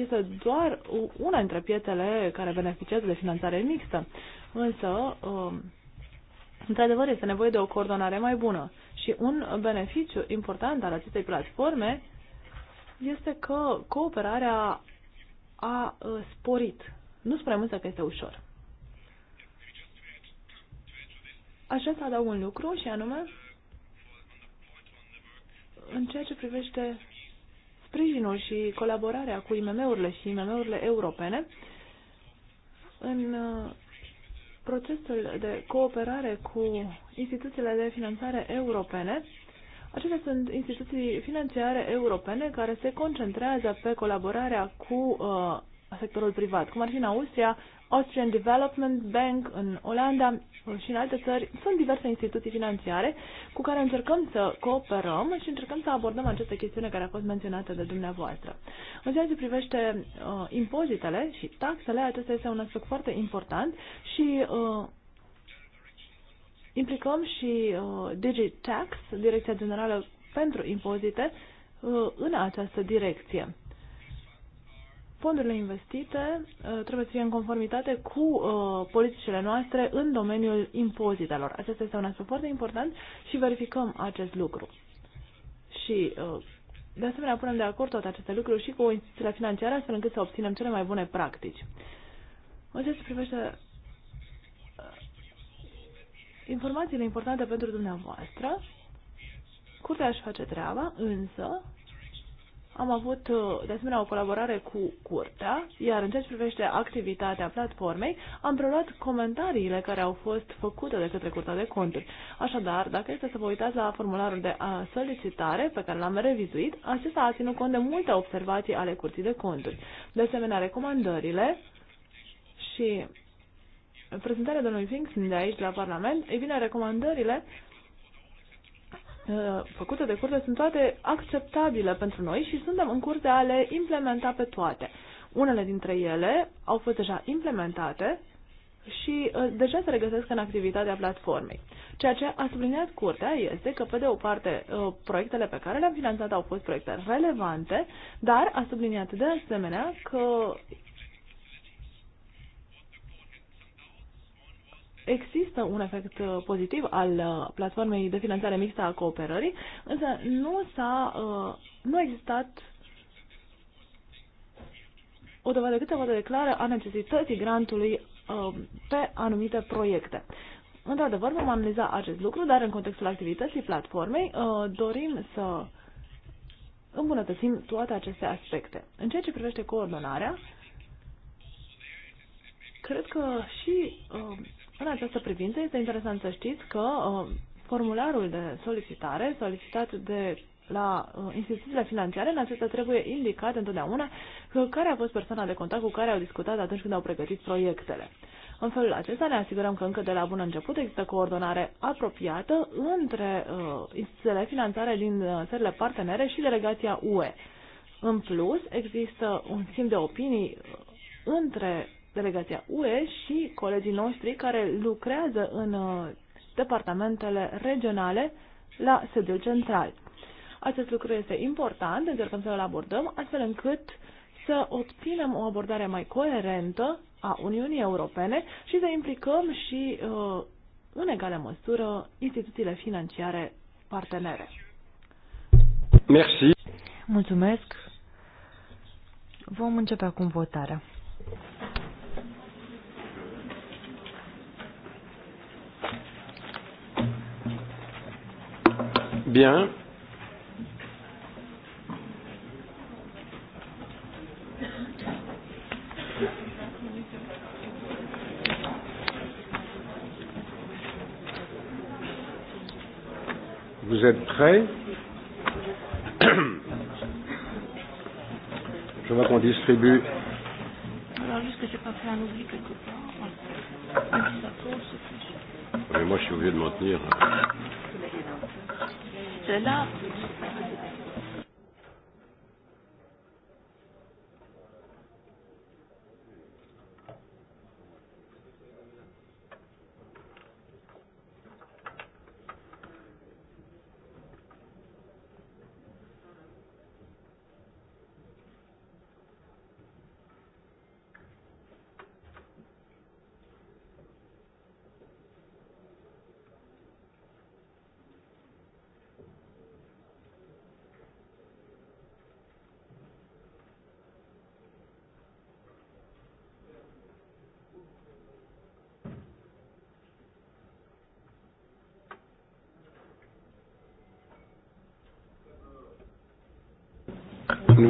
este doar una dintre piețele care beneficiază de finanțare mixtă. Însă, um, într-adevăr, este nevoie de o coordonare mai bună. Și un beneficiu important al acestei platforme este că cooperarea a uh, sporit. Nu spunem însă că este ușor. Așa să adaug un lucru și anume în ceea ce privește sprijinul și colaborarea cu IMM-urile și IMM-urile europene în uh, procesul de cooperare cu instituțiile de finanțare europene. Acestea sunt instituții financiare europene care se concentrează pe colaborarea cu uh, sectorul privat, cum ar fi în Austria, Austrian Development Bank în Olanda și în alte țări. Sunt diverse instituții financiare cu care încercăm să cooperăm și încercăm să abordăm această chestiune care a fost menționată de dumneavoastră. În ceea ce privește uh, impozitele și taxele, acesta este un aspect foarte important și uh, implicăm și uh, DigiTax, Direcția Generală pentru Impozite, uh, în această direcție fondurile investite uh, trebuie să fie în conformitate cu uh, politicile noastre în domeniul impozitelor. Acesta este un aspect foarte important și verificăm acest lucru. Și uh, de asemenea punem de acord toate aceste lucruri și cu instituțiile financiare astfel încât să obținem cele mai bune practici. În ce se privește informațiile importante pentru dumneavoastră, curtea își face treaba, însă am avut uh, de asemenea o colaborare cu curtea, iar în ceea ce privește activitatea platformei, am preluat comentariile care au fost făcute de către curtea de conturi. Așadar, dacă este să vă uitați la formularul de uh, solicitare pe care l-am revizuit, acesta a ținut cont de multe observații ale curții de conturi. De asemenea, recomandările și prezentarea domnului Finks de aici, de la Parlament, ei bine, recomandările Uh, făcute de curte sunt toate acceptabile pentru noi și suntem în curs de a le implementa pe toate. Unele dintre ele au fost deja implementate și uh, deja se regăsesc în activitatea platformei. Ceea ce a subliniat curtea este că, pe de o parte, uh, proiectele pe care le-am finanțat au fost proiecte relevante, dar a subliniat de asemenea că există un efect uh, pozitiv al uh, platformei de finanțare mixtă a cooperării, însă nu s-a uh, nu a existat o dovadă cât se poate declară a necesității grantului pe anumite proiecte. Într-adevăr, vom analiza acest lucru, dar în contextul activității platformei dorim să îmbunătățim toate aceste aspecte. În ceea ce privește coordonarea, cred că și uh, în această privință este interesant să știți că uh, formularul de solicitare solicitat de la uh, instituțiile financiare, în acesta trebuie indicat întotdeauna că care a fost persoana de contact cu care au discutat atunci când au pregătit proiectele. În felul acesta ne asigurăm că încă de la bun început există coordonare apropiată între uh, instituțiile financiare din uh, țările partenere și delegația UE. În plus, există un schimb de opinii uh, între delegația UE și colegii noștri care lucrează în uh, departamentele regionale la sediul central. Acest lucru este important, încercăm să-l abordăm astfel încât să obținem o abordare mai coerentă a Uniunii Europene și să implicăm și, uh, în egală măsură, instituțiile financiare partenere. Merci. Mulțumesc. Vom începe acum votarea. Bien. Vous êtes prêts Je vois qu'on distribue. Alors, juste que je pas fait un oubli quelque part. Mais moi, je suis obligé de m'en tenir de cela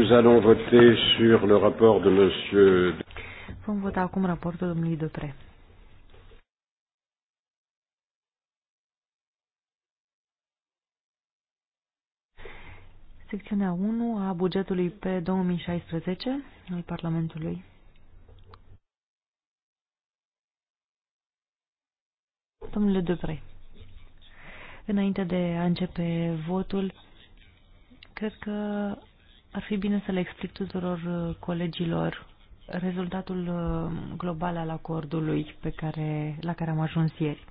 Nous allons voter sur le rapport de monsieur... Vom vota acum raportul domnului Dupre. Secțiunea 1 a bugetului pe 2016 al Parlamentului. Domnule Dupre, înainte de a începe votul, cred că ar fi bine să le explic tuturor uh, colegilor rezultatul uh, global al acordului pe care, la care am ajuns ieri.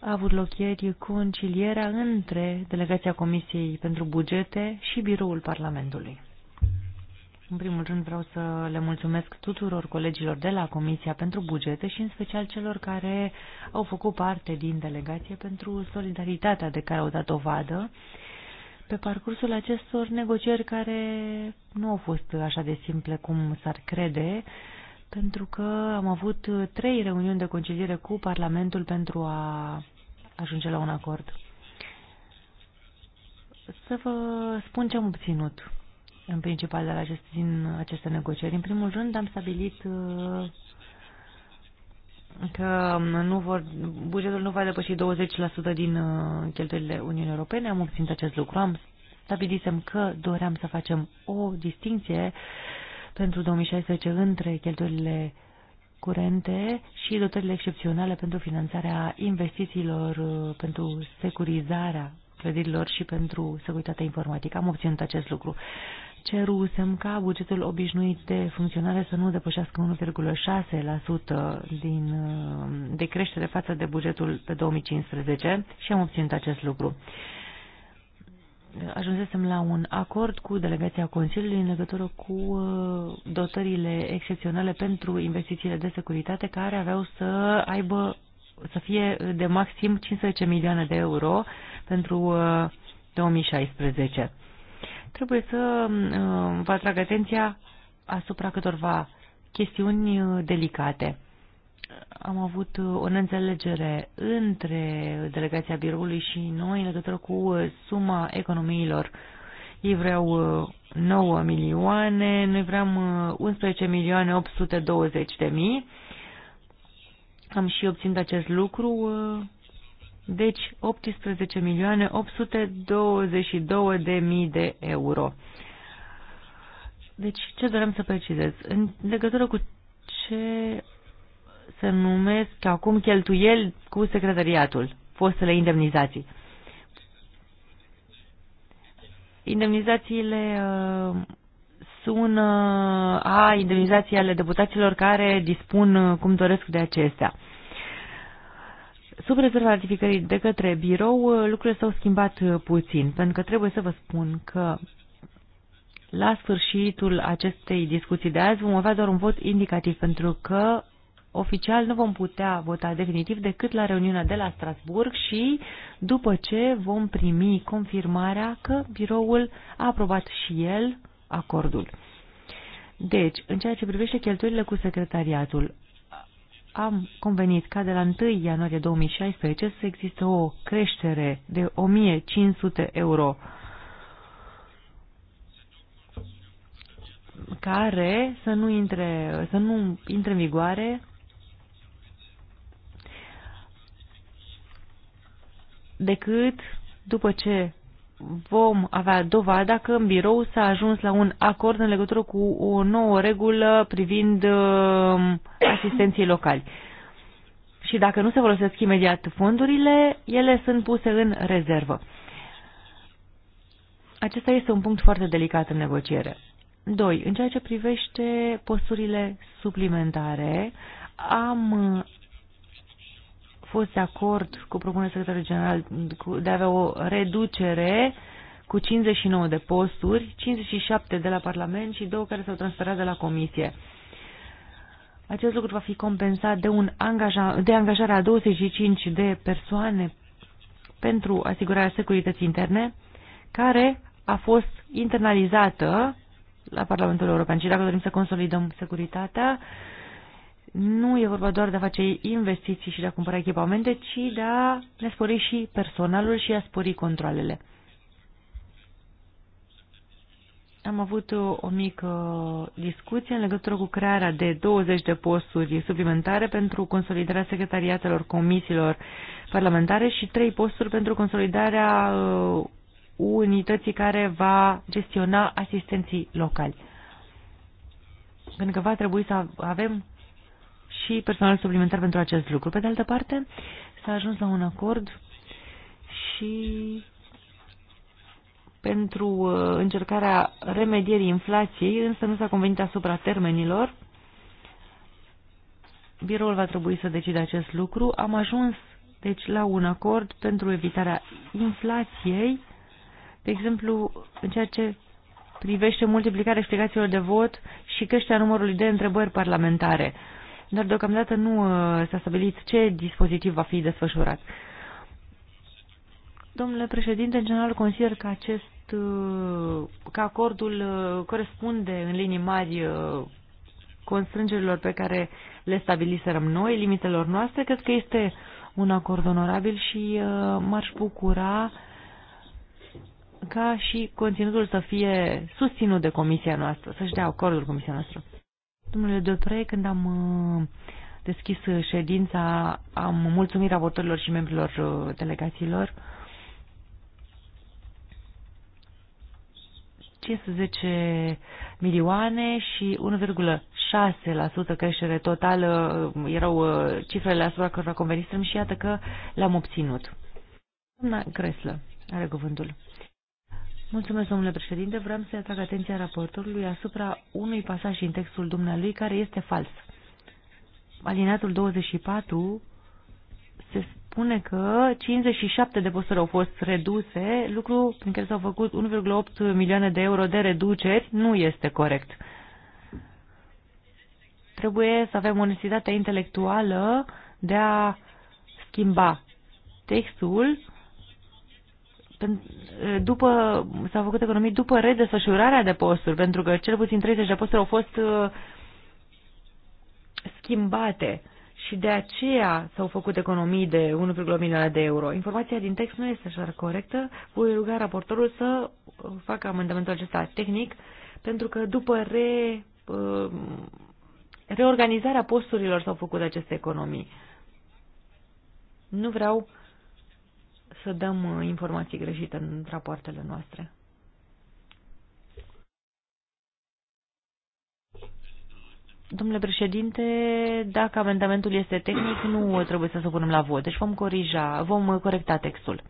A avut loc ieri concilierea între delegația Comisiei pentru Bugete și Biroul Parlamentului. În primul rând vreau să le mulțumesc tuturor colegilor de la Comisia pentru Bugete și în special celor care au făcut parte din delegație pentru solidaritatea de care au dat dovadă pe parcursul acestor negocieri care nu au fost așa de simple cum s-ar crede, pentru că am avut trei reuniuni de conciliere cu Parlamentul pentru a ajunge la un acord. Să vă spun ce am obținut în principal de la acest, din aceste negocieri. În primul rând am stabilit uh, că um, nu vor, bugetul nu va depăși 20% din uh, cheltuielile Uniunii Europene. Am obținut acest lucru. Am stabilisem că doream să facem o distinție pentru 2016 între cheltuielile curente și dotările excepționale pentru finanțarea investițiilor, uh, pentru securizarea credirilor și pentru securitatea informatică. Am obținut acest lucru cerusem ca bugetul obișnuit de funcționare să nu depășească 1,6% din, uh, de creștere față de bugetul pe 2015 și am obținut acest lucru. Ajunsesem la un acord cu delegația Consiliului în legătură cu uh, dotările excepționale pentru investițiile de securitate care aveau să aibă să fie de maxim 15 milioane de euro pentru 2016. Uh, Trebuie să uh, vă atrag atenția asupra câtorva chestiuni uh, delicate. Am avut uh, o neînțelegere între delegația biroului și noi în legătură cu suma economiilor. Ei vreau 9 milioane, noi vreau 11 milioane 820 de mii. Am și obținut acest lucru deci 18.822.000 milioane de mii de euro. Deci, ce dorem să precizez? În legătură cu ce se numesc acum cheltuieli cu secretariatul, fostele indemnizații. Indemnizațiile uh, uh, a indemnizații ale deputaților care dispun uh, cum doresc de acestea. Sub rezerva ratificării de către birou, uh, lucrurile s-au schimbat uh, puțin, pentru că trebuie să vă spun că la sfârșitul acestei discuții de azi vom avea doar un vot indicativ, pentru că oficial nu vom putea vota definitiv decât la reuniunea de la Strasburg și după ce vom primi confirmarea că biroul a aprobat și el acordul. Deci, în ceea ce privește cheltuielile cu secretariatul, am convenit ca de la 1 ianuarie 2016 să există o creștere de 1500 euro care să nu intre, să nu intre în vigoare decât după ce vom avea dovada că în birou s-a ajuns la un acord în legătură cu o nouă regulă privind um, asistenții locali. Și dacă nu se folosesc imediat fondurile, ele sunt puse în rezervă. Acesta este un punct foarte delicat în negociere. 2. În ceea ce privește posturile suplimentare, am fost de acord cu propunerea secretarului general de a avea o reducere cu 59 de posturi, 57 de la Parlament și două care s-au transferat de la Comisie. Acest lucru va fi compensat de, un angaja, de angajarea a 25 de persoane pentru asigurarea securității interne, care a fost internalizată la Parlamentul European. Și dacă dorim să consolidăm securitatea, uh, nu e vorba doar de a face investiții și de a cumpăra echipamente, ci de a ne spori și personalul și a spori controlele. Am avut uh, o mică uh, discuție în legătură cu crearea de 20 de posturi suplimentare pentru consolidarea secretariatelor comisiilor parlamentare și 3 posturi pentru consolidarea uh, unității care va gestiona asistenții locali. Pentru că va trebui să avem și personal suplimentar pentru acest lucru. Pe de altă parte, s-a ajuns la un acord și pentru uh, încercarea remedierii inflației, însă nu s-a convenit asupra termenilor. Biroul va trebui să decide acest lucru. Am ajuns, deci, la un acord pentru evitarea inflației, de exemplu, în ceea ce privește multiplicarea explicațiilor de vot și creșterea numărului de întrebări parlamentare dar deocamdată nu uh, s-a stabilit ce dispozitiv va fi desfășurat. Domnule președinte, în general consider că acest uh, că acordul uh, corespunde în linii mari constrângerilor pe care le stabiliserăm noi, limitelor noastre. Cred că este un acord onorabil și m-aș bucura ca și conținutul să fie susținut de comisia noastră, să-și dea acordul comisia noastră. Domnule Depre, când am uh, deschis uh, ședința, am mulțumit raportorilor și membrilor uh, delegațiilor. zice milioane și 1,6% creștere totală erau cifrele asupra cărora convenisem și iată că le-am obținut. Doamna Greslă are cuvântul. Mulțumesc, domnule președinte. Vreau să atrag atenția raportorului asupra unui pasaj în textul dumnealui care este fals. Alineatul 24 se spune că 57 de posturi au fost reduse, lucru prin care s-au făcut 1,8 milioane de euro de reduceri, nu este corect. Trebuie să avem onestitatea intelectuală de a schimba textul după, s-au făcut economii după redesfășurarea de posturi, pentru că cel puțin 30 de posturi au fost uh, schimbate și de aceea s-au făcut economii de 1,1 milioane de euro. Informația din text nu este așa corectă. Voi ruga raportorul să uh, facă amendamentul acesta tehnic, pentru că după re, uh, reorganizarea posturilor s-au făcut aceste economii. Nu vreau să dăm uh, informații greșite în rapoartele noastre. Domnule președinte, dacă amendamentul este tehnic, nu trebuie să supunem la vot, deci vom corija, vom corecta textul.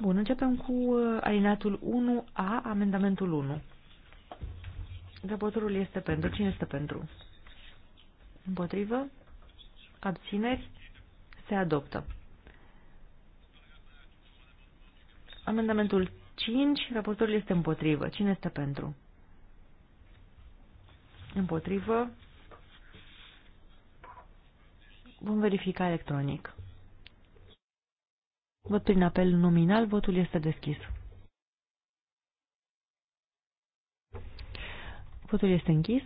Bun, începem cu uh, alinatul 1A, amendamentul 1. Raportorul este pentru. Cine este pentru? Împotrivă? Abțineri? Se adoptă. Amendamentul 5, raportorul este împotrivă. Cine este pentru? Împotrivă. Vom verifica electronic. Vot prin apel nominal, votul este deschis. Votul este închis.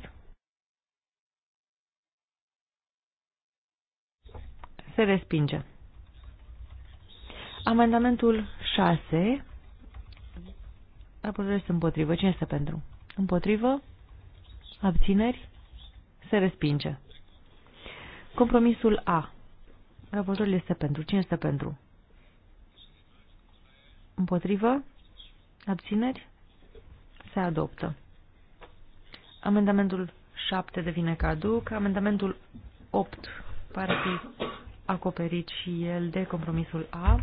Se respinge. Amendamentul 6. Raportul este împotrivă. Cine este pentru? Împotrivă? Abțineri? Se respinge. Compromisul A. Raportul este pentru. Cine este pentru? Împotrivă? Abțineri? Se adoptă. Amendamentul 7 devine caduc. Amendamentul 8 pare fi acoperit și el de compromisul A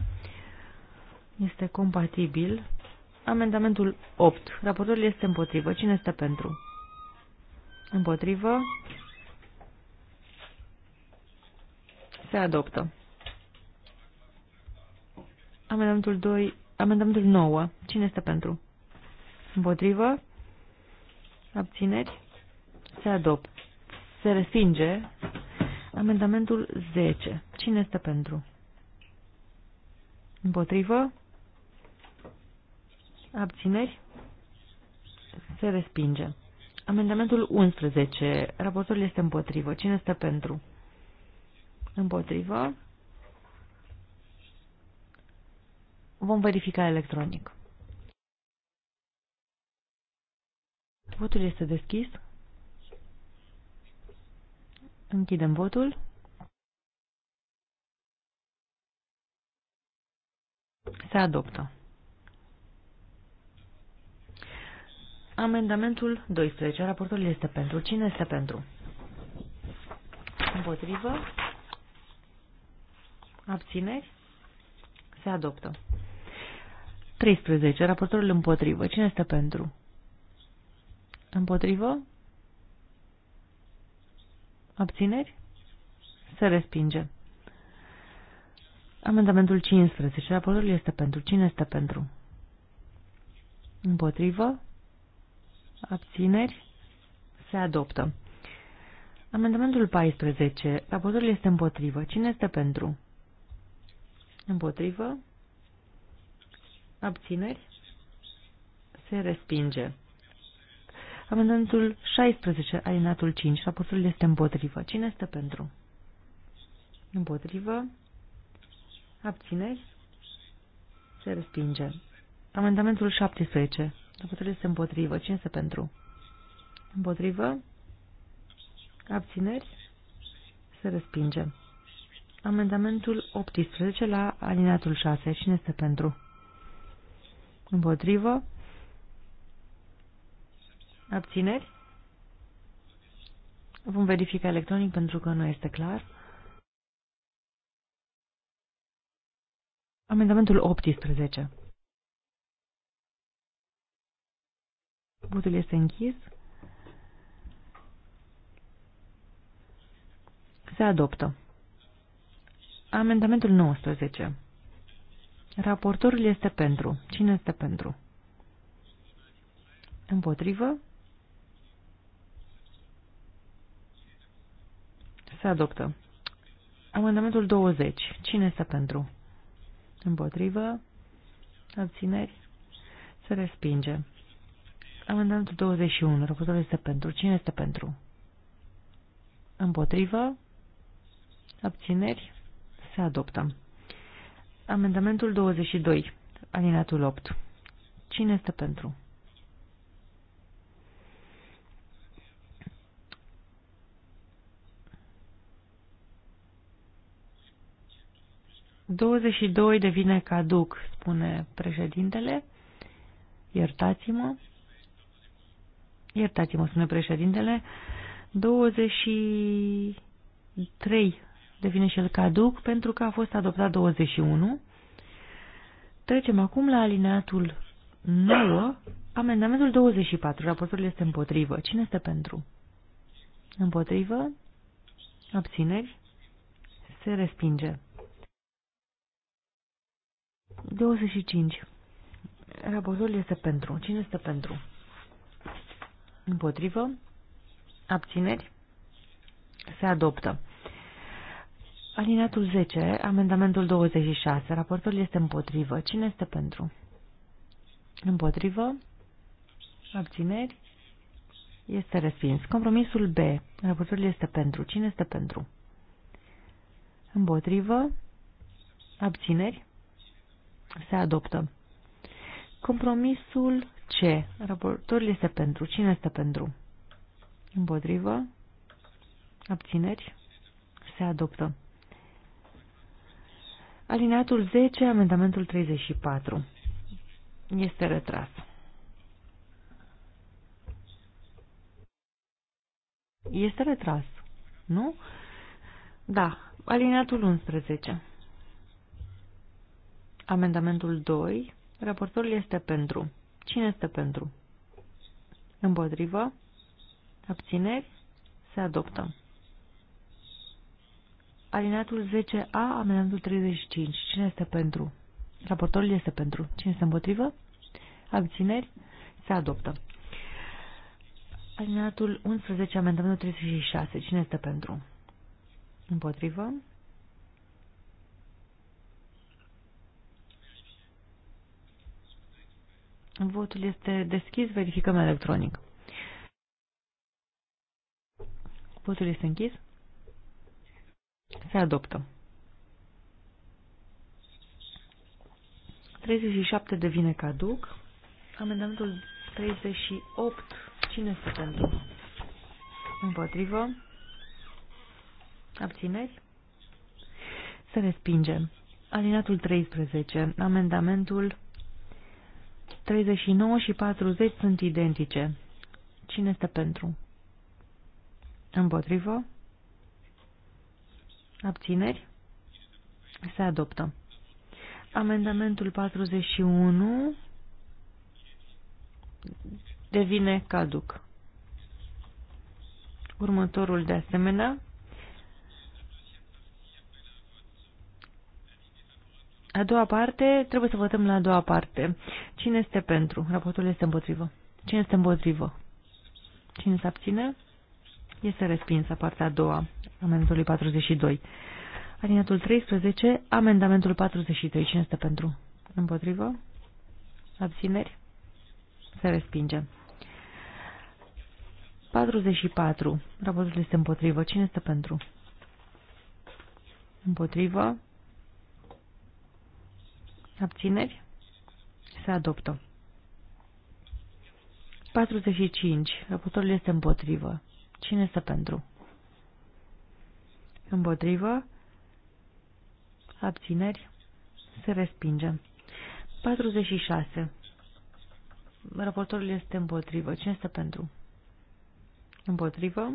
este compatibil. Amendamentul 8. Raportorul este împotrivă. Cine este pentru? Împotrivă. Se adoptă. Amendamentul 2. Amendamentul 9. Cine este pentru? Împotrivă. Abțineri. Se adoptă. Se respinge. Amendamentul 10. Cine este pentru? Împotrivă? Abțineri? Se respinge. Amendamentul 11. Raportul este împotrivă. Cine stă pentru? Împotrivă. Vom verifica electronic. Votul este deschis. Închidem votul. Se adoptă. Amendamentul 12. Raportul este pentru. Cine este pentru? Împotrivă? Abțineri? Se adoptă. 13. Raportorul împotrivă. Cine este pentru? Împotrivă? Abțineri? Se respinge. Amendamentul 15. Raportul este pentru. Cine este pentru? Împotrivă? Abțineri? Se adoptă. Amendamentul 14. Raportul este împotrivă. Cine este pentru? Împotrivă? Abțineri? Se respinge. Amendamentul 16, alinatul 5, raportul este împotrivă. Cine este pentru? Împotrivă? Abțineri? Se respinge. Amendamentul 17, Raportul este împotrivă. Cine este pentru? Împotrivă. Abțineri. Se respinge. Amendamentul 18 la alineatul 6. Cine este pentru? Împotrivă. Abțineri. Vom verifica electronic pentru că nu este clar. Amendamentul 18. Votul este închis. Se adoptă. Amendamentul 19. Raportorul este pentru. Cine este pentru? Împotrivă? Se adoptă. Amendamentul 20. Cine este pentru? Împotrivă? Abțineri? Se respinge. Amendamentul 21. Raportul este pentru. Cine este pentru? Împotrivă. Abțineri. Se adoptă. Amendamentul 22. Alinatul 8. Cine este pentru? Douăzeci și doi devine caduc, spune președintele. Iertați-mă. Iertați-mă, spune președintele. 23 devine și el caduc pentru că a fost adoptat 21. Trecem acum la alineatul 9, amendamentul 24. Raportul este împotrivă. Cine este pentru? Împotrivă? Abțineri? Se respinge. 25. Raportul este pentru. Cine este pentru? Împotrivă. Abțineri. Se adoptă. Alineatul 10, amendamentul 26. Raportul este împotrivă. Cine este pentru? Împotrivă. Abțineri. Este respins. Compromisul B. Raportul este pentru. Cine este pentru? Împotrivă. Abțineri. Se adoptă. Compromisul ce Raportorul este pentru. Cine este pentru? Împotrivă. Abțineri. Se adoptă. Alineatul 10, amendamentul 34. Este retras. Este retras, nu? Da, alineatul 11. Amendamentul 2. Raportorul este pentru. Cine este pentru? Împotrivă? Abțineri? Se adoptă. Alineatul 10A, amenantul 35. Cine este pentru? Raportorul este pentru. Cine este împotrivă? Abțineri? Se adoptă. Alineatul 11, amendamentul 36. Cine este pentru? Împotrivă? Votul este deschis, verificăm electronic. Votul este închis. Se adoptă. 37 devine caduc. Amendamentul 38. Cine este pentru? Împotrivă. Abțineri. Se respinge. Alinatul 13. Amendamentul 39 și 40 sunt identice. Cine este pentru? Împotrivă? Abțineri? Se adoptă. Amendamentul 41 devine caduc. Următorul de asemenea A doua parte, trebuie să votăm la a doua parte. Cine este pentru? Raportul este împotrivă. Cine este împotrivă? Cine se abține? Este respinsă partea a doua, amendamentului 42. Alineatul 13, amendamentul 43. Cine este pentru? Împotrivă? Abțineri? Se respinge. 44. Raportul este împotrivă. Cine este pentru? Împotrivă? Abțineri? Se adoptă. 45. Raportorul este împotrivă. Cine este pentru? Împotrivă. Abțineri. Se respinge. 46. Raportorul este împotrivă. Cine este pentru? Împotrivă.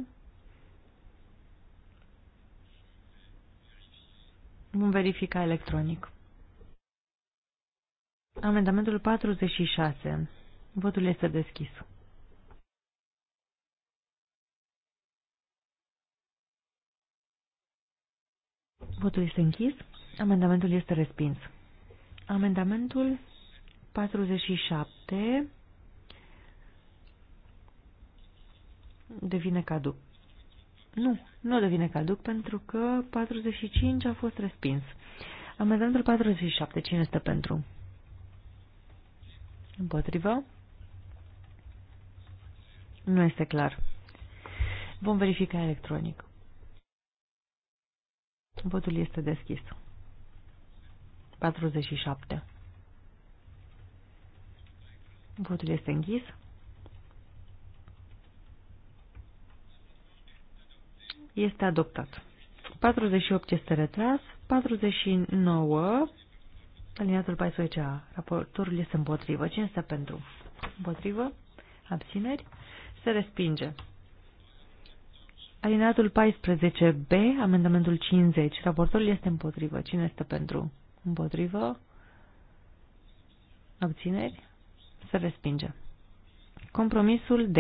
Vom verifica electronic. Amendamentul 46. Votul este deschis. Votul este închis. Amendamentul este respins. Amendamentul 47 devine caduc. Nu, nu devine caduc pentru că 45 a fost respins. Amendamentul 47, cine este pentru? Împotrivă? Nu este clar. Vom verifica electronic. Votul este deschis. 47. Votul este închis. Este adoptat. 48 este retras. 49 Aliniatul 14A. Raportorul este împotrivă. Cine este pentru? Împotrivă? Abțineri? Se respinge. Aliniatul 14B, amendamentul 50. Raportorul este împotrivă. Cine este pentru? Împotrivă? Abțineri? Se respinge. Compromisul D.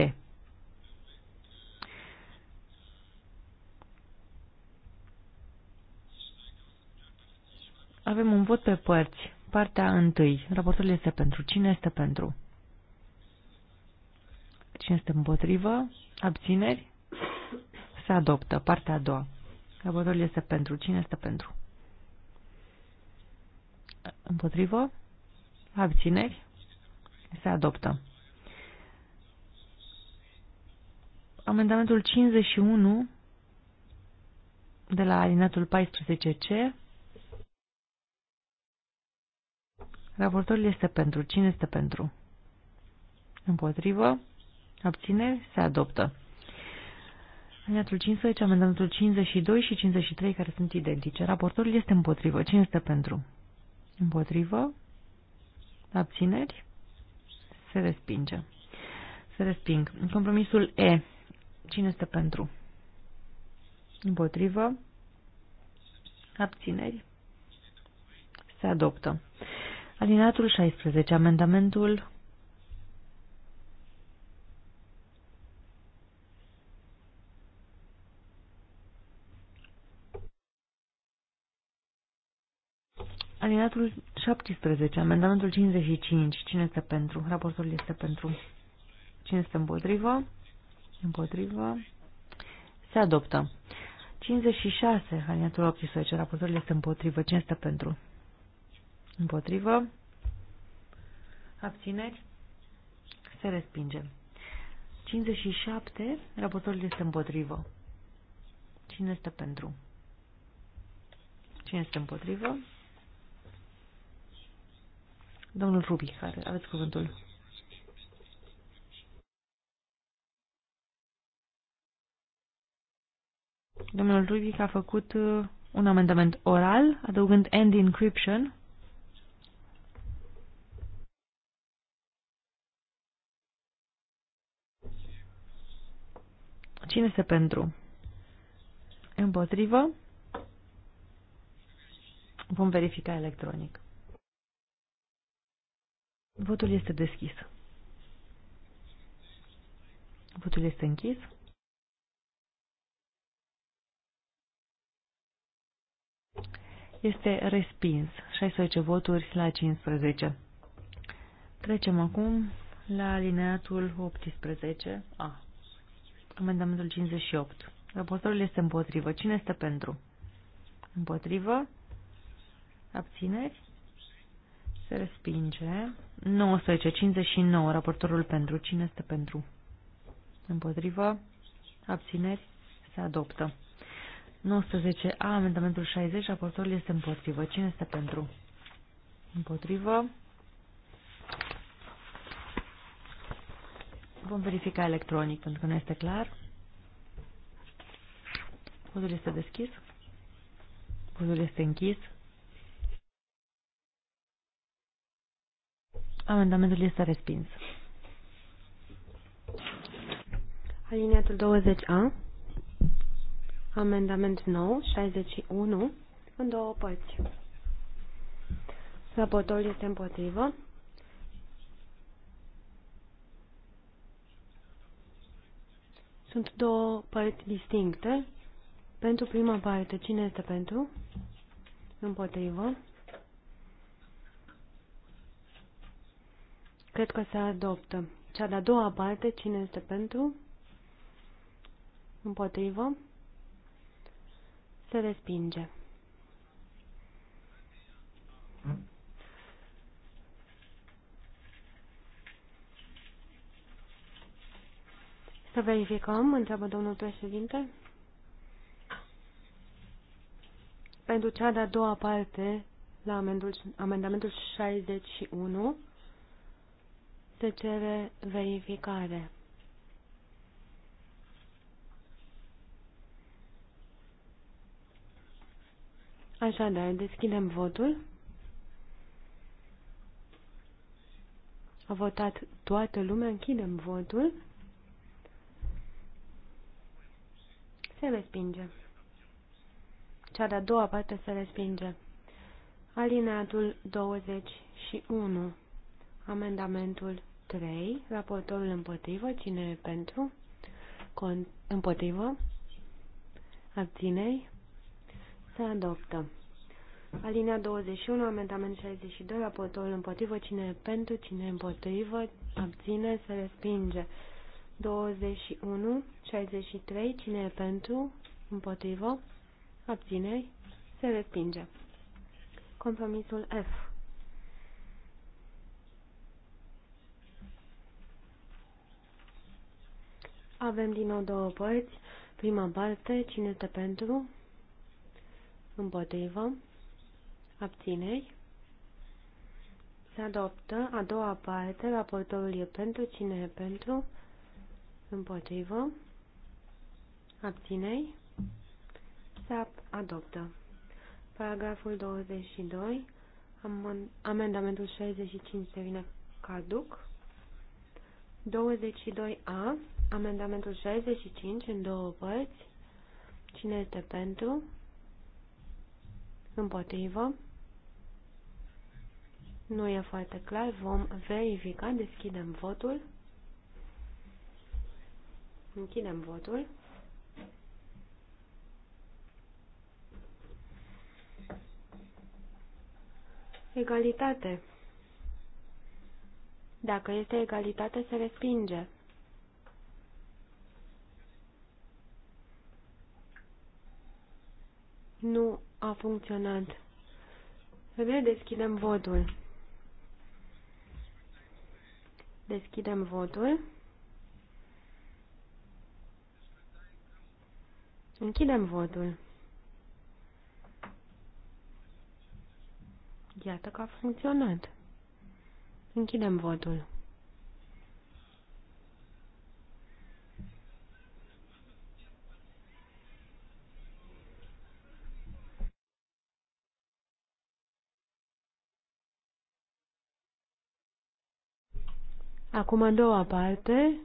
Avem un vot pe părți. Partea întâi. Raportul este pentru. Cine este pentru? Cine este împotrivă? Abțineri? Se adoptă. Partea a doua. Raportul este pentru. Cine este pentru? Împotrivă? Abțineri? Se adoptă. Amendamentul 51 de la alinatul 14C Raportorul este pentru. Cine este pentru? Împotrivă. Abțineri. Se adoptă. Alineatul 15, amendamentul 52 și 53 care sunt identice. Raportorul este împotrivă. Cine este pentru? Împotrivă. Abțineri. Se respinge. Se resping. Compromisul E. Cine este pentru? Împotrivă. Abțineri. Se adoptă. Alinatul 16. Amendamentul Alinatul 17, amendamentul 55. Cine este pentru? Raportul este pentru. Cine este împotrivă? Împotrivă. Se adoptă. 56, alinatul 18. Raportul este împotrivă. Cine este pentru? Împotrivă. Abțineri. Se respinge. 57. Raportorul este împotrivă. Cine este pentru? Cine este împotrivă? Domnul Rubi, care aveți cuvântul. Domnul Rubic a făcut uh, un amendament oral, adăugând end encryption Cine este pentru? Împotrivă? Vom verifica electronic. Votul este deschis. Votul este închis. Este respins. 16 voturi la 15. Trecem acum la alineatul 18. A. Amendamentul 58. Raportorul este împotrivă. Cine este pentru? Împotrivă? Abțineri? Se respinge. 19. 59. Raportorul pentru. Cine este pentru? Împotrivă? Abțineri? Se adoptă. 19. A. Amendamentul 60. Raportorul este împotrivă. Cine este pentru? Împotrivă? Vom verifica electronic pentru că nu este clar. Codul este deschis. Codul este închis. Amendamentul este respins. Aliniatul 20A. Amendament nou, 61, în două părți. Raportorul este împotrivă. Sunt două părți distincte. Pentru prima parte, cine este pentru? Împotrivă. Cred că se adoptă. Cea de-a doua parte, cine este pentru? Împotrivă. Se respinge. Hmm? Să verificăm, întreabă domnul președinte. Pentru cea de-a doua parte, la amendul, amendamentul 61, se cere verificare. Așadar, deschidem votul. A votat toată lumea, închidem votul. se respinge. Cea de-a doua parte se respinge. Alineatul 21. Amendamentul 3. Raportorul împotrivă. Cine e pentru? Con împotrivă. Abținei. Se adoptă. Alinea 21, amendament 62, raportorul împotrivă, cine e pentru, cine e împotrivă, abține, se respinge. 21, 63, cine e pentru, împotrivă, abțineri, se respinge. Compromisul F. Avem din nou două părți. Prima parte, cine este pentru, împotrivă, abțineri, se adoptă. A doua parte, raportorul e pentru, cine e pentru, Împotrivă. Abținei. Se adoptă. Paragraful 22. Amendamentul 65 devine caduc. 22a. Amendamentul 65 în două părți. Cine este pentru? Împotrivă. Nu e foarte clar. Vom verifica. Deschidem votul. Închidem votul. Egalitate. Dacă este egalitate, se respinge. Nu a funcționat. Redeschidem votul. Deschidem votul. Închidem vodul. Iată că a funcționat. Închidem vodul. Acum a doua parte.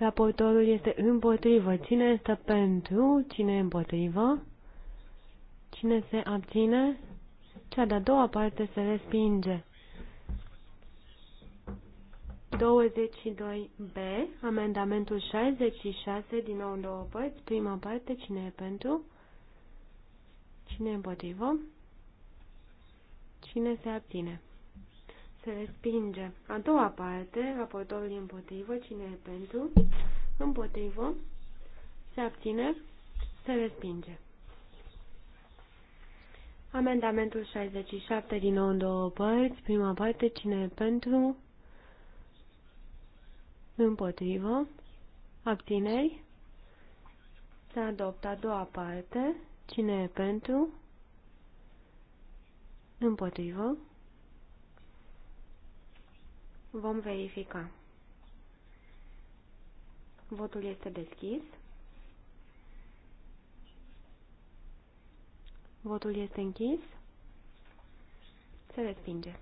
Raportorul este împotrivă. Cine este pentru? Cine e împotrivă? Cine se abține? Cea de-a doua parte se respinge. 22b, amendamentul 66, din nou în două părți. Prima parte, cine e pentru? Cine e împotrivă? Cine se abține? se respinge. A doua parte, raportorul împotrivă, cine e pentru, împotrivă, se abține, se respinge. Amendamentul 67 din nou în două părți. Prima parte, cine e pentru, împotrivă, abțineri, se adoptă a doua parte, cine e pentru, împotrivă, Vom verifica. Votul este deschis. Votul este închis. Se respinge.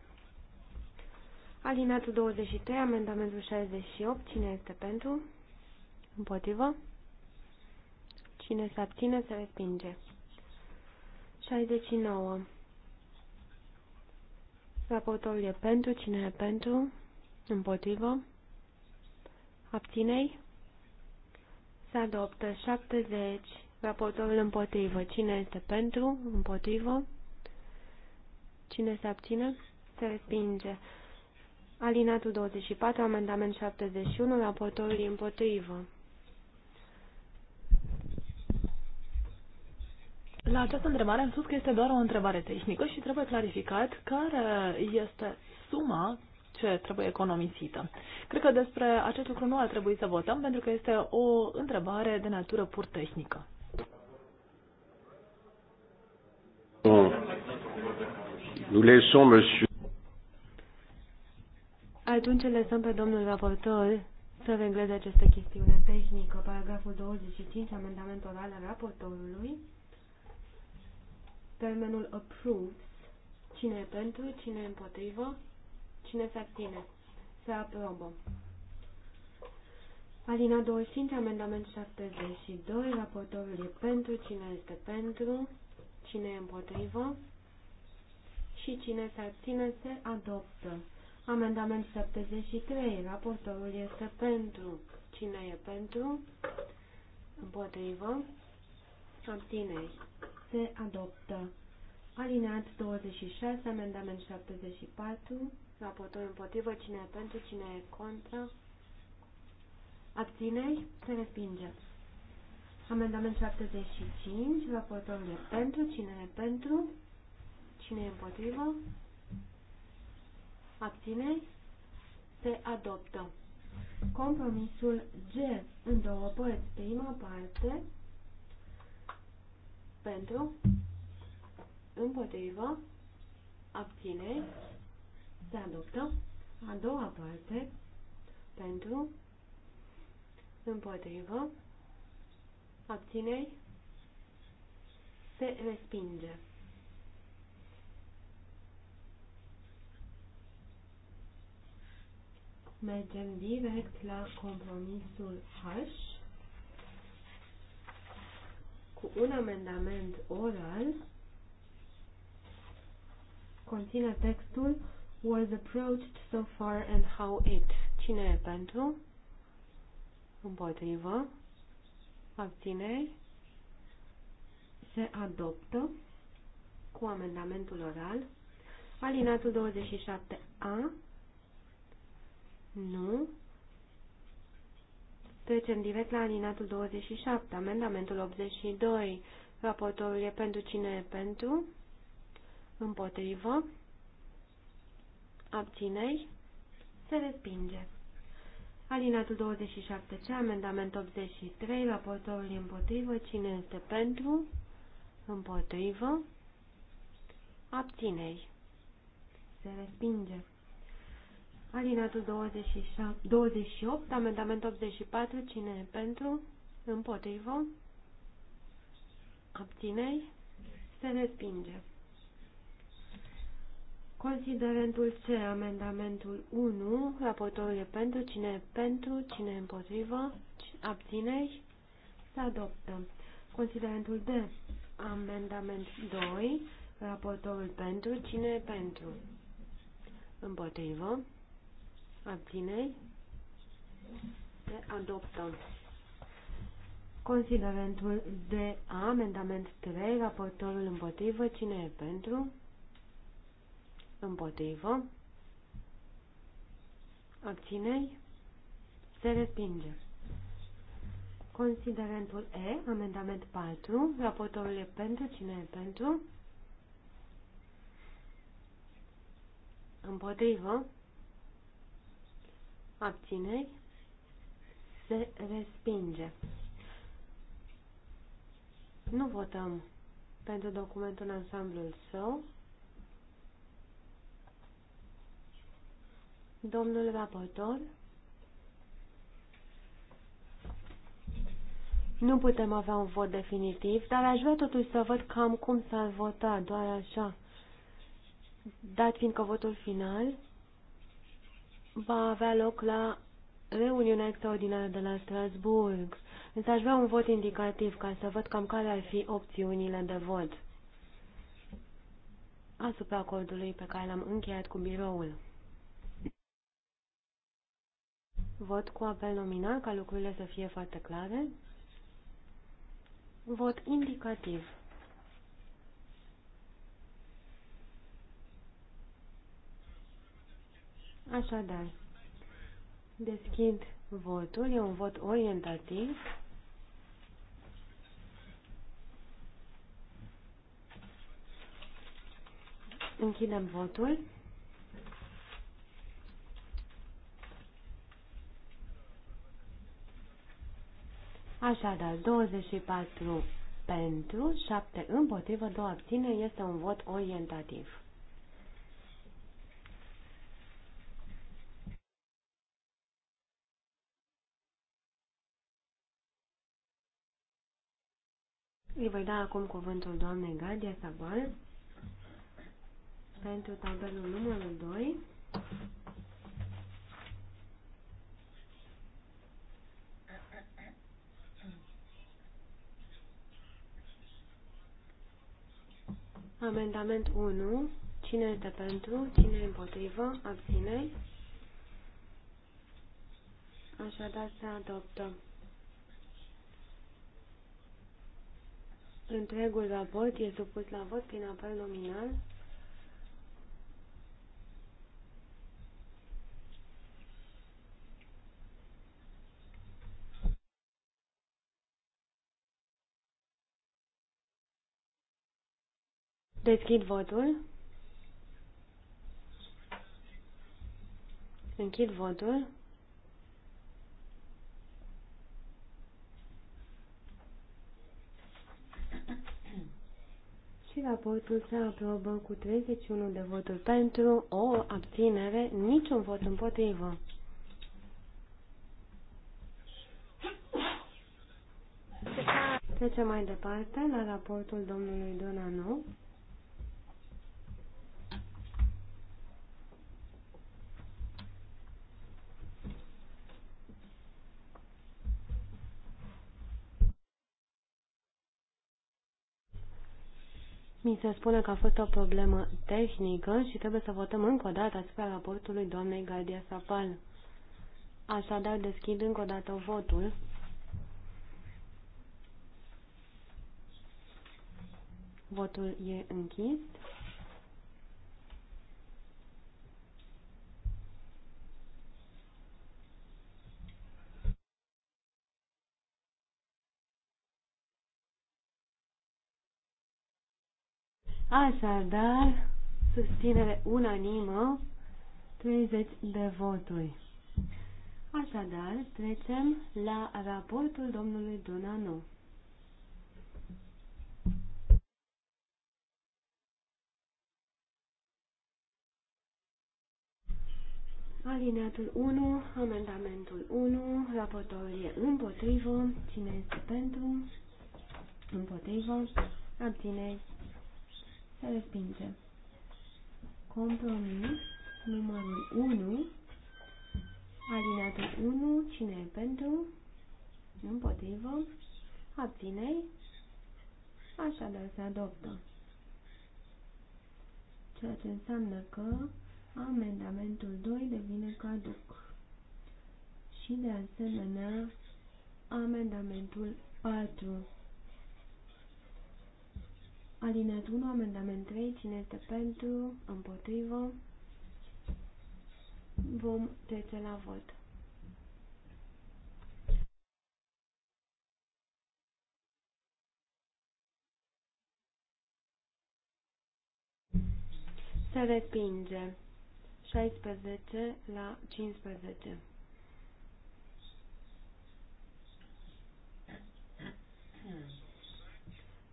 Alinatul 23, amendamentul 68. Cine este pentru? Împotrivă. Cine se abține, se respinge. 69. Raportorul e pentru. Cine e pentru? Împotrivă. Abținei. Se adoptă 70. Raportorul împotrivă. Cine este pentru? Împotrivă. Cine se abține? Se respinge. Alinatul 24, amendament 71, raportorul împotrivă. La această întrebare am spus că este doar o întrebare tehnică și trebuie clarificat care este suma ce trebuie economisită. Cred că despre acest lucru nu ar trebui să votăm, pentru că este o întrebare de natură pur tehnică. Bon. Nous Atunci lăsăm pe domnul raportor să regleze această chestiune tehnică. Paragraful 25, amendament oral al raportorului. Termenul approves. Cine e pentru, cine e împotrivă? Cine se abține? Se aprobă. Alina 25, amendament 72, raportorul e pentru, cine este pentru, cine e împotrivă și cine se abține se adoptă. Amendament 73, raportorul este pentru, cine e pentru, împotrivă, abținei, se adoptă. Alineat 26, amendament 74, raportor împotrivă, cine e pentru, cine e contra, abțineri, se respinge. Amendament 75, raportorul de pentru, cine e pentru, cine e împotrivă, abțineri, se adoptă. Compromisul G în două părți. Prima parte pentru, împotrivă, abțineri, se adoptă. A doua parte, pentru, împotrivă, abțineri, se respinge. Mergem direct la compromisul H cu un amendament oral conține textul was approached so far and how it. Cine e pentru? Împotrivă. Abțineri. Se adoptă cu amendamentul oral. Alinatul 27A. Nu. Trecem direct la alinatul 27, amendamentul 82. Raportorul e pentru cine e pentru? Împotrivă abținei, se respinge. Alinatul 27C, amendament 83, raportorul împotrivă, cine este pentru, împotrivă, abținei, se respinge. Alinatul 27, 28, amendament 84, cine e pentru, împotrivă, abținei, se respinge. Considerentul C, amendamentul 1, raportorul e pentru, cine e pentru, cine e împotrivă, abțineri, se adoptă. Considerentul D, amendament 2, raportorul pentru, cine e pentru, împotrivă, abțineri, se adoptă. Considerentul D, amendament 3, raportorul împotrivă, cine e pentru, împotrivă, acțiunei se respinge. Considerentul E, amendament 4, raportorul e pentru, cine e pentru? Împotrivă, acțiunei se respinge. Nu votăm pentru documentul în ansamblul său, Domnul raportor? Nu putem avea un vot definitiv, dar aș vrea totuși să văd cam cum s-ar vota, doar așa. Dat fiindcă votul final va avea loc la reuniunea extraordinară de la Strasburg. Însă aș vrea un vot indicativ ca să văd cam care ar fi opțiunile de vot asupra acordului pe care l-am încheiat cu biroul. Vot cu apel nominal ca lucrurile să fie foarte clare. Vot indicativ. Așadar, deschid votul. E un vot orientativ. Închidem votul. Așadar, 24 pentru, 7 împotrivă, 2 abține, este un vot orientativ. Îi voi da acum cuvântul doamnei Gadia Sabal pentru tabelul numărul 2. Amendament 1. Cine este pentru? Cine e împotrivă? Abține. Așadar se adoptă. Întregul raport e supus la vot prin apel nominal. Deschid votul. Închid votul. Și raportul se aprobă cu 31 de voturi pentru, o abținere, niciun vot împotrivă. Trecem mai departe la raportul domnului Donanu. Mi se spune că a fost o problemă tehnică și trebuie să votăm încă o dată asupra raportului doamnei Gardia Sapal. Așadar, deschid încă o dată votul. Votul e închis. Așadar, susținere unanimă, 30 de voturi. Așadar, trecem la raportul domnului Donanu. Alineatul 1, amendamentul 1, raportorul e împotrivă, cine este pentru, împotrivă, abțineri, se respinge. Compromis numărul 1. Alineatul 1. Cine e pentru? Împotrivă. Abținei. Așadar se adoptă. Ceea ce înseamnă că amendamentul 2 devine caduc. Și de asemenea amendamentul 4. Alineat 1, amendament 3, cine este pentru, împotrivă, vom trece la vot. Se respinge 16 la 15. Hmm.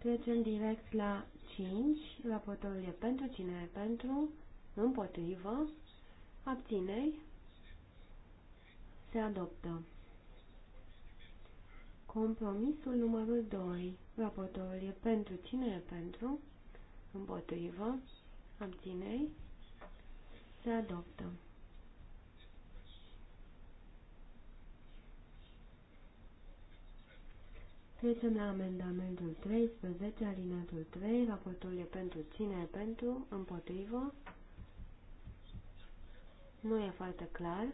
Trecem direct la 5. la e pentru. Cine e pentru? Împotrivă. Abțineri. Se adoptă. Compromisul numărul 2. Raportorul e pentru. Cine e pentru? Împotrivă. Abțineri. Se adoptă. Trecem la amendamentul 13, alinatul 3, raportul e pentru cine, pentru, împotrivă. Nu e foarte clar.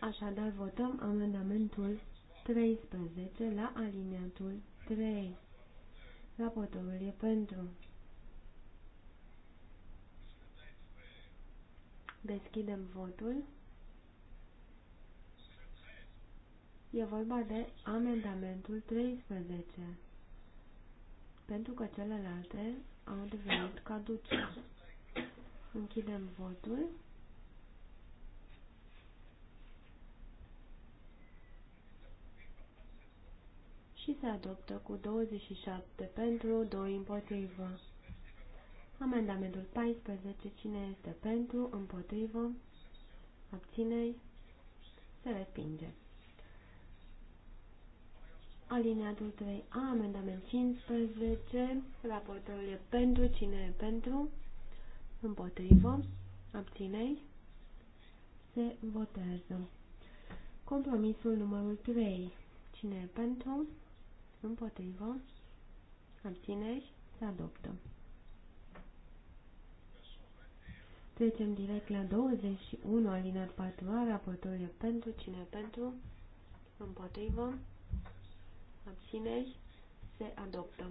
Așadar, votăm amendamentul 13 la alineatul 3. Raportorul e pentru. Deschidem votul. E vorba de amendamentul 13, pentru că celelalte au devenit caduce. Închidem votul. și se adoptă cu 27 pentru, 2 împotrivă. Amendamentul 14. Cine este pentru, împotrivă, abținei, se respinge. Alineatul 3A, amendament 15, raportorul e pentru, cine e pentru, împotrivă, abținei, se votează. Compromisul numărul 3, cine e pentru, împotrivă, abținei, se adoptă. Trecem direct la 21, alineat 4A, raportorul e pentru, cine e pentru, împotrivă, abțineri, se adoptă.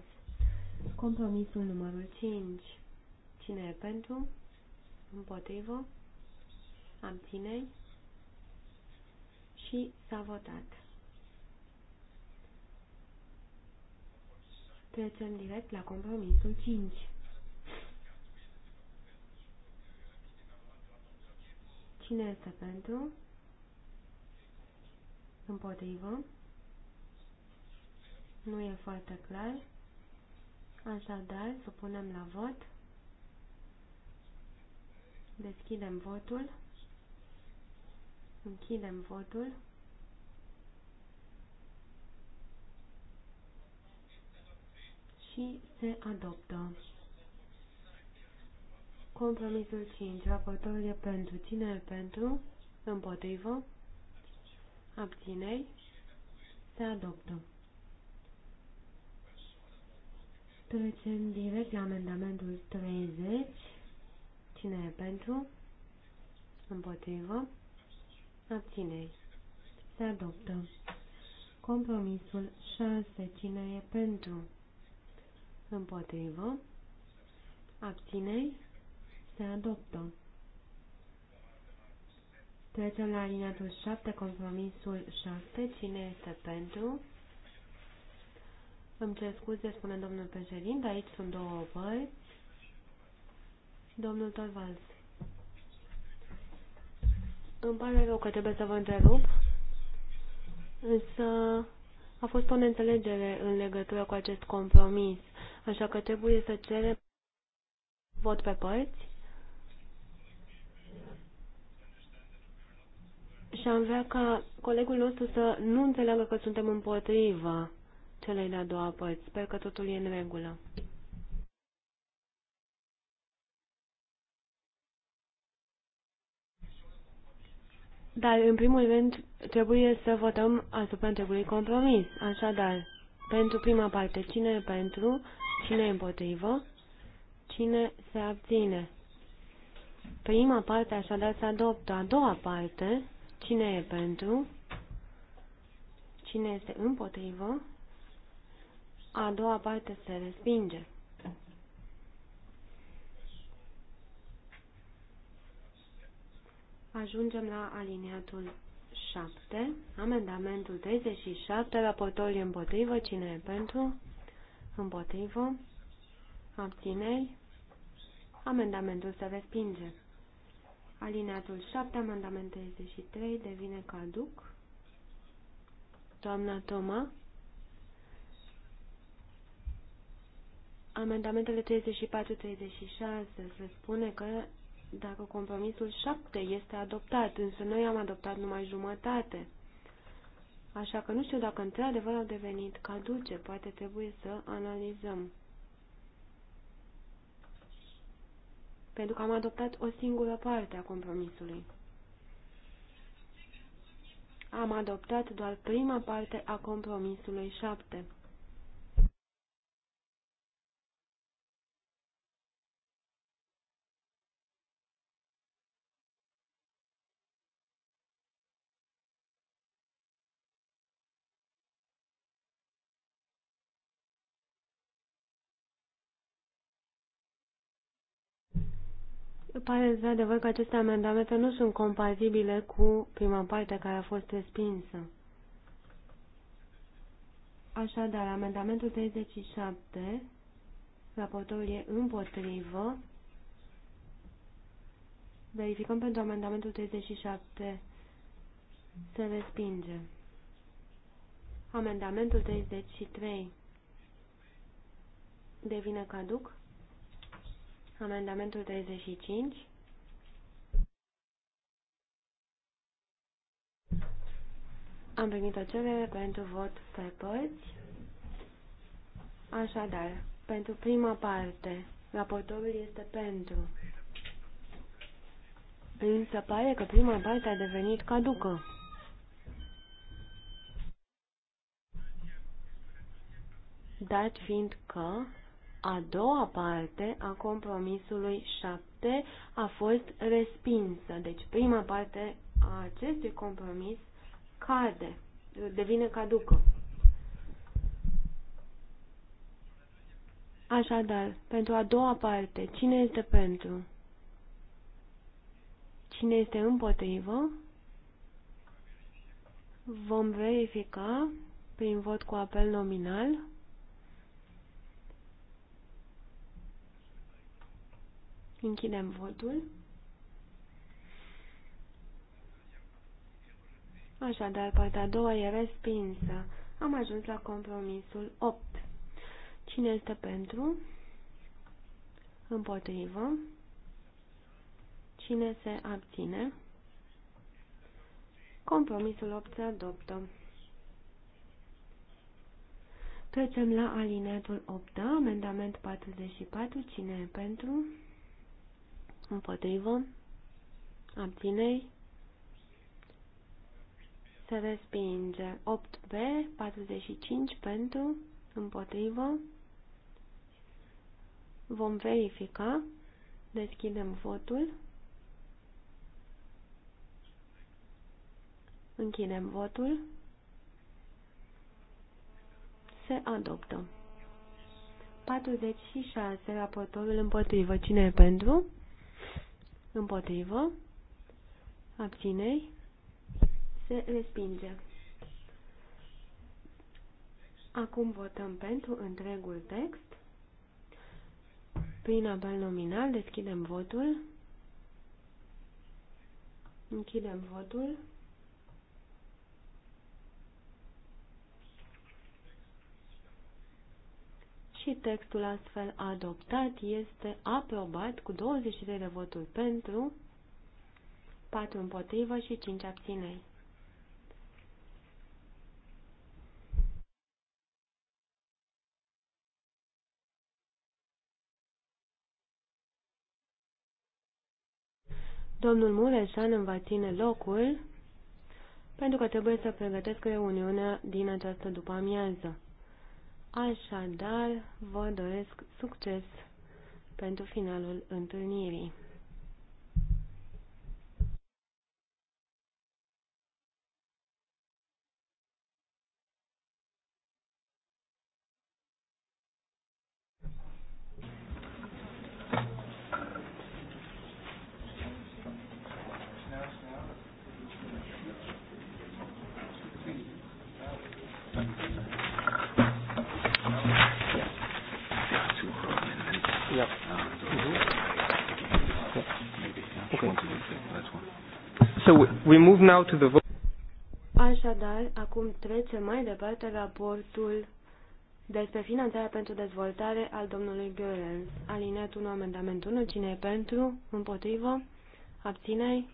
Compromisul numărul 5. Cine e pentru? Împotrivă? Abțineri? Și s-a votat. Trecem direct la compromisul 5. Cine este pentru? Împotrivă? Nu e foarte clar. Așadar, să punem la vot. Deschidem votul. Închidem votul. Și se adoptă. Compromisul 5. Raportorul e pentru. Cine e pentru? Împotrivă. Abțineri. Se adoptă. Trecem direct la amendamentul 30. Cine e pentru? Împotrivă. Abținei. Se adoptă. Compromisul 6. Cine e pentru? Împotrivă. Abținei? Se adoptă. Trecem la alineatul 7, compromisul 6. Cine este pentru? Îmi cer scuze, spune domnul președinte, aici sunt două părți. Domnul Torvalds. Îmi pare rău că trebuie să vă întrerup, însă a fost o neînțelegere în legătură cu acest compromis, așa că trebuie să cerem vot pe părți. Și am vrea ca colegul nostru să nu înțeleagă că suntem împotriva celei de-a doua părți. Sper că totul e în regulă. Dar, în primul rând, trebuie să votăm asupra întregului compromis. Așadar, pentru prima parte, cine e pentru, cine e împotrivă, cine se abține. Prima parte, așadar, se adoptă. A doua parte, cine e pentru, cine este împotrivă, a doua parte se respinge. Ajungem la aliniatul 7, amendamentul 37, raportorul împotrivă, cine e pentru, împotrivă, abțineri, amendamentul se respinge. Alineatul 7, amendamentul 33, devine caduc. Doamna Toma, amendamentele 34-36 se spune că dacă compromisul 7 este adoptat, însă noi am adoptat numai jumătate. Așa că nu știu dacă într-adevăr au devenit caduce, poate trebuie să analizăm. Pentru că am adoptat o singură parte a compromisului. Am adoptat doar prima parte a compromisului 7. pare de adevăr că aceste amendamente nu sunt compatibile cu prima parte care a fost respinsă. Așadar, amendamentul 37, raportorul e împotrivă. Verificăm pentru amendamentul 37. Se respinge. Amendamentul 33 devine caduc. Amendamentul 35. Am primit o cerere pentru vot pe părți. Așadar, pentru prima parte, raportorul este pentru. Însă pare că prima parte a devenit caducă. Dat fiind că a doua parte a compromisului 7 a fost respinsă. Deci prima parte a acestui compromis cade, devine caducă. Așadar, pentru a doua parte, cine este pentru? Cine este împotrivă? Vom verifica prin vot cu apel nominal. Închidem votul. Așadar, partea a doua e respinsă. Am ajuns la compromisul 8. Cine este pentru? Împotrivă. Cine se abține? Compromisul 8 se adoptă. Trecem la alineatul 8, amendament 44. Cine e pentru? împotrivă, abținei, se respinge. 8B, 45 pentru, împotrivă, vom verifica, deschidem votul, închidem votul, se adoptă. 46, raportorul împotrivă, cine e pentru? Împotrivă. Abțineri. Se respinge. Acum votăm pentru întregul text. Prin apel nominal deschidem votul. Închidem votul. și textul astfel adoptat este aprobat cu 23 de voturi pentru, 4 împotrivă și 5 abțineri. Domnul Mureșan îmi va ține locul pentru că trebuie să pregătesc reuniunea din această după amiază. Așadar, vă doresc succes pentru finalul întâlnirii. So we move now to the vote. Așadar, acum trecem mai departe raportul despre finanțarea pentru dezvoltare al domnului Görens. Alinet 1, amendament 1, cine e pentru, împotrivă, abținei,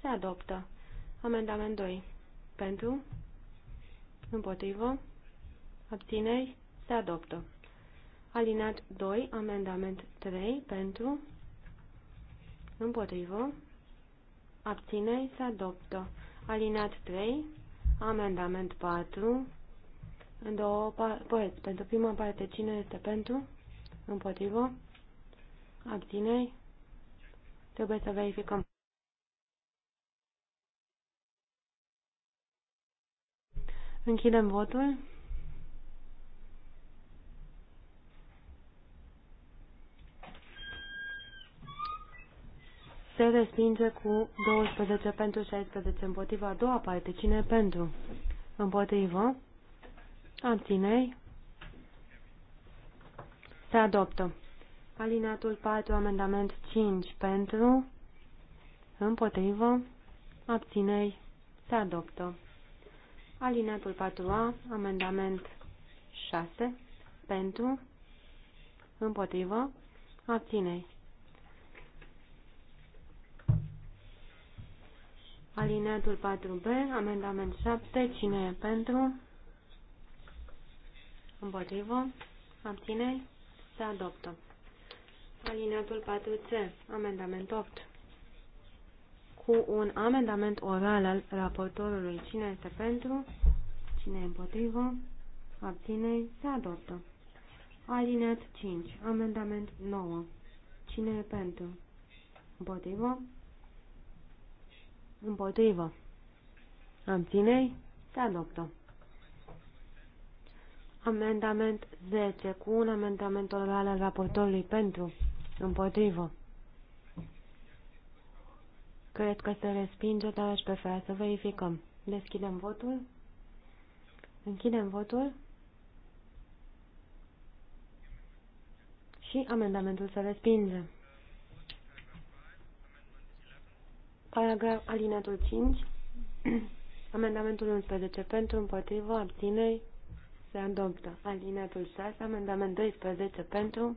se adoptă. Amendament 2, pentru, împotrivă, abținei, se adoptă. Alinat 2, amendament 3, pentru, împotrivă, Abțineri se adoptă. Alineat 3. Amendament 4. În două părți. Pentru prima parte, cine este pentru? Împotrivă. Abțineri. Trebuie să verificăm. Închidem votul. se respinge cu 12 pentru 16 împotriva a doua parte. Cine pentru? Împotrivă. Abținei. Se adoptă. Alineatul 4, amendament 5 pentru, împotrivă, abținei, se adoptă. Alineatul 4A, amendament 6 pentru, împotrivă, abținei, Alineatul 4B, amendament 7, cine e pentru? Împotrivă. Abțineri. Se adoptă. Alineatul 4C, amendament 8. Cu un amendament oral al raportorului, cine este pentru? Cine e împotrivă? Abțineri. Se adoptă. Alineat 5, amendament 9. Cine e pentru? Împotrivă? Împotrivă. ținei? Se adoptă. Amendament 10 cu un amendament oral al raportorului pentru. Împotrivă. Cred că se respinge, dar aș prefera să verificăm. Deschidem votul. Închidem votul. Și amendamentul se respinge. Paragraf alinatul 5. Amendamentul 11 pentru împotrivă abținei se adoptă. Alinatul 6. Amendament 12 pentru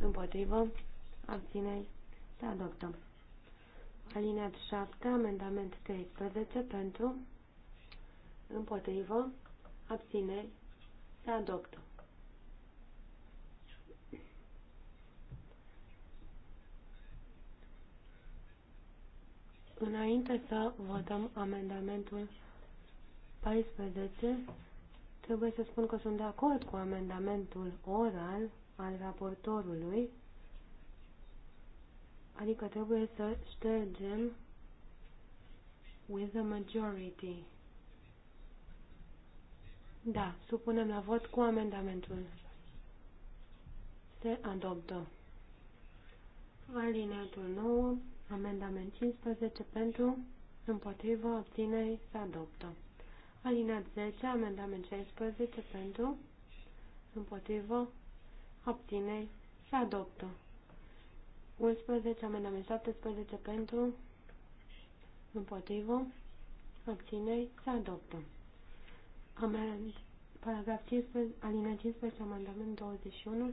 împotrivă abținei se adoptă. Alineat 7. Amendament 13 pentru împotrivă abținei, se adoptă. Înainte să votăm amendamentul 14, trebuie să spun că sunt de acord cu amendamentul oral al raportorului, adică trebuie să ștergem with a majority. Da, supunem la vot cu amendamentul. Se adoptă. Alineatul 9 Amendament 15 pentru, împotrivă, obținei, se adoptă. Alineat 10, amendament 16 pentru, împotrivă, obținei, se adoptă. 11, amendament 17 pentru, împotrivă, obținei, se adoptă. Amend, paragraf 15, alineat 15, amendament 21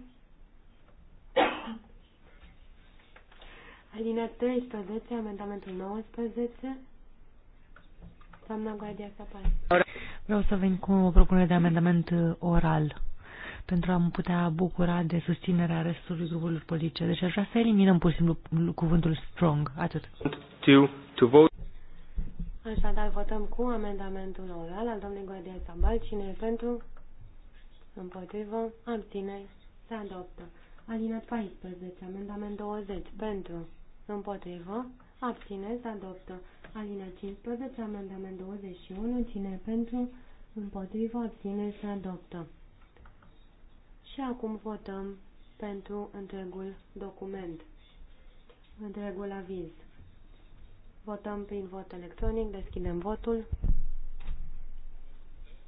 Alinea 13, amendamentul 19. Doamna Guardia Sapal. Vreau să vin cu o propunere de amendament oral pentru a mă putea bucura de susținerea restului grupului politice. Deci aș vrea să eliminăm pur și simplu cuvântul strong. Atât. To, to vote. Așadar, votăm cu amendamentul oral al domnului Guardia Sabal. Cine e pentru? Împotrivă? Abține. Se adoptă. Alinat 14, amendament 20. Pentru? împotrivă, Abțineți, adoptă. Alina 15, amendament 21, cine pentru, împotrivă, abțineți, se adoptă. Și acum votăm pentru întregul document, întregul aviz. Votăm prin vot electronic, deschidem votul,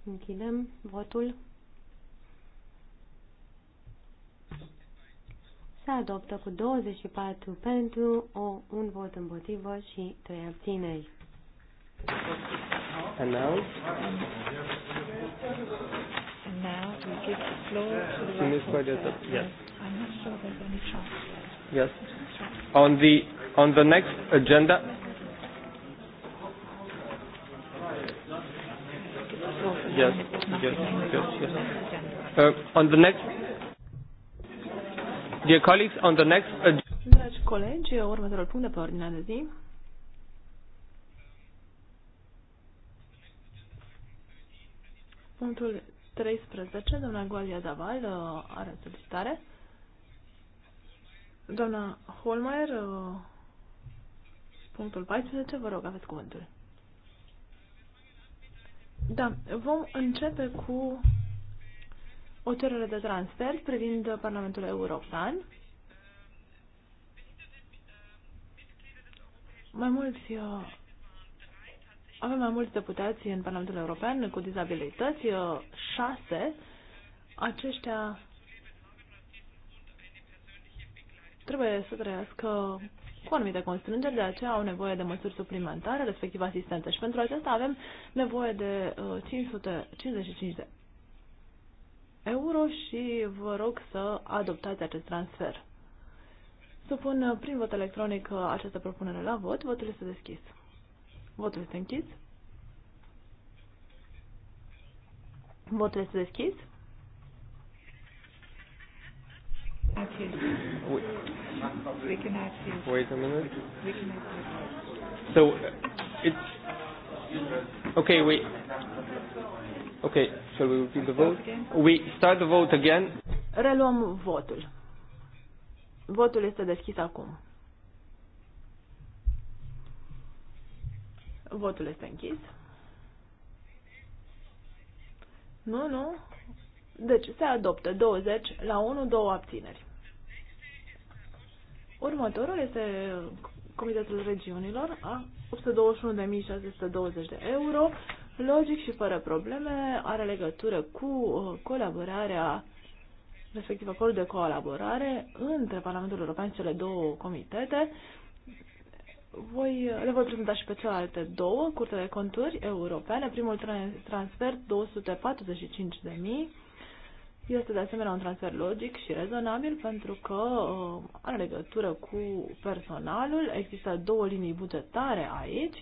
închidem votul. se adoptă cu 24 pentru, o, un vot împotrivă și 3 abțineri. And now? And now we give the floor to the rapporteur. Yes. I'm not sure there's any chance. Yes. On the, on the next agenda, Yes, yes, yes, yes. Uh, on the next Dear colleagues, on the next... Dragi colegi, următorul punct de pe ordinea de zi. Punctul 13, doamna Gualia Daval uh, are solicitare. Doamna Holmeier, uh, punctul 14, vă rog, aveți cuvântul. Da, vom începe cu o cerere de transfer privind Parlamentul European. Mai mulți uh, avem mai mulți deputați în Parlamentul European cu dizabilități, uh, șase. Aceștia trebuie să trăiască cu anumite constrângeri, de aceea au nevoie de măsuri suplimentare, respectiv asistență. Și pentru aceasta avem nevoie de 555 uh, de euro și vă rog să adoptați acest transfer. Supun prin vot electronic această propunere la vot. Votul este deschis. Votul este închis. Votul este deschis. Okay. Wait. We can Wait a minute. We can So uh, it's okay. We Okay, shall we repeat the vote? We start the vote again. Reluăm votul. Votul este deschis acum. Votul este închis. Nu, nu. Deci se adoptă 20 la 1, 2 abțineri. Următorul este Comitetul Regiunilor a 821.620 de euro logic și fără probleme, are legătură cu uh, colaborarea respectiv acordul de colaborare între Parlamentul European și cele două comitete. Voi, le voi prezenta și pe celelalte două, Curtea de Conturi Europene, primul transfer 245.000, este de asemenea un transfer logic și rezonabil pentru că uh, are legătură cu personalul, există două linii bugetare aici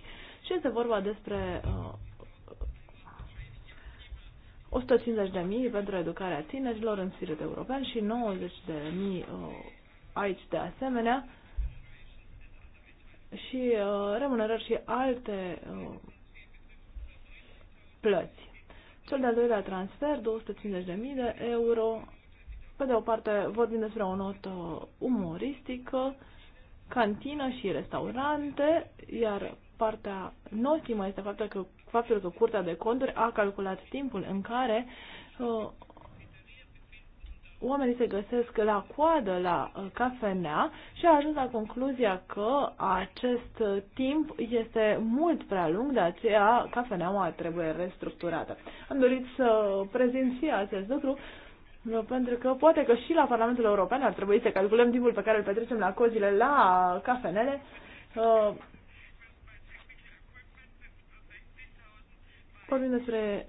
și este vorba despre uh, 150.000 pentru educarea tinerilor în spirit european și 90.000 uh, aici de asemenea și uh, remunerări și alte uh, plăți. Cel de-al doilea transfer, 250.000 de euro. Pe de o parte vorbim despre o notă umoristică, cantină și restaurante, iar partea notimă este faptul că faptul că Curtea de Conturi a calculat timpul în care uh, oamenii se găsesc la coadă la uh, cafenea și a ajuns la concluzia că acest timp este mult prea lung, de aceea cafeneaua trebuie restructurată. Am dorit să prezint și acest lucru uh, pentru că poate că și la Parlamentul European ar trebui să calculăm timpul pe care îl petrecem la cozile la cafenele uh, Vorbim despre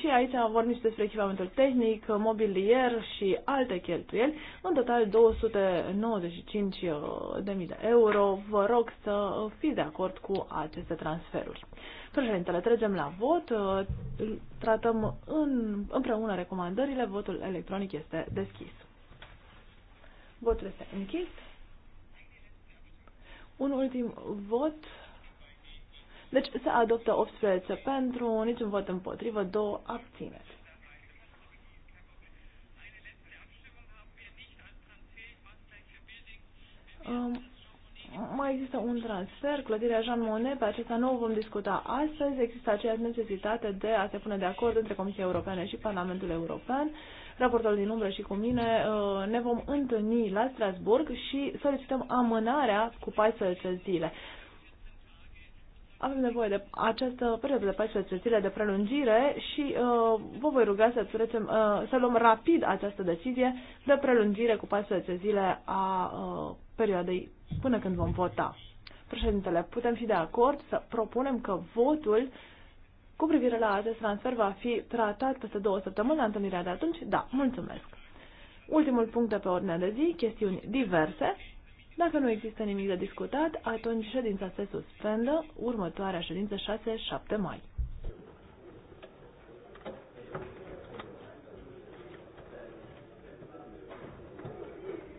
și aici vorbim și despre echipamentul tehnic, mobilier și alte cheltuieli, în total 295.000 uh, de euro. Vă rog să fiți de acord cu aceste transferuri. Președintele, trecem la vot, uh, tratăm în, împreună recomandările, votul electronic este deschis. Votul este închis. Un ultim vot deci se adoptă 18 pentru, niciun vot împotrivă, două abțineri. Um, mai există un transfer, clădirea Jean Monnet, pe acesta nu o vom discuta astăzi. Există aceeași necesitate de a se pune de acord între Comisia Europeană și Parlamentul European. Raportorul din umbră și cu mine uh, ne vom întâlni la Strasburg și solicităm amânarea cu 14 zile avem nevoie de această perioadă de 14 zile de prelungire și uh, vă voi ruga să, trecem, uh, să luăm rapid această decizie de prelungire cu 14 zile a uh, perioadei până când vom vota. Președintele, putem fi de acord să propunem că votul cu privire la acest transfer va fi tratat peste două săptămâni la întâlnirea de atunci? Da, mulțumesc. Ultimul punct de pe ordinea de zi, chestiuni diverse. Dacă nu există nimic de discutat, atunci ședința se suspendă, următoarea ședință 6-7 mai.